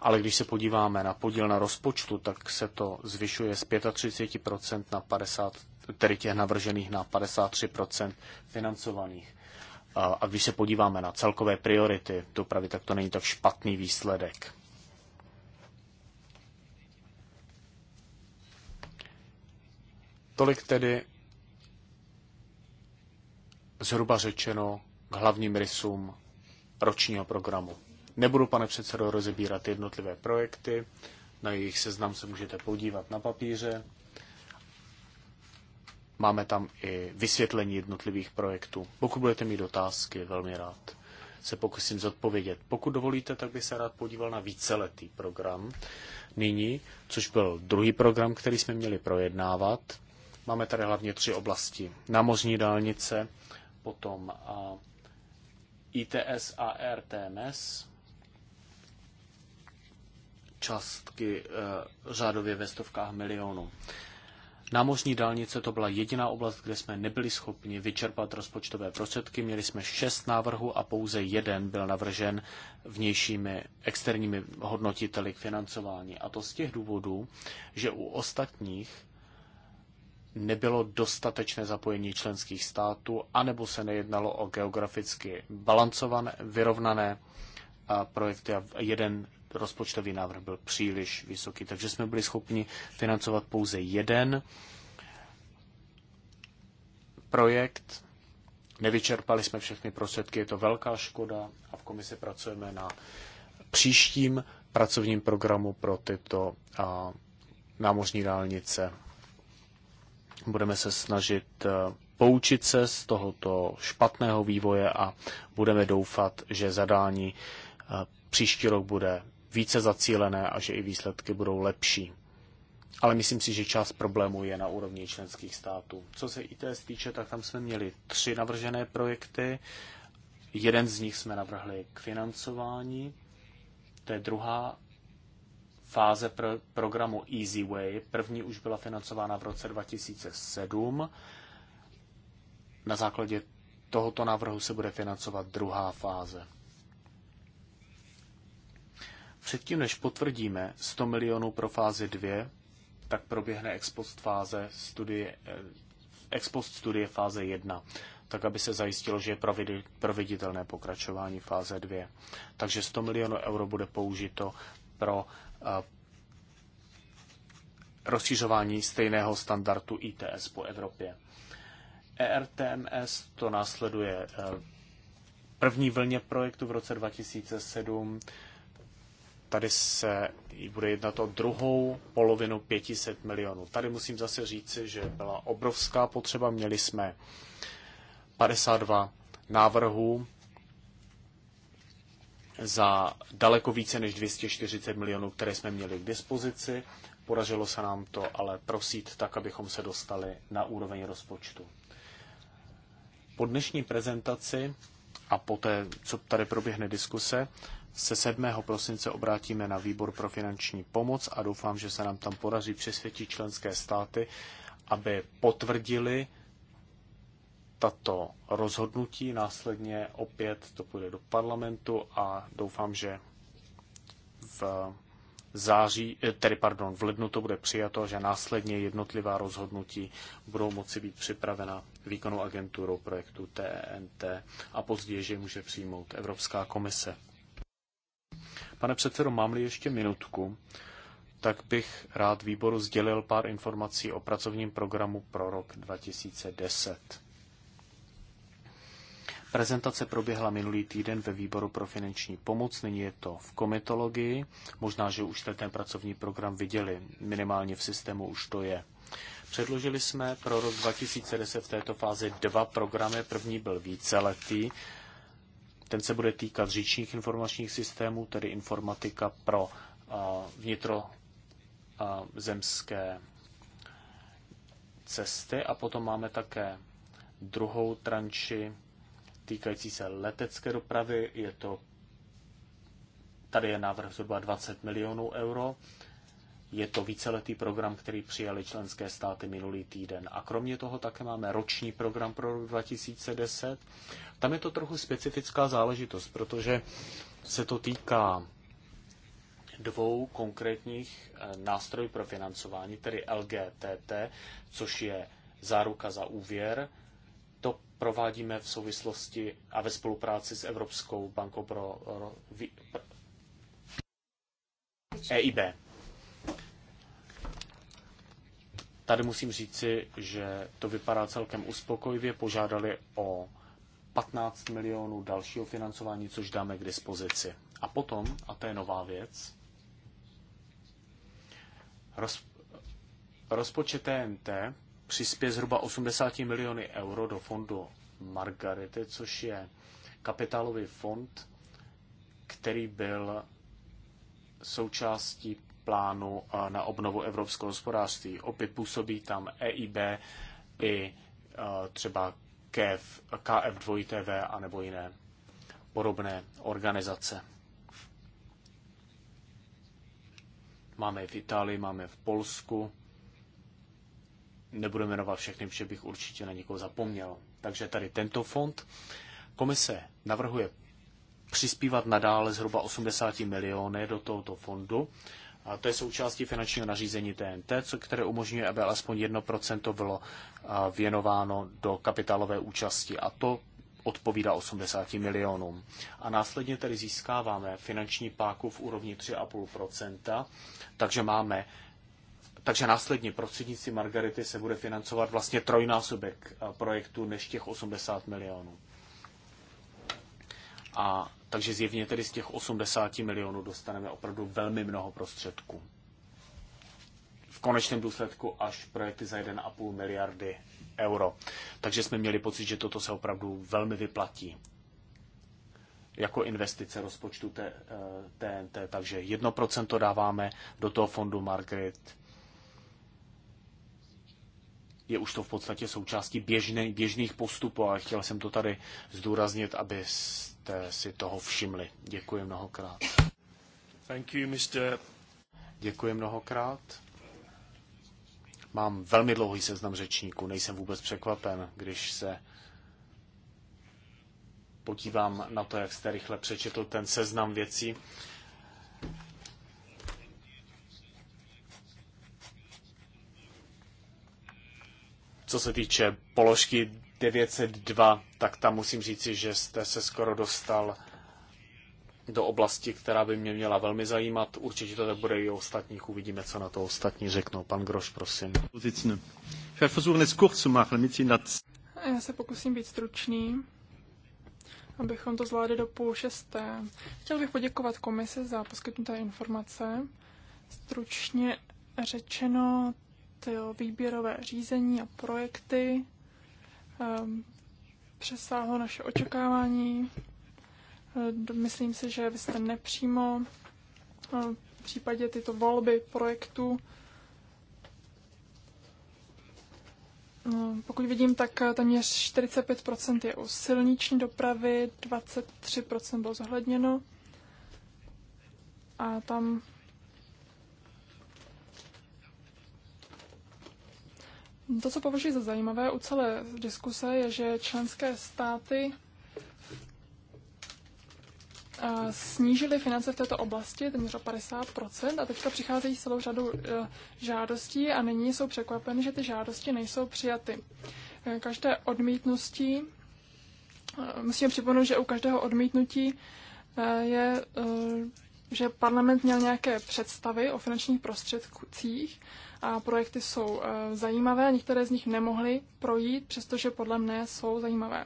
Ale když se podíváme na podíl na rozpočtu, tak se to zvyšuje z 35% na 50, tedy těch navržených na 53% financovaných. A když se podíváme na celkové priority dopravy, tak to není tak špatný výsledek. Tolik tedy zhruba řečeno k hlavním rysům ročního programu. Nebudu, pane předsedo, rozebírat jednotlivé projekty, na jejich seznam se můžete podívat na papíře, Máme tam i vysvětlení jednotlivých projektů. Pokud budete mít otázky, velmi rád se pokusím zodpovědět. Pokud dovolíte, tak bych se rád podíval na víceletý program nyní, což byl druhý program, který jsme měli projednávat. Máme tady hlavně tři oblasti. Námořní dálnice, potom a ITS a RTMS, částky e, řádově ve stovkách milionů. Námořní dálnice to byla jediná oblast, kde jsme nebyli schopni vyčerpat rozpočtové prostředky. Měli jsme šest návrhů a pouze jeden byl navržen vnějšími externími hodnotiteli k financování. A to z těch důvodů, že u ostatních nebylo dostatečné zapojení členských států, anebo se nejednalo o geograficky balancované, vyrovnané projekty a jeden rozpočtový návrh byl příliš vysoký, takže jsme byli schopni financovat pouze jeden projekt. Nevyčerpali jsme všechny prostředky, je to velká škoda a v komisi pracujeme na příštím pracovním programu pro tyto a, námořní dálnice. Budeme se snažit poučit se z tohoto špatného vývoje a budeme doufat, že zadání příští rok bude více zacílené a že i výsledky budou lepší. Ale myslím si, že část problémů je na úrovni členských států. Co se ITS týče, tak tam jsme měli tři navržené projekty. Jeden z nich jsme navrhli k financování. To je druhá fáze pro programu Easy Way. První už byla financována v roce 2007. Na základě tohoto návrhu se bude financovat druhá fáze. Předtím, než potvrdíme 100 milionů pro fázi 2, tak proběhne ex post, fáze studie, eh, ex post studie fáze 1, tak aby se zajistilo, že je proveditelné pokračování fáze 2. Takže 100 milionů euro bude použito pro eh, rozšířování stejného standardu ITS po Evropě. ERTMS to následuje eh, první vlně projektu v roce 2007, Tady se bude jednat o druhou polovinu 500 milionů. Tady musím zase říci, že byla obrovská potřeba. Měli jsme 52 návrhů za daleko více než 240 milionů, které jsme měli k dispozici. Podařilo se nám to ale prosít tak, abychom se dostali na úroveň rozpočtu. Po dnešní prezentaci a poté, co tady proběhne diskuse, se 7. prosince obrátíme na výbor pro finanční pomoc a doufám, že se nám tam podaří přesvědčit členské státy, aby potvrdili tato rozhodnutí. Následně opět to půjde do parlamentu a doufám, že v září, eh, tedy pardon, v lednu to bude přijato, že následně jednotlivá rozhodnutí budou moci být připravena výkonu agenturou projektu TNT e a později, že může přijmout Evropská komise. Pane předsedo, mám-li ještě minutku, tak bych rád výboru sdělil pár informací o pracovním programu pro rok 2010. Prezentace proběhla minulý týden ve výboru pro finanční pomoc, nyní je to v komitologii. Možná, že už jste ten pracovní program viděli, minimálně v systému už to je. Předložili jsme pro rok 2010 v této fázi dva programy. První byl víceletý, ten se bude týkat říčních informačních systémů, tedy informatika pro vnitrozemské cesty. A potom máme také druhou tranči týkající se letecké dopravy. Je to, tady je návrh zhruba 20 milionů euro je to víceletý program, který přijali členské státy minulý týden. A kromě toho také máme roční program pro rok 2010. Tam je to trochu specifická záležitost, protože se to týká dvou konkrétních eh, nástrojů pro financování, tedy LGTT, což je záruka za úvěr. To provádíme v souvislosti a ve spolupráci s Evropskou bankou pro EIB. Tady musím říci, že to vypadá celkem uspokojivě. Požádali o 15 milionů dalšího financování, což dáme k dispozici. A potom, a to je nová věc, roz, rozpočet TNT přispěje zhruba 80 miliony euro do fondu Margarity, což je kapitálový fond, který byl součástí plánu eh, na obnovu evropského hospodářství. Opět působí tam EIB i eh, třeba KF, KF2TV a nebo jiné podobné organizace. Máme v Itálii, máme v Polsku. Nebudu jmenovat všechny, protože bych určitě na někoho zapomněl. Takže tady tento fond. Komise navrhuje přispívat nadále zhruba 80 miliony do tohoto fondu to je součástí finančního nařízení TNT, co, které umožňuje, aby alespoň 1% bylo věnováno do kapitálové účasti. A to odpovídá 80 milionům. A následně tedy získáváme finanční páku v úrovni 3,5%, takže máme takže následně prostřednictví Margarity se bude financovat vlastně trojnásobek projektu než těch 80 milionů. A takže zjevně tedy z těch 80 milionů dostaneme opravdu velmi mnoho prostředků. V konečném důsledku až projekty za 1,5 miliardy euro. Takže jsme měli pocit, že toto se opravdu velmi vyplatí jako investice rozpočtu TNT. Eh, takže 1% dáváme do toho fondu Margaret. Je už to v podstatě součástí běžný, běžných postupů a chtěl jsem to tady zdůraznit, aby jste si toho všimli. Děkuji mnohokrát. Thank you, Mr. Děkuji mnohokrát. Mám velmi dlouhý seznam řečníků, nejsem vůbec překvapen, když se podívám na to, jak jste rychle přečetl ten seznam věcí. Co se týče položky 902, tak tam musím říci, že jste se skoro dostal do oblasti, která by mě měla velmi zajímat. Určitě to tak bude i ostatních. Uvidíme, co na to ostatní řeknou. Pan Groš, prosím. Já se pokusím být stručný, abychom to zvládli do půl šesté. Chtěl bych poděkovat komisi za poskytnuté informace. Stručně řečeno, jo, výběrové řízení a projekty um, přesáhlo naše očekávání. E, myslím si, že vy jste nepřímo e, v případě tyto volby projektu e, Pokud vidím, tak téměř 45 je u silniční dopravy, 23 bylo zohledněno. A tam To, co považuji za zajímavé u celé diskuse, je, že členské státy eh, snížily finance v této oblasti téměř o 50% a teďka přicházejí s celou řadu eh, žádostí a nyní jsou překvapeny, že ty žádosti nejsou přijaty. Eh, každé odmítnutí, musíme připomenout, že u každého odmítnutí je že parlament měl nějaké představy o finančních prostředcích a projekty jsou eh, zajímavé některé z nich nemohly projít, přestože podle mne jsou zajímavé.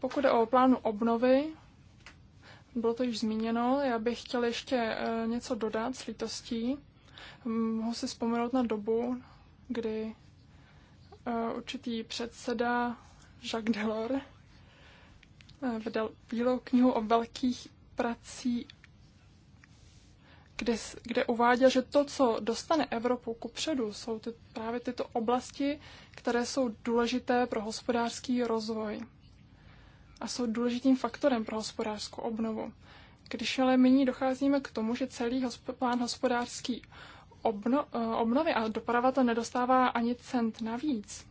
Pokud je o plánu obnovy, bylo to již zmíněno, já bych chtěl ještě eh, něco dodat s lítostí. Mohu si vzpomenout na dobu, kdy eh, určitý předseda Jacques Delors vydal bílou knihu o velkých prací kde, kde uváděl, že to, co dostane Evropu předu, jsou ty, právě tyto oblasti, které jsou důležité pro hospodářský rozvoj a jsou důležitým faktorem pro hospodářskou obnovu. Když ale nyní docházíme k tomu, že celý hosp- plán hospodářský obno- eh, obnovy a doprava to nedostává ani cent navíc.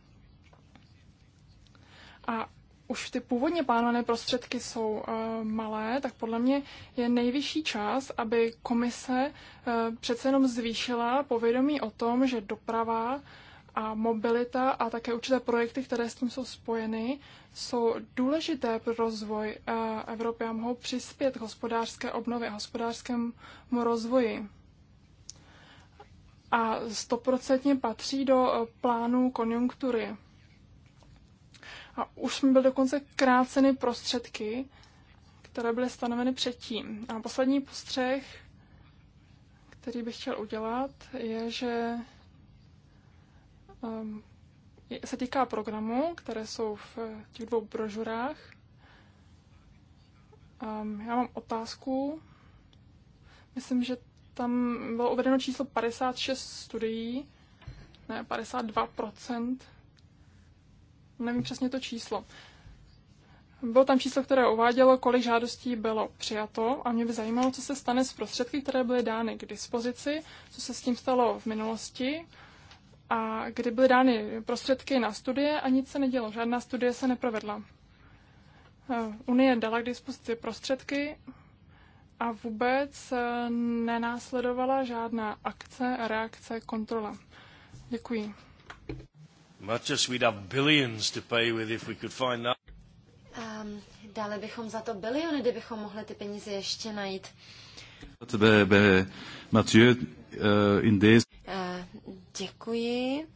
A už ty původně plánované prostředky jsou uh, malé, tak podle mě je nejvyšší čas, aby komise uh, přece jenom zvýšila povědomí o tom, že doprava a mobilita a také určité projekty, které s tím jsou spojeny, jsou důležité pro rozvoj uh, Evropy a mohou přispět k hospodářské obnově, hospodářskému rozvoji. A stoprocentně patří do uh, plánu konjunktury a už jsme byli dokonce kráceny prostředky, které byly stanoveny předtím. A poslední postřeh, který bych chtěl udělat, je, že um, se týká programů, které jsou v těch dvou brožurách. Um, já mám otázku. Myslím, že tam bylo uvedeno číslo 56 studií, ne 52 nevím přesně to číslo. Bylo tam číslo, které uvádělo, kolik žádostí bylo přijato a mě by zajímalo, co se stane s prostředky, které byly dány k dispozici, co se s tím stalo v minulosti a kdy byly dány prostředky na studie a nic se nedělo, žádná studie se neprovedla. Eh, Unie dala k dispozici prostředky a vůbec eh, nenásledovala žádná akce, reakce, kontrola. Děkuji. Much we'd have billions to pay with if we could find that. Um, dále bychom za to biliony, kdybychom mohli ty peníze ještě najít. Be, be, Mathieu, uh, in this... uh, děkuji.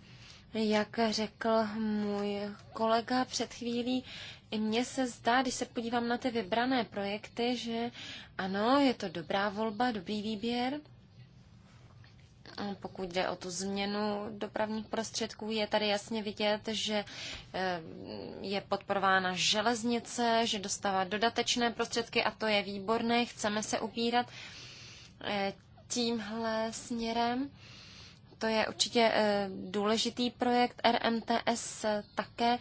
Jak řekl můj kolega před chvílí, i mně se zdá, když se podívám na ty vybrané projekty, že ano, je to dobrá volba, dobrý výběr pokud jde o tu změnu dopravních prostředků, je tady jasně vidět, že eh, je podporována železnice, že dostává dodatečné prostředky a to je výborné. Chceme se upírat eh, tímhle směrem. To je určitě eh, důležitý projekt. RMTS také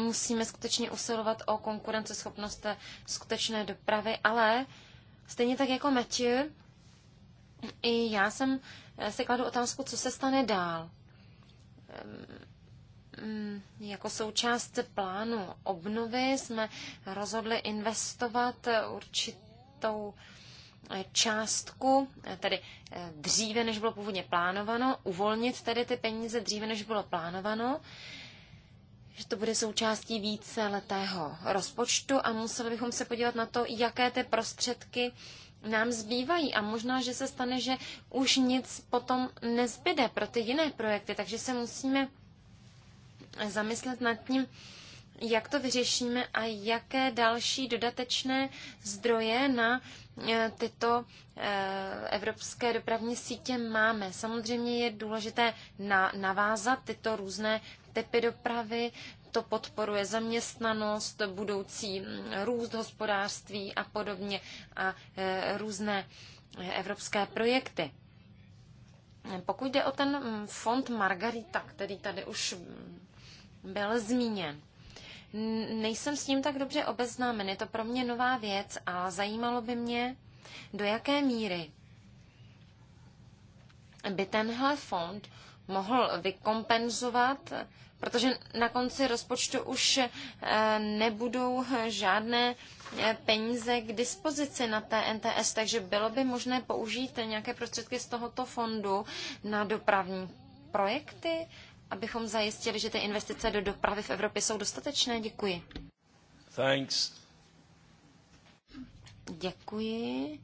musíme skutečně usilovat o konkurenceschopnost skutečné dopravy, ale stejně tak jako Matthew, i já jsem eh, si kladu otázku, co se stane dál. Ehm, mm, jako součást plánu obnovy jsme rozhodli investovat eh, určitou eh, částku, tedy dříve, než bylo původně plánováno, uvolnit tedy ty peníze dříve, než bylo plánováno, že to bude součástí více letého rozpočtu a museli bychom se podívat na to, jaké ty prostředky nám zbývají a možná, že se stane, že už nic potom nezbyde pro ty jiné projekty, takže se musíme zamyslet nad tím, jak to vyřešíme a jaké další dodatečné zdroje na e, tyto e, evropské dopravní sítě máme. Samozřejmě je důležité navázat tyto různé typy dopravy to podporuje zaměstnanost, budoucí mm, růst hospodářství a podobně a e, různé e, evropské projekty. Pokud jde o ten mm, fond Margarita, který tady už mm, byl zmíněn, nejsem s ním tak dobře obeznámen. Je to pro mě nová věc a zajímalo by mě, do jaké míry by tenhle fond mohl vykompenzovat protože na konci rozpočtu už eh, nebudou žádné eh, peníze k dispozici na TNTS, takže bylo by možné použít nějaké prostředky z tohoto fondu na dopravní projekty, abychom zajistili, že ty investice do dopravy v Evropě jsou dostatečné. Děkuji. Thanks. Děkuji.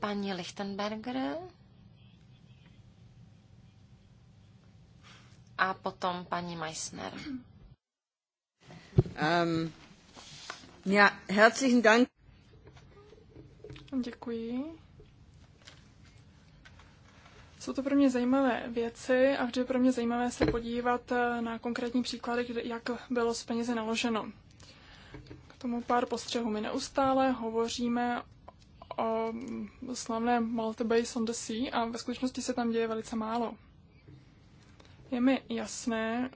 Paní Lichtenberger. a potom paní Meissner. Um, ja, herzlichen Dank. Děkuji. Jsou to pro mě zajímavé věci a vždy je pro mě zajímavé se podívat eh, na konkrétní příklady, kde, jak bylo s penězi naloženo. K tomu pár postřehů. My neustále hovoříme o slavné Malta Bay on the Sea a ve skutečnosti se tam děje velice málo. Je mi jasné,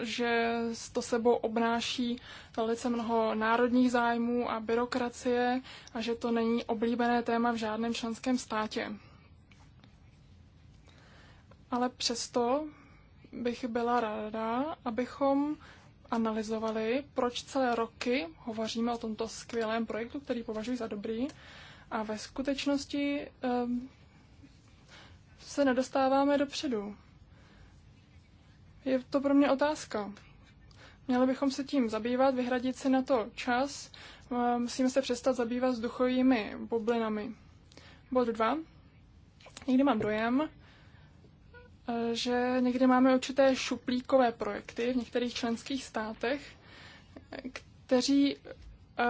že to sebou obnáší velice mnoho národních zájmů a byrokracie a že to není oblíbené téma v žádném členském státě. Ale přesto bych byla ráda, abychom analyzovali, proč celé roky hovoříme o tomto skvělém projektu, který považuji za dobrý, a ve skutečnosti um, se nedostáváme dopředu je to pro mě otázka. Měli bychom se tím zabývat, vyhradit si na to čas. Eh, musíme se přestat zabývat s duchovými bublinami. Bod dva. Někdy mám dojem, eh, že někdy máme určité šuplíkové projekty v některých členských státech, kteří eh,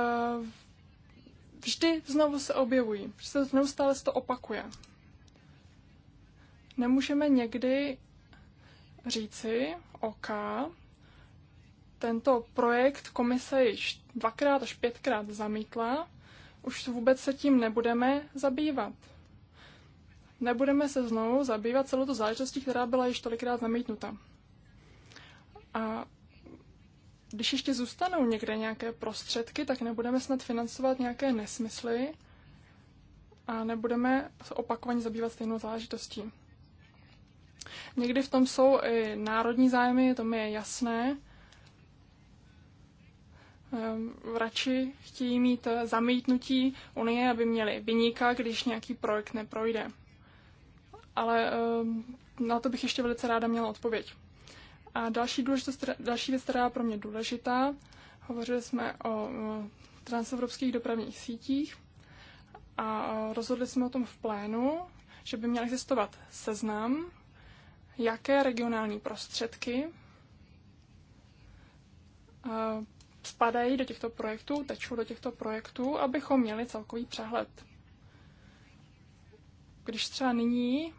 vždy znovu se objevují, že se neustále se to opakuje. Nemůžeme někdy říci, OK, tento projekt komise již dvakrát až pětkrát zamítla, už vůbec se tím nebudeme zabývat. Nebudeme se znovu zabývat celou tu záležitostí, která byla již tolikrát zamítnuta. A když ještě zůstanou někde nějaké prostředky, tak nebudeme snad financovat nějaké nesmysly a nebudeme se opakovaně zabývat stejnou záležitostí. Někdy v tom jsou i národní zájmy, to mi je jasné. Ehm, radši chtějí mít eh, zamítnutí Unie, aby měli vyníka, když nějaký projekt neprojde. Ale ehm, na to bych ještě velice ráda měla odpověď. A další, důležitost, další věc, která je pro mě důležitá, hovořili jsme o transevropských dopravních sítích a eh, rozhodli jsme o tom v plénu, že by měl existovat seznam jaké regionální prostředky eh, spadají do těchto projektů, tečou do těchto projektů, abychom měli celkový přehled. Když třeba nyní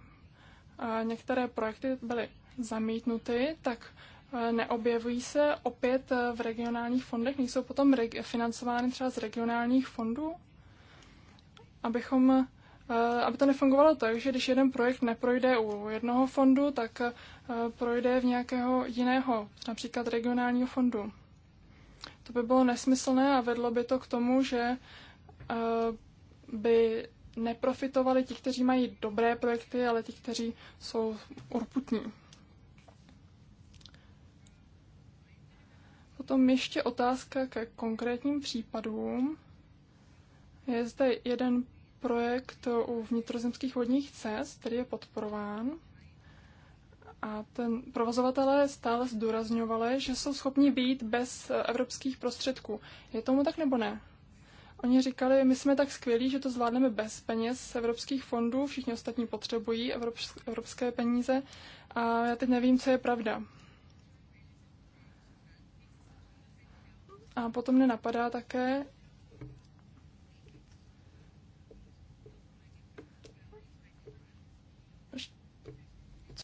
eh, některé projekty byly zamítnuty, tak eh, neobjevují se opět v regionálních fondech, nejsou potom financovány třeba z regionálních fondů, abychom Eh, aby to nefungovalo tak, že když jeden projekt neprojde u jednoho fondu, tak eh, projde v nějakého jiného, například regionálního fondu. To by bylo nesmyslné a vedlo by to k tomu, že eh, by neprofitovali ti, kteří mají dobré projekty, ale ti, kteří jsou urputní. Potom ještě otázka ke konkrétním případům. Je zde jeden projekt u vnitrozemských vodních cest, který je podporován. A ten provozovatelé stále zdůrazňovali, že jsou schopni být bez evropských prostředků. Je tomu tak nebo ne? Oni říkali, my jsme tak skvělí, že to zvládneme bez peněz z evropských fondů, všichni ostatní potřebují evropské peníze a já teď nevím, co je pravda. A potom mě napadá také,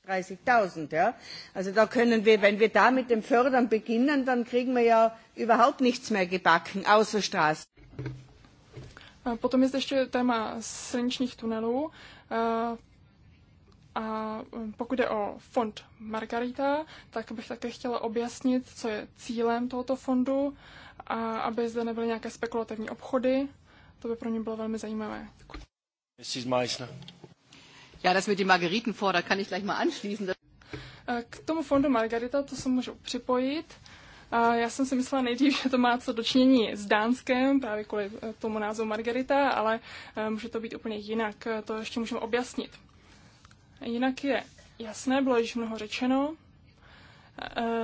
30 000. Ja? Also da können wir, wenn wir da mit dem Fördern beginnen, dann kriegen wir ja überhaupt nichts mehr gebacken, außer Straßen. potom je zde ještě téma silničních tunelů. A pokud je o fond Margarita, tak bych také chtěla objasnit, co je cílem tohoto fondu, a aby zde nebyly nějaké spekulativní obchody. To by pro ně bylo velmi zajímavé. Mrs. Meissner. Ja, das mit dem Margaritenfonds, da kann ich gleich mal anschließen. Äh, k tomu fondu Margarita, to se můžu připojit. Äh, já jsem si myslela nejdřív, že to má co dočinění s Dánskem, právě kvůli eh, tomu názvu Margarita, ale eh, může to být úplně jinak. Eh, to ještě můžeme objasnit. Jinak je jasné, bylo již mnoho řečeno.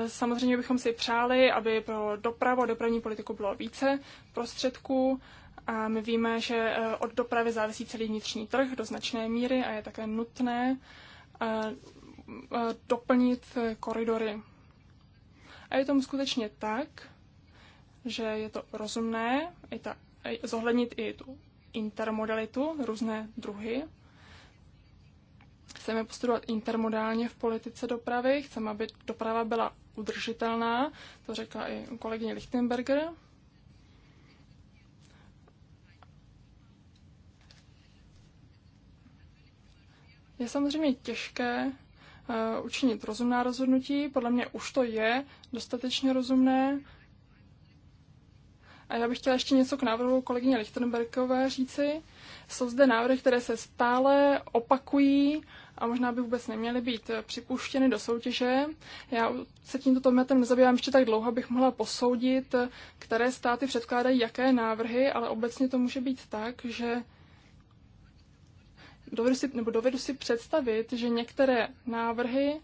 Samozřejmě bychom si přáli, aby pro dopravu a dopravní politiku bylo více prostředků, a my víme, že eh, od dopravy závisí celý vnitřní trh do značné míry a je také nutné eh, eh, doplnit koridory. A je tomu skutečně tak, že je to rozumné i ta, zohlednit i tu intermodalitu, různé druhy. Chceme postudovat intermodálně v politice dopravy, chceme, aby doprava byla udržitelná, to řekla i kolegyně Lichtenberger. Je samozřejmě těžké eh, učinit rozumná rozhodnutí. Podle mě už to je dostatečně rozumné. A já bych chtěla ještě něco k návrhu kolegyně Lichtenbergové říci. Jsou zde návrhy, které se stále opakují a možná by vůbec neměly být eh, připuštěny do soutěže. Já se tímto tématem nezabývám ještě tak dlouho, abych mohla posoudit, eh, které státy předkládají jaké návrhy, ale obecně to může být tak, že dovedu si, nebo dovedu si představit, že některé návrhy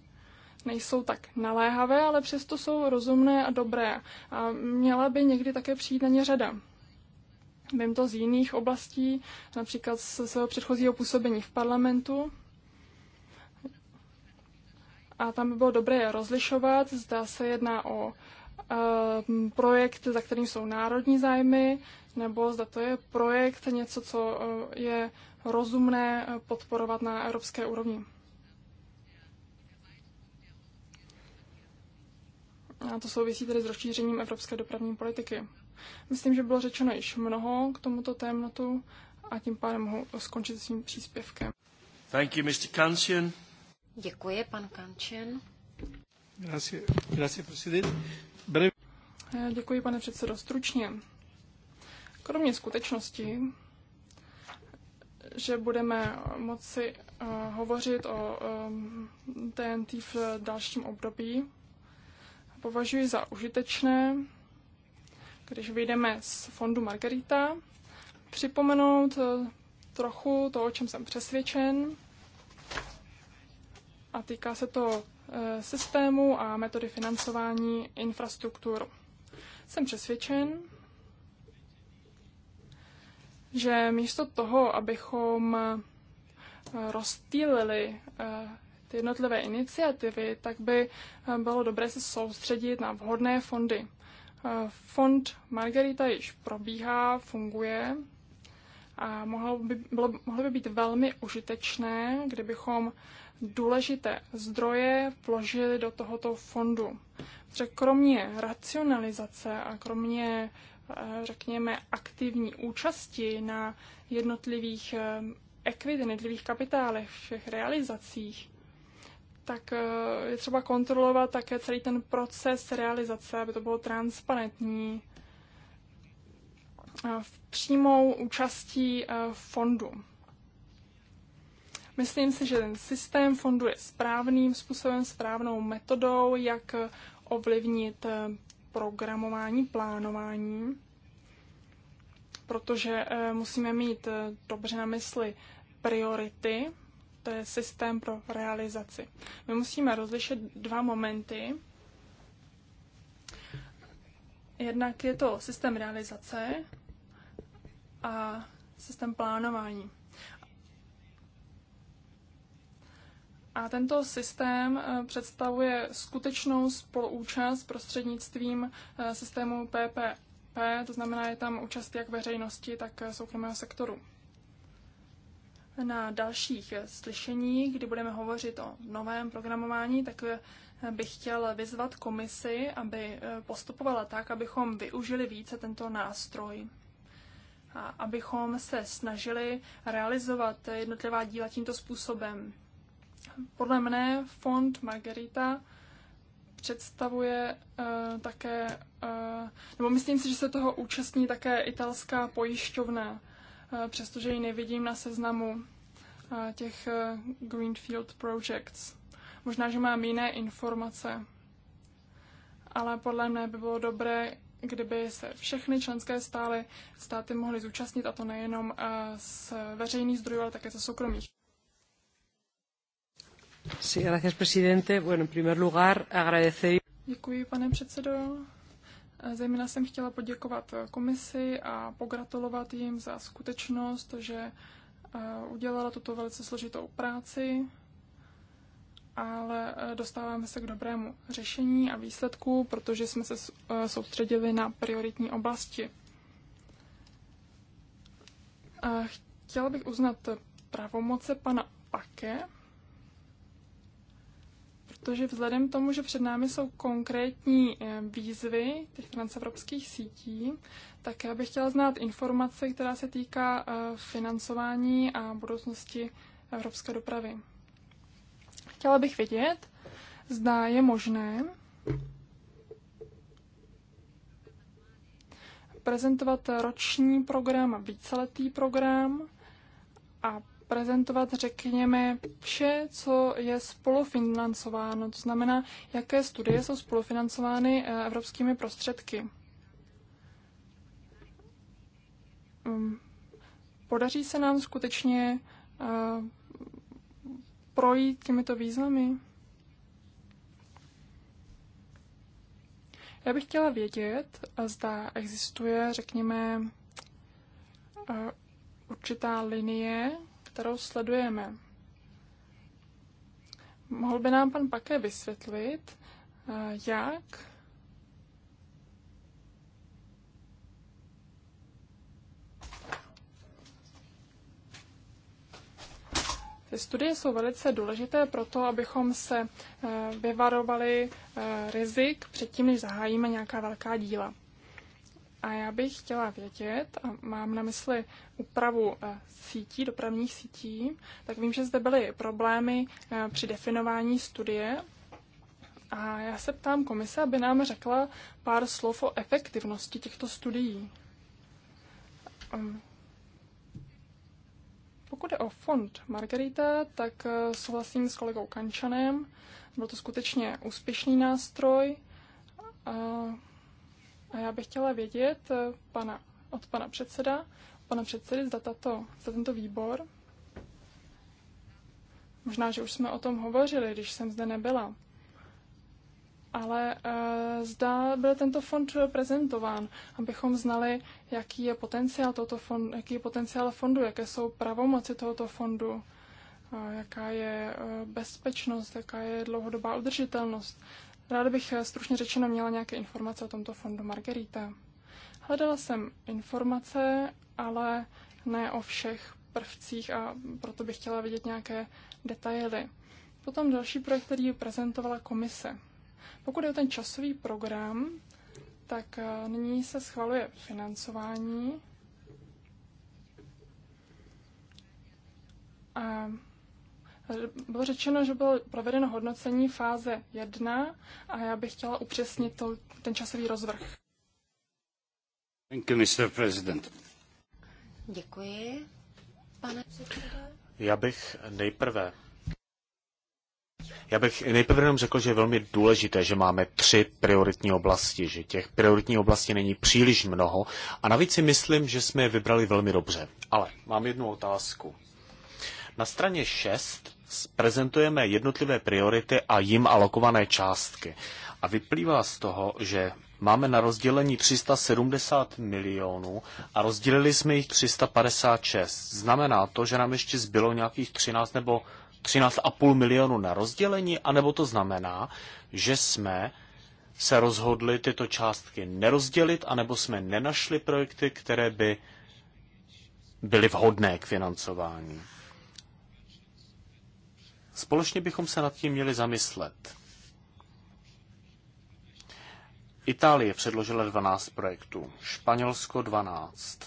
nejsou tak naléhavé, ale přesto jsou rozumné a dobré. A měla by někdy také přijít na ně řada. Vím to z jiných oblastí, například z svého předchozího působení v parlamentu. A tam by bylo dobré rozlišovat, zda se jedná o Eh, projekt, za kterým jsou národní zájmy, nebo zda to je projekt, něco, co eh, je rozumné eh, podporovat na evropské úrovni. A to souvisí tedy s rozšířením evropské dopravní politiky. Myslím, že bylo řečeno již mnoho k tomuto tématu a tím pádem mohu skončit svým příspěvkem. Thank you, Mr. Kanchen. Děkuji, pan Kanchen. Gracias, gracias, presidente. Byli... Eh, děkuji, pane předsedo. Stručně. Kromě skutečnosti, že budeme moci uh, hovořit o um, eh, TNT v dalším období, považuji za užitečné, když vyjdeme z fondu Margarita, připomenout uh, trochu to, o čem jsem přesvědčen. A týká se to Eh, systému a metody financování infrastruktur. Jsem přesvědčen, že místo toho, abychom eh, rozstýlili eh, ty jednotlivé iniciativy, tak by bylo dobré se soustředit na vhodné fondy. Fond Margarita již probíhá, funguje a mohlo by, bylo, mohlo by být velmi užitečné, kdybychom důležité zdroje vložili do tohoto fondu. Protože kromě racionalizace a kromě, eh, řekněme, aktivní účasti na jednotlivých eh, equity, jednotlivých kapitálech, všech realizacích, tak eh, je třeba kontrolovat také celý ten proces realizace, aby to bylo transparentní v přímou účastí fondu. Myslím si, že ten systém funduje správným způsobem, správnou metodou, jak ovlivnit eh, programování, plánování, protože eh, musíme mít eh, dobře na mysli priority, to je systém pro realizaci. My musíme rozlišit dva momenty. Jednak je to systém realizace a systém plánování. A tento systém eh, představuje skutečnou spoluúčast prostřednictvím eh, systému PPP, to znamená, je tam účast jak veřejnosti, tak eh, soukromého sektoru. Na dalších slyšeních, kdy budeme hovořit o novém programování, tak bych chtěl vyzvat komisi, aby postupovala tak, abychom využili více tento nástroj. A abychom se snažili realizovat jednotlivá díla tímto způsobem. Podle mne fond Margarita představuje uh, také, uh, nebo myslím si, že se toho účastní také italská pojišťovna, uh, přestože ji nevidím na seznamu uh, těch uh, Greenfield Projects. Možná, že mám jiné informace, ale podle mne by bylo dobré, kdyby se všechny členské stály, státy mohly zúčastnit, a to nejenom uh, z veřejných zdrojů, ale také ze soukromých. Děkuji, pane předsedo. Eh, zejména jsem chtěla poděkovat eh, komisi a pogratulovat jim za skutečnost, že eh, udělala tuto velice složitou práci, ale dostáváme se k dobrému řešení a výsledku, protože jsme se soustředili na prioritní oblasti. Chtěla bych uznat pravomoce pana Pake, to, že vzhledem k tomu, že před námi jsou konkrétní eh, výzvy těch transevropských sítí, tak já bych chtěla znát informace, která se týká eh, financování a budoucnosti evropské dopravy. Chtěla bych vědět, zda je možné prezentovat roční program a víceletý program a prezentovat, řekněme, vše, co je spolufinancováno, to znamená, jaké studie jsou spolufinancovány eh, evropskými prostředky. Mm. Podaří se nám skutečně eh, projít těmito významy? Já bych chtěla vědět, zda existuje, řekněme, eh, určitá linie kterou sledujeme. Mohl by nám pan Paké vysvětlit, eh, jak Ty studie jsou velice důležité pro to, abychom se eh, vyvarovali eh, rizik předtím, než zahájíme nějaká velká díla. A já bych chtěla vědět, a mám na mysli úpravu eh, sítí, dopravních sítí, tak vím, že zde byly problémy eh, při definování studie. A já se ptám komise, aby nám řekla pár slov o efektivnosti těchto studií. Eh, pokud je o fond Margarita, tak souhlasím s kolegou Kančanem. Byl to skutečně úspěšný nástroj a já bych chtěla vědět eh, pana, od pana předseda, pana předsedy, zda, tato, zda tento výbor, možná, že už jsme o tom hovořili, když jsem zde nebyla, ale e, zda byl tento fond prezentován, abychom znali, jaký je potenciál, tohoto fond, jaký je potenciál fondu, jaké jsou pravomoci tohoto fondu, e, jaká je e, bezpečnost, jaká je dlouhodobá udržitelnost. Ráda bych eh, stručně řečeno měla nějaké informace o tomto fondu Margarita. Hledala jsem informace, ale ne o všech prvcích a proto bych chtěla vidět nějaké detaily. Potom další projekt, který prezentovala komise. Pokud je o ten časový program, tak eh, nyní se schvaluje financování. A bylo řečeno, že bylo provedeno hodnocení fáze 1 a já bych chtěla upřesnit to, ten časový rozvrh. Thank you, Mr. President. Děkuji, pane předsedo. Já bych nejprve já bych nejprve jenom řekl, že je velmi důležité, že máme tři prioritní oblasti, že těch prioritních oblastí není příliš mnoho a navíc si myslím, že jsme je vybrali velmi dobře. Ale mám jednu otázku. Na straně 6 prezentujeme jednotlivé priority a jim alokované částky. A vyplývá z toho, že máme na rozdělení 370 milionů a rozdělili jsme jich 356. Znamená to, že nám ještě zbylo nějakých 13 nebo 13,5 milionu na rozdělení, anebo to znamená, že jsme se rozhodli tyto částky nerozdělit, anebo jsme nenašli projekty, které by byly vhodné k financování. Společně bychom se nad tím měli zamyslet. Itálie předložila 12 projektů, Španělsko 12.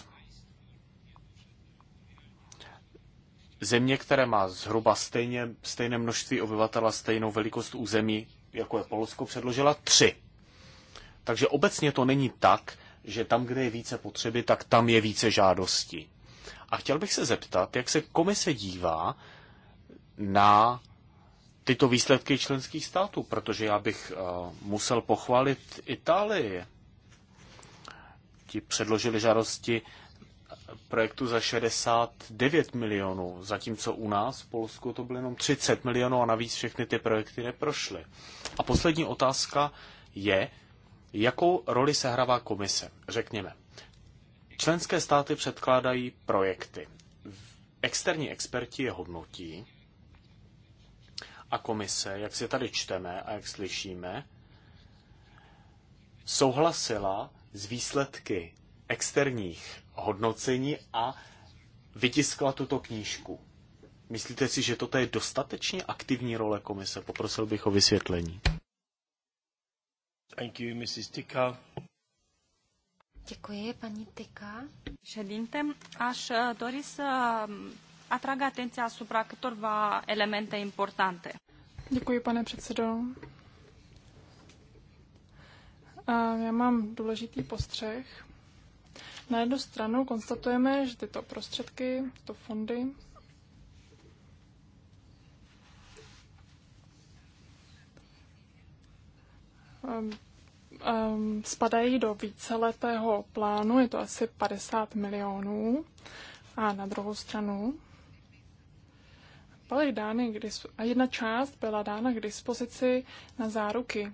Země, které má zhruba stejně, stejné množství obyvatel a stejnou velikost území, jako je Polsko, předložila 3. Takže obecně to není tak, že tam, kde je více potřeby, tak tam je více žádosti. A chtěl bych se zeptat, jak se komise dívá na tyto výsledky členských států, protože já bych eh, musel pochválit Itálii. Ti předložili žádosti eh, projektu za 69 milionů, zatímco u nás v Polsku to bylo jenom 30 milionů a navíc všechny ty projekty neprošly. A poslední otázka je, jakou roli sehrává komise? Řekněme, členské státy předkládají projekty. Externí experti je hodnotí, a komise, jak si tady čteme a jak slyšíme, souhlasila s výsledky externích hodnocení a vytiskla tuto knížku. Myslíte si, že toto je dostatečně aktivní role komise? Poprosil bych o vysvětlení. Thank you, Mrs. Tika. Děkuji, paní Tika. Ședinte, Až uh, Doris atrag atenția asupra câtorva elemente importante. Děkuji, pane předsedo. Já mám důležitý postřeh. Na jednu stranu konstatujeme, že tyto prostředky, tyto fondy um, um, spadají do víceletého plánu, je to asi 50 milionů. A na druhou stranu byly dány a jedna část byla dána k dispozici na záruky.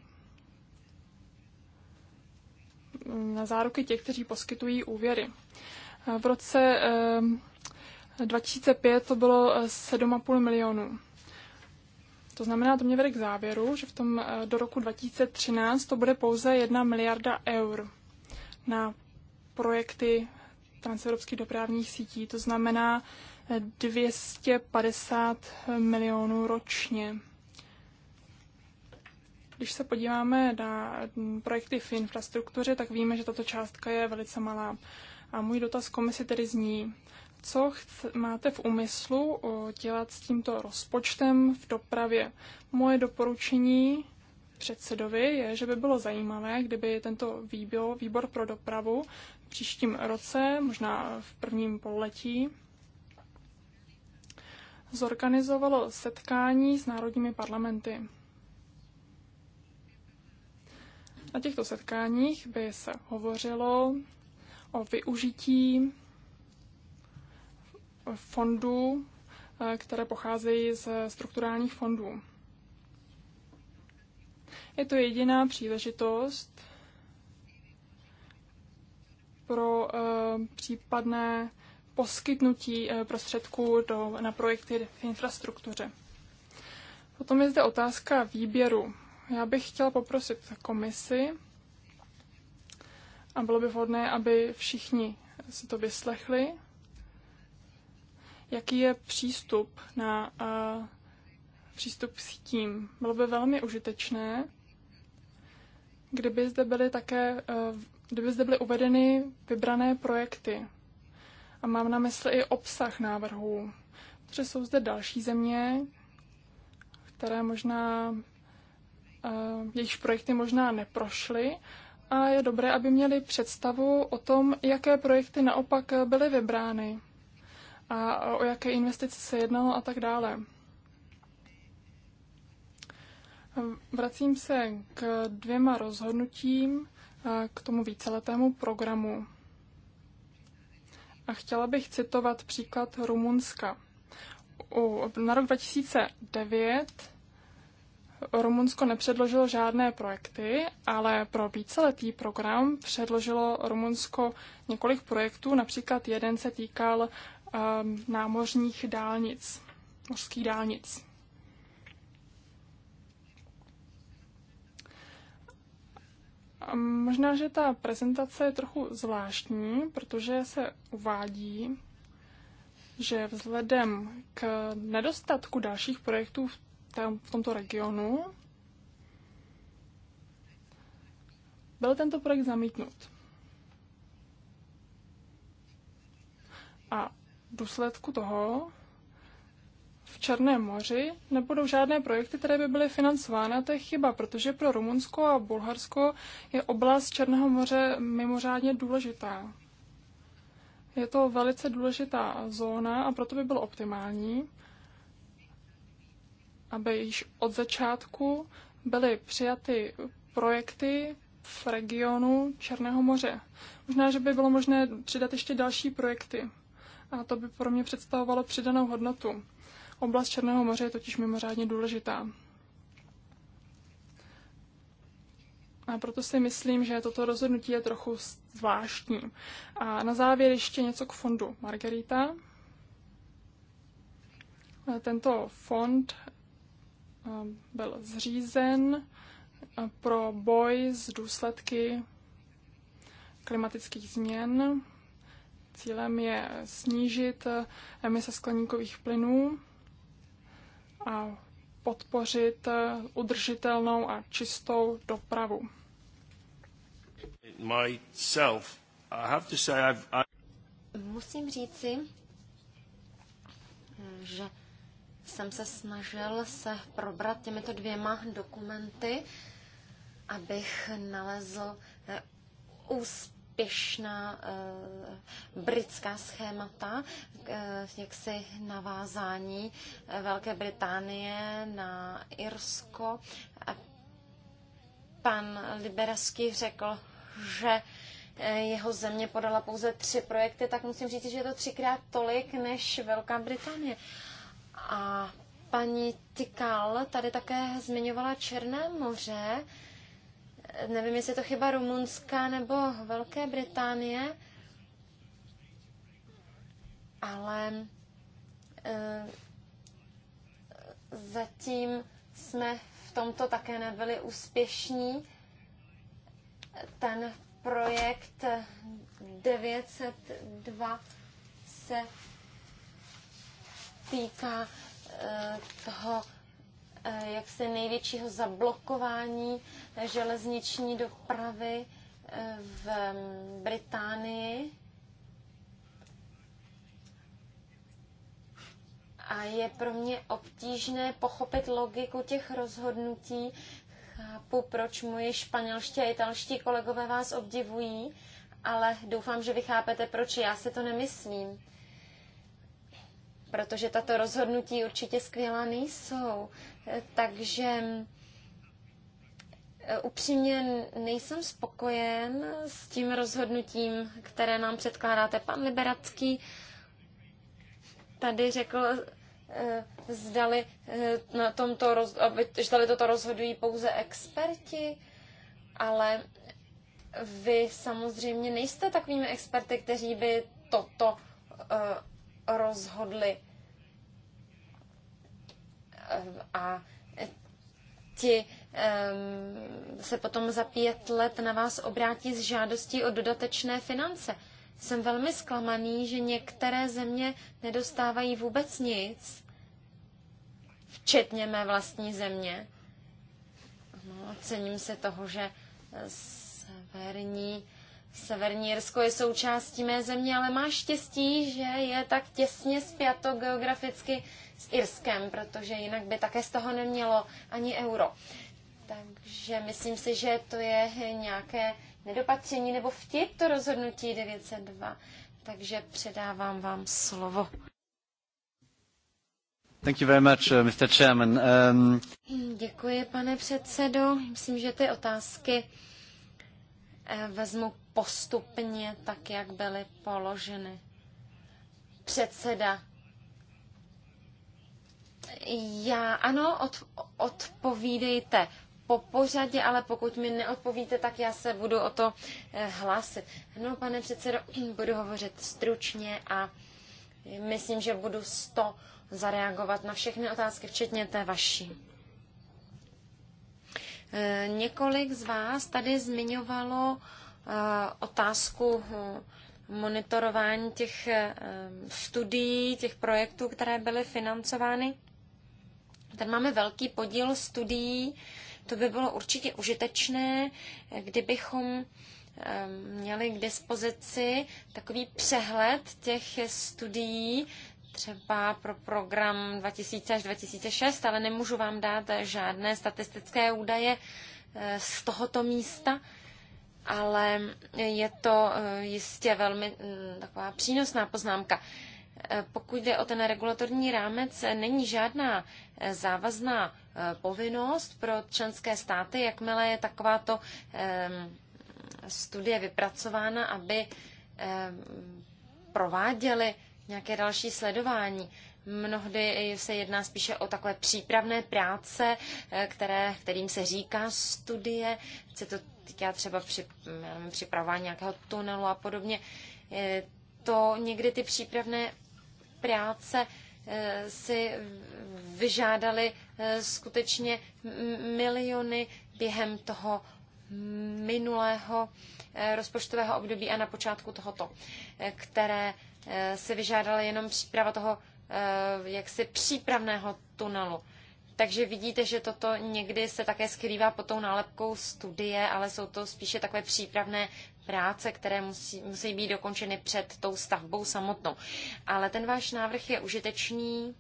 Na záruky těch, kteří poskytují úvěry. V roce 2005 eh, to bylo 7,5 eh, milionů. To znamená, to mě vede k závěru, že v tom eh, do roku 2013 to bude pouze 1 miliarda eur na projekty transevropských dopravních sítí. To znamená, 250 milionů ročně. Když se podíváme na projekty v infrastruktuře, tak víme, že tato částka je velice malá. A můj dotaz komisi tedy zní, co máte v úmyslu dělat s tímto rozpočtem v dopravě. Moje doporučení předsedovi je, že by bylo zajímavé, kdyby tento výbor, výbor pro dopravu v příštím roce, možná v prvním poletí, zorganizovalo setkání s národními parlamenty. Na těchto setkáních by se hovořilo o využití fondů, eh, které pocházejí z strukturálních fondů. Je to jediná příležitost pro eh, případné poskytnutí eh, prostředků do, na projekty v infrastruktuře. Potom je zde otázka výběru. Já bych chtěla poprosit komisi, a bylo by vhodné, aby všichni si to vyslechli, jaký je přístup na uh, přístup k tím? Bylo by velmi užitečné, kdyby zde byly také, uh, kdyby zde byly uvedeny vybrané projekty, a mám na mysli i obsah návrhů, protože jsou zde další země, které možná, eh, jejichž projekty možná neprošly, a je dobré, aby měli představu o tom, jaké projekty naopak byly vybrány a o jaké investice se jednalo a tak dále. Vracím se k dvěma rozhodnutím k tomu víceletému programu. A chtěla bych citovat příklad Rumunska. U, na rok 2009 Rumunsko nepředložilo žádné projekty, ale pro víceletý program předložilo Rumunsko několik projektů, například jeden se týkal um, námořních dálnic, mořských dálnic. Možná, že ta prezentace je trochu zvláštní, protože se uvádí, že vzhledem k nedostatku dalších projektů v, tém, v tomto regionu byl tento projekt zamítnut. A v důsledku toho v Černém moři nebudou žádné projekty, které by byly financovány. A to je chyba, protože pro Rumunsko a Bulharsko je oblast Černého moře mimořádně důležitá. Je to velice důležitá zóna a proto by bylo optimální, aby již od začátku byly přijaty projekty v regionu Černého moře. Možná, že by bylo možné přidat ještě další projekty. A to by pro mě představovalo přidanou hodnotu. Oblast Černého moře je totiž mimořádně důležitá. A proto si myslím, že toto rozhodnutí je trochu zvláštní. A na závěr ještě něco k fondu Margarita. Tento fond eh, byl zřízen eh, pro boj s důsledky klimatických změn. Cílem je snížit eh, emise skleníkových plynů a podpořit eh, udržitelnou a čistou dopravu. Myself, I have to say I've, I... Musím říci, že jsem se snažil se probrat těmito dvěma dokumenty, abych nalezl eh, úspěch uh, britská schémata, eh, jaksi navázání eh, Velké Británie na Irsko. A pan Liberaský řekl, že jeho země podala pouze tři projekty, tak musím říct, že je to třikrát tolik než Velká Británie. A paní Tikal tady také zmiňovala Černé moře nevím, jestli je to chyba Rumunska nebo Velké Británie, ale eh, zatím jsme v tomto také nebyli úspěšní. Ten projekt 902 se týká eh, toho Eh, jaksi největšího zablokování železniční dopravy eh, v mm, Británii. A je pro mě obtížné pochopit logiku těch rozhodnutí. Chápu, proč moji španělští a italští kolegové vás obdivují, ale doufám, že vy chápete, proč já si to nemyslím protože tato rozhodnutí určitě skvělá nejsou. Takže e, upřímně nejsem spokojen s tím rozhodnutím, které nám předkládáte. Pan Liberacký tady řekl, e, zdali, e, na tomto roz, zdali toto rozhodují pouze experti, ale vy samozřejmě nejste takovými experty, kteří by toto rozhodli a ti se potom za pět let na vás obrátí s žádostí o dodatečné finance. Jsem velmi zklamaný, že některé země nedostávají vůbec nic, včetně mé vlastní země. No, cením se toho, že severní, severní Jirsko je součástí mé země, ale má štěstí, že je tak těsně spjato geograficky s Irskem, protože jinak by také z toho nemělo ani euro. Takže myslím si, že to je nějaké nedopatření nebo vtip to rozhodnutí 902. Takže předávám vám slovo. Thank you very much, uh, Mr. Chairman. Um... Děkuji, pane předsedo. Myslím, že ty otázky eh, vezmu postupně tak, jak byly položeny. Předseda já ano, od, odpovídejte po pořadě, ale pokud mi neodpovíte, tak já se budu o to eh, hlásit. No, pane předsedo, budu hovořit stručně a myslím, že budu to zareagovat na všechny otázky, včetně té vaší. Eh, několik z vás tady zmiňovalo eh, otázku monitorování těch studií, těch projektů, které byly financovány. Tady máme velký podíl studií, to by bylo určitě užitečné, kdybychom eh, měli k dispozici takový přehled těch studií, třeba pro program 2000 až 2006, ale nemůžu vám dát žádné statistické údaje eh, z tohoto místa, ale je to eh, jistě velmi mm, taková přínosná poznámka. Eh, pokud jde o ten regulatorní rámec, eh, není žádná eh, závazná povinnost pro členské státy, jakmile je takováto ehm, studie vypracována, aby ehm, prováděly nějaké další sledování. Mnohdy se jedná spíše o takové přípravné práce, které, kterým se říká studie, se to týká třeba při, mm, připravování nějakého tunelu a podobně. To někdy ty přípravné práce eh, si vyžádali eh, skutečně miliony během toho minulého eh, rozpočtového období a na počátku tohoto, které si vyžádala jenom příprava toho jaksi přípravného tunelu. Takže vidíte, že toto někdy se také skrývá pod tou nálepkou studie, ale jsou to spíše takové přípravné práce, které musí, musí být dokončeny před tou stavbou samotnou. Ale ten váš návrh je užitečný.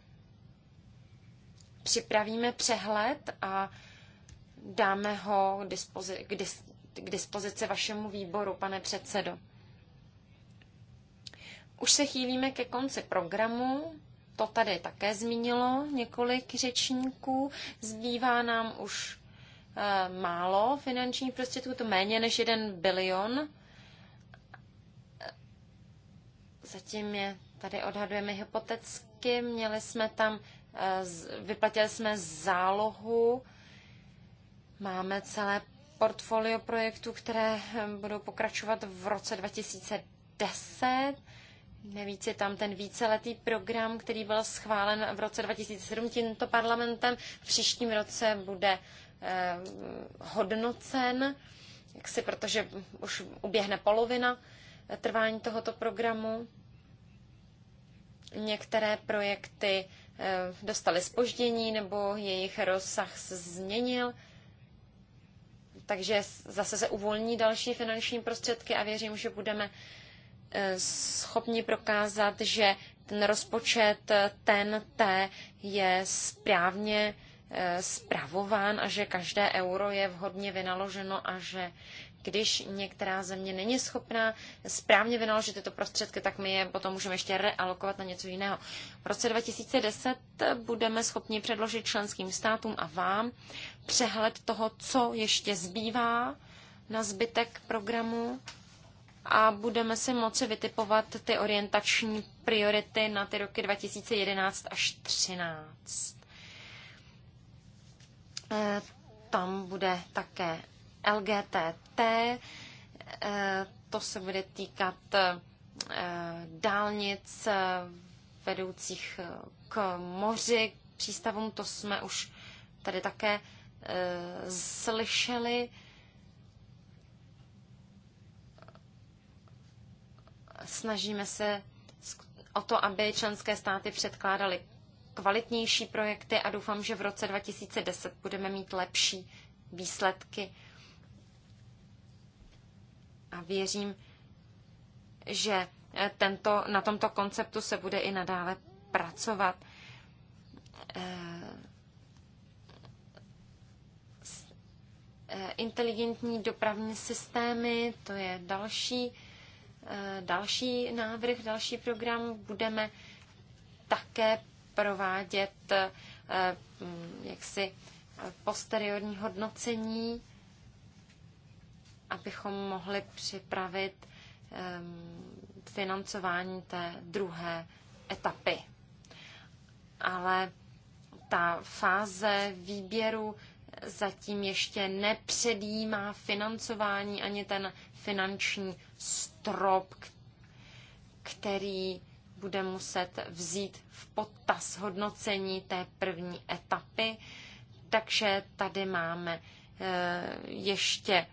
Připravíme přehled a dáme ho k, dispozi- k, dis- k dispozici vašemu výboru, pane předsedo. Už se chýlíme ke konci programu. To tady také zmínilo několik řečníků. Zbývá nám už eh, málo finančních prostředků, to méně než jeden bilion. Zatím je tady odhadujeme hypoteticky. Měli jsme tam, eh, vyplatili jsme zálohu, máme celé portfolio projektů, které eh, budou pokračovat v roce 2010. Nevíc je tam ten víceletý program, který byl schválen v roce 2007 tímto parlamentem. V příštím roce bude eh, hodnocen, jaksi, protože už uběhne polovina trvání tohoto programu. Některé projekty eh, dostaly spoždění nebo jejich rozsah se změnil, takže zase se uvolní další finanční prostředky a věřím, že budeme eh, schopni prokázat, že ten rozpočet eh, ten, t je správně spravován a že každé euro je vhodně vynaloženo a že když některá země není schopná správně vynaložit tyto prostředky, tak my je potom můžeme ještě realokovat na něco jiného. V roce 2010 budeme schopni předložit členským státům a vám přehled toho, co ještě zbývá na zbytek programu a budeme si moci vytipovat ty orientační priority na ty roky 2011 až 2013. Eh, tam bude také LGTT, eh, to se bude týkat eh, dálnic eh, vedoucích k moři, k přístavům, to jsme už tady také slyšeli. Snažíme se o to, aby členské státy předkládaly kvalitnější projekty a doufám, že v roce 2010 budeme mít lepší výsledky a věřím, že eh, tento, na tomto konceptu se bude i nadále pracovat. Eh, eh, inteligentní dopravní systémy, to je další, další návrh, další program. Budeme také provádět jaksi posteriorní hodnocení abychom mohli připravit ehm, financování té druhé etapy. Ale ta fáze výběru zatím ještě nepředjímá financování ani ten finanční strop, který bude muset vzít v potaz hodnocení té první etapy. Takže tady máme eh, ještě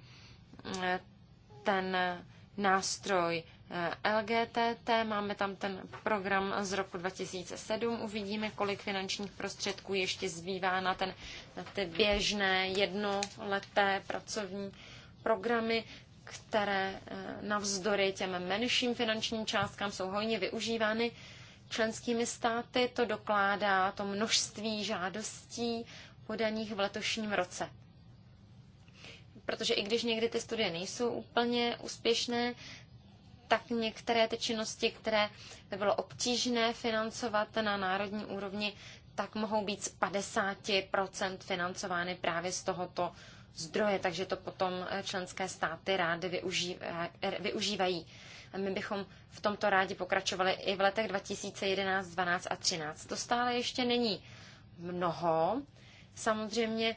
ten nástroj eh, LGTT, máme tam ten program z roku 2007, uvidíme, kolik finančních prostředků ještě zbývá na, ten, na ty běžné jednoleté pracovní programy, které eh, navzdory těm menším finančním částkám jsou hojně využívány členskými státy. To dokládá to množství žádostí podaných v letošním roce protože i když někdy ty studie nejsou úplně úspěšné, tak některé ty činnosti, které by bylo obtížné financovat na národní úrovni, tak mohou být z 50% financovány právě z tohoto zdroje, takže to potom eh, členské státy rády eh, eh, využívají. My bychom v tomto rádi pokračovali i v letech 2011, 12 a 13. To stále ještě není mnoho. Samozřejmě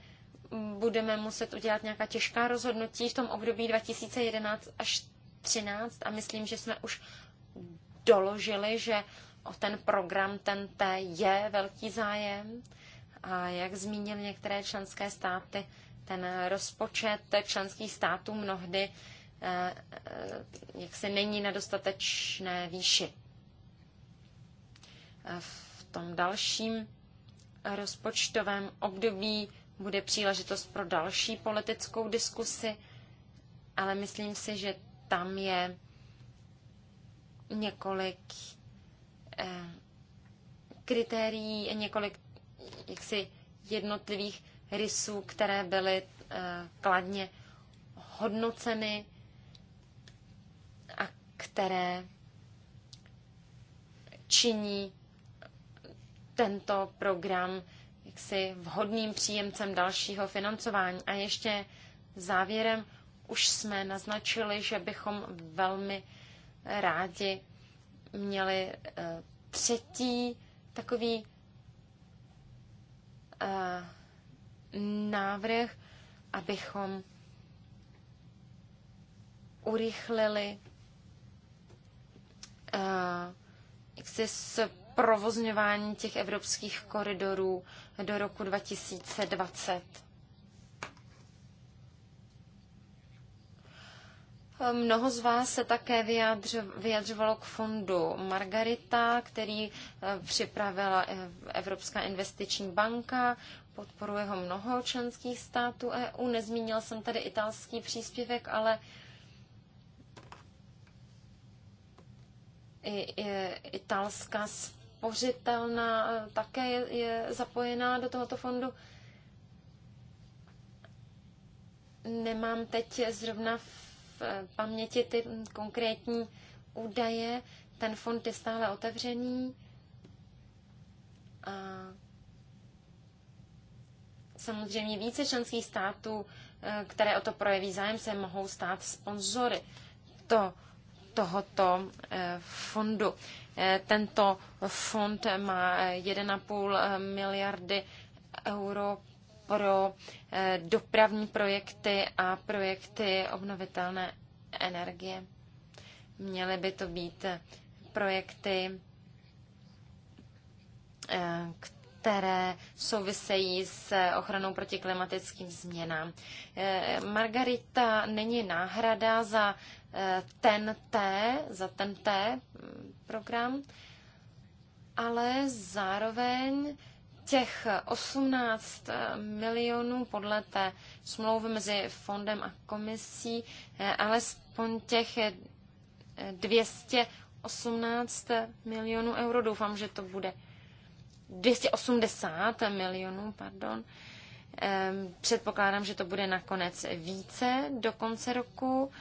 budeme muset udělat nějaká těžká rozhodnutí v tom období 2011 až 2013 a myslím, že jsme už doložili, že o ten program ten T je velký zájem a jak zmínil některé členské státy, ten rozpočet členských států mnohdy eh, eh, jak se není na dostatečné výši. V tom dalším rozpočtovém období bude příležitost pro další politickou diskusi, ale myslím si, že tam je několik eh, kritérií, několik jaksi jednotlivých rysů, které byly eh, kladně hodnoceny a které činí tento program jaksi vhodným příjemcem dalšího financování. A ještě závěrem už jsme naznačili, že bychom velmi rádi měli eh, třetí takový eh, návrh, abychom urychlili eh, jaksi provozňování těch evropských koridorů do roku 2020. Mnoho z vás se také vyjadřovalo k fondu Margarita, který eh, připravila eh, Evropská investiční banka. Podporuje ho mnoho členských států EU. Nezmínil jsem tady italský příspěvek, ale i, italská spořitelna také je, je zapojená do tohoto fondu. Nemám teď zrovna v paměti ty konkrétní údaje. Ten fond je stále otevřený. A samozřejmě více členských států, eh, které o to projeví zájem, se mohou stát sponzory to, tohoto eh, fondu. Tento fond má 1,5 miliardy euro pro eh, dopravní projekty a projekty obnovitelné energie. Měly by to být projekty, eh, které souvisejí s ochranou proti klimatickým změnám. Eh, Margarita není náhrada za ten T za ten T program, ale zároveň těch 18 milionů podle té smlouvy mezi fondem a komisí, eh, alespoň těch 218 eh, milionů euro, doufám, že to bude 280 milionů, pardon. Ehm, předpokládám, že to bude nakonec více do konce roku.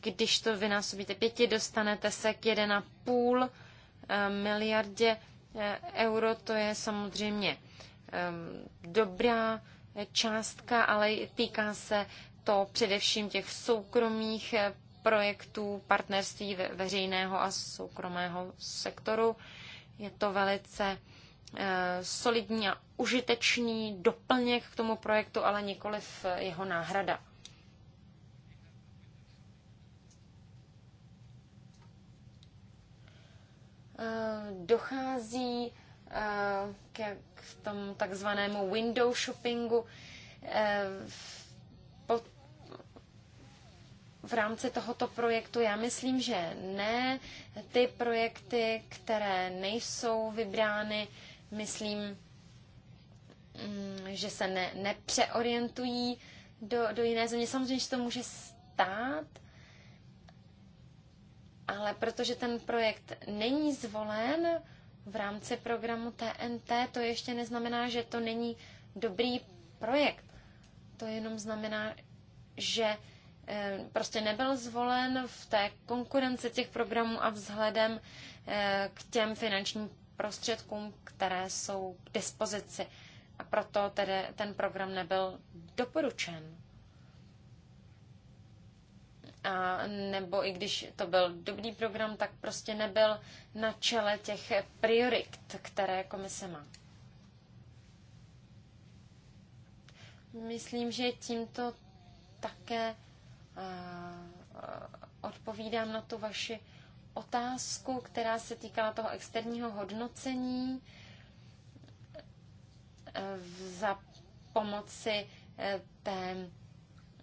Když to vynásobíte pěti, dostanete se k 1,5 eh, miliardě eh, euro. To je samozřejmě ehm, dobrá částka, ale týká se to především těch soukromých eh, projektů partnerství veřejného a soukromého sektoru. Je to velice solidní a užitečný doplněk k tomu projektu, ale nikoliv jeho náhrada. Eh, dochází eh, k tomu takzvanému window shoppingu. Eh, v rámci tohoto projektu já myslím, že ne. Ty projekty, které nejsou vybrány, myslím, mm, že se ne, nepřeorientují do, do jiné země. Samozřejmě, že to může stát, ale protože ten projekt není zvolen v rámci programu TNT, to ještě neznamená, že to není dobrý projekt. To jenom znamená, že eh, prostě nebyl zvolen v té konkurenci těch programů a vzhledem eh, k těm finančním prostředkům, které jsou k dispozici. A proto tedy ten program nebyl doporučen a nebo i když to byl dobrý program, tak prostě nebyl na čele těch priorit, které komise má. Myslím, že tímto také odpovídám na tu vaši otázku, která se týkala toho externího hodnocení e, za pomoci e, té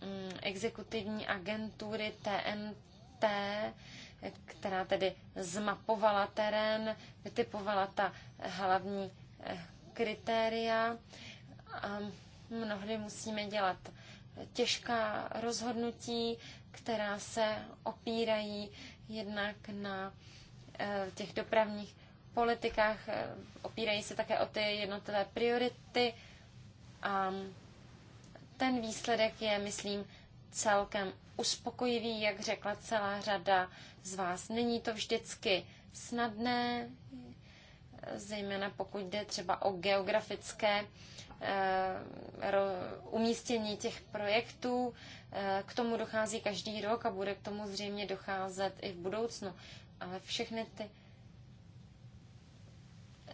Mm, exekutivní agentury TNT, která tedy zmapovala terén, vytipovala ta hlavní eh, kritéria. A mnohdy musíme dělat těžká rozhodnutí, která se opírají jednak na eh, těch dopravních politikách, eh, opírají se také o ty jednotlivé priority a ten výsledek je, myslím, celkem uspokojivý, jak řekla celá řada z vás. Není to vždycky snadné, zejména pokud jde třeba o geografické eh, umístění těch projektů. Eh, k tomu dochází každý rok a bude k tomu zřejmě docházet i v budoucnu. Ale všechny ty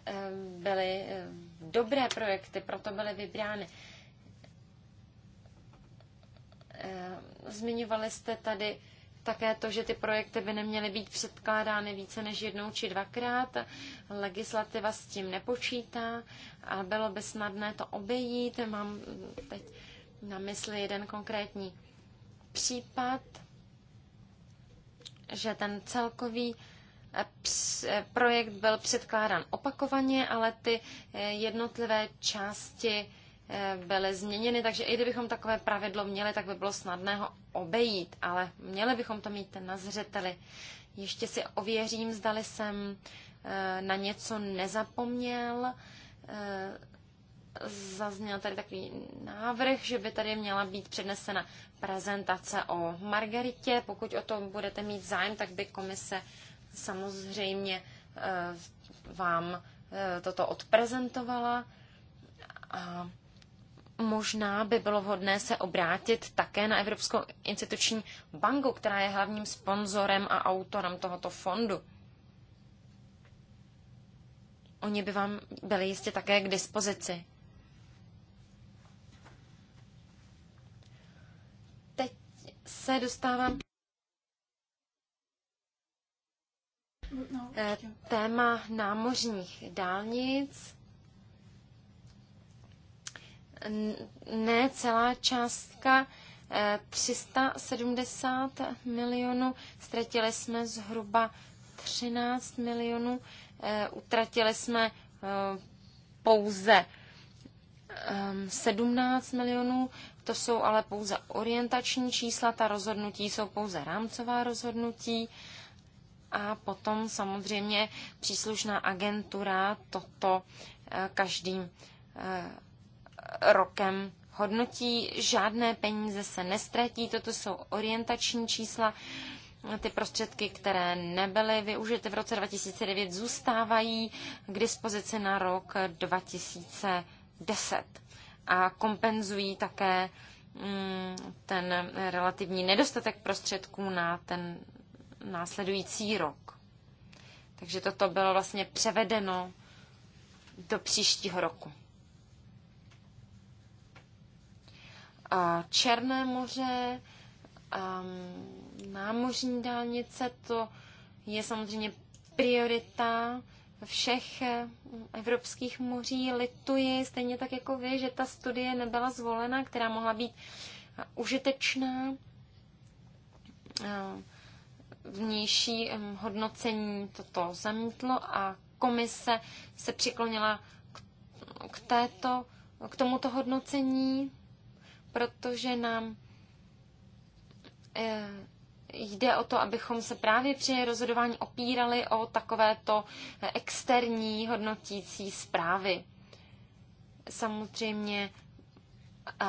eh, byly dobré projekty, proto byly vybrány. Eh, zmiňovali jste tady také to, že ty projekty by neměly být předkládány více než jednou či dvakrát. Legislativa s tím nepočítá a bylo by snadné to obejít. Mám teď na mysli jeden konkrétní případ, že ten celkový eh, eh, projekt byl předkládán opakovaně, ale ty jednotlivé části byly změněny, takže i kdybychom takové pravidlo měli, tak by bylo snadné ho obejít, ale měli bychom to mít na zřeteli. Ještě si ověřím, zdali jsem eh, na něco nezapomněl. Eh, zazněl tady takový návrh, že by tady měla být přednesena prezentace o Margaritě. Pokud o tom budete mít zájem, tak by komise samozřejmě eh, vám toto odprezentovala. A Možná by bylo vhodné se obrátit také na Evropskou instituční banku, která je hlavním sponzorem a autorem tohoto fondu. Oni by vám byli jistě také k dispozici. Teď se dostávám no, eh, téma námořních dálnic ne celá částka 370 eh, milionů, ztratili jsme zhruba 13 milionů, eh, utratili jsme eh, pouze 17 ehm, milionů, to jsou ale pouze orientační čísla, ta rozhodnutí jsou pouze rámcová rozhodnutí a potom samozřejmě příslušná agentura toto každým rokem hodnotí. Žádné peníze se nestratí, toto jsou orientační čísla. Ty prostředky, které nebyly využity v roce 2009, zůstávají k dispozici na rok 2010 a kompenzují také mm, ten relativní nedostatek prostředků na ten následující rok. Takže toto bylo vlastně převedeno do příštího roku. Černé moře, um, námořní dálnice, to je samozřejmě priorita všech eh, evropských moří. Lituji stejně tak jako vy, že ta studie nebyla zvolena, která mohla být eh, užitečná eh, vnější hodnocení toto zamítlo a komise se přiklonila k, této, k tomuto hodnocení protože nám eh, jde o to, abychom se právě při rozhodování opírali o takovéto externí hodnotící zprávy. Samozřejmě, eh,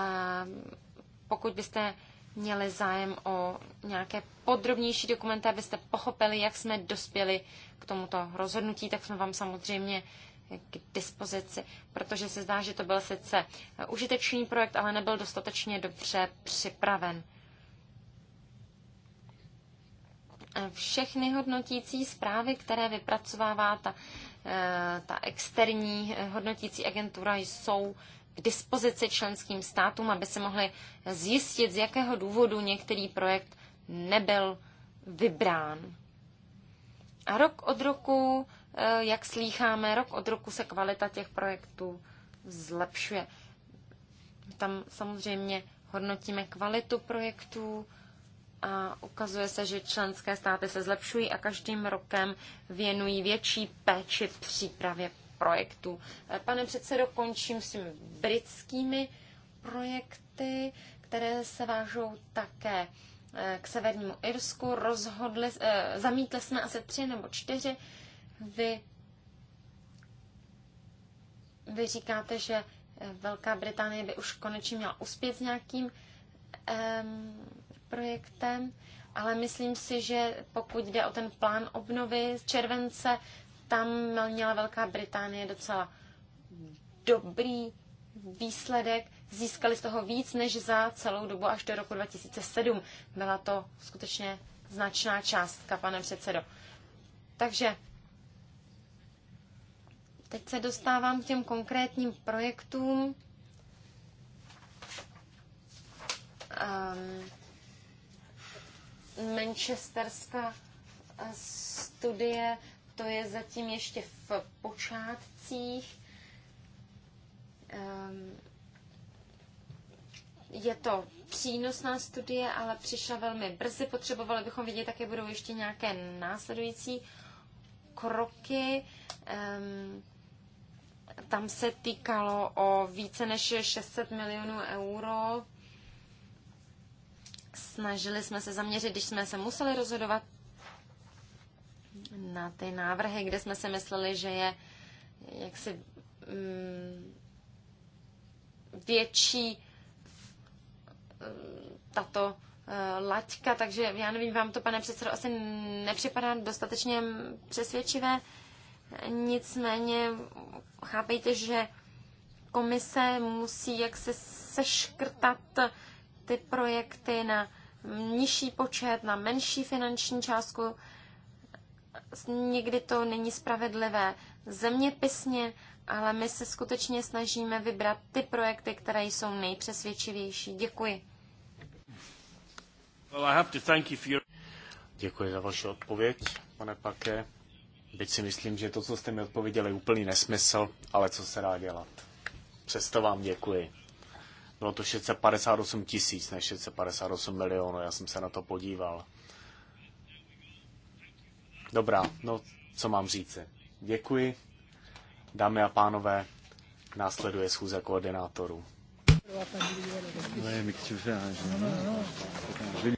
pokud byste měli zájem o nějaké podrobnější dokumenty, abyste pochopili, jak jsme dospěli k tomuto rozhodnutí, tak jsme vám samozřejmě k dispozici, protože se zdá, že to byl sice užitečný projekt, ale nebyl dostatečně dobře připraven. Všechny hodnotící zprávy, které vypracovává ta, eh, ta externí hodnotící agentura, jsou k dispozici členským státům, aby se mohli zjistit, z jakého důvodu některý projekt nebyl vybrán. A rok od roku Eh, jak slýcháme, rok od roku se kvalita těch projektů zlepšuje. Tam samozřejmě hodnotíme kvalitu projektů a ukazuje se, že členské státy se zlepšují a každým rokem věnují větší péči přípravě projektů. Eh, pane předsedo, končím s těmi britskými projekty, které se vážou také eh, k severnímu Irsku. Rozhodli, zamítli jsme asi tři nebo čtyři vy, vy říkáte, že Velká Británie by už konečně měla uspět s nějakým um, projektem, ale myslím si, že pokud jde o ten plán obnovy z července, tam měla Velká Británie docela dobrý výsledek. Získali z toho víc než za celou dobu až do roku 2007. Byla to skutečně značná částka, pane předsedo. Takže Teď se dostávám k těm konkrétním projektům. Um, Manchesterská eh, studie, to je zatím ještě v počátcích. Um, je to přínosná studie, ale přišla velmi brzy. Potřebovali bychom vidět, jaké budou ještě nějaké následující kroky. Um, tam se týkalo o více než 600 milionů euro. Snažili jsme se zaměřit, když jsme se museli rozhodovat na ty návrhy, kde jsme si mysleli, že je jaksi mm, větší mm, tato eh, laťka, takže já nevím, vám to, pane předsedo, asi nepřipadá dostatečně přesvědčivé. Nicméně chápejte, že komise musí jak se seškrtat ty projekty na nižší počet, na menší finanční částku. Někdy to není spravedlivé zeměpisně, ale my se skutečně snažíme vybrat ty projekty, které jsou nejpřesvědčivější. Děkuji. Děkuji za vaši odpověď, pane Pake. Teď si myslím, že to, co jste mi odpověděli, je úplný nesmysl, ale co se dá dělat. Přesto vám děkuji. Bylo to 658 tisíc, ne 658 milionů, já jsem se na to podíval. Dobrá, no co mám říci. Děkuji. Dámy a pánové, následuje schůze koordinátorů. Ouais, no, je mi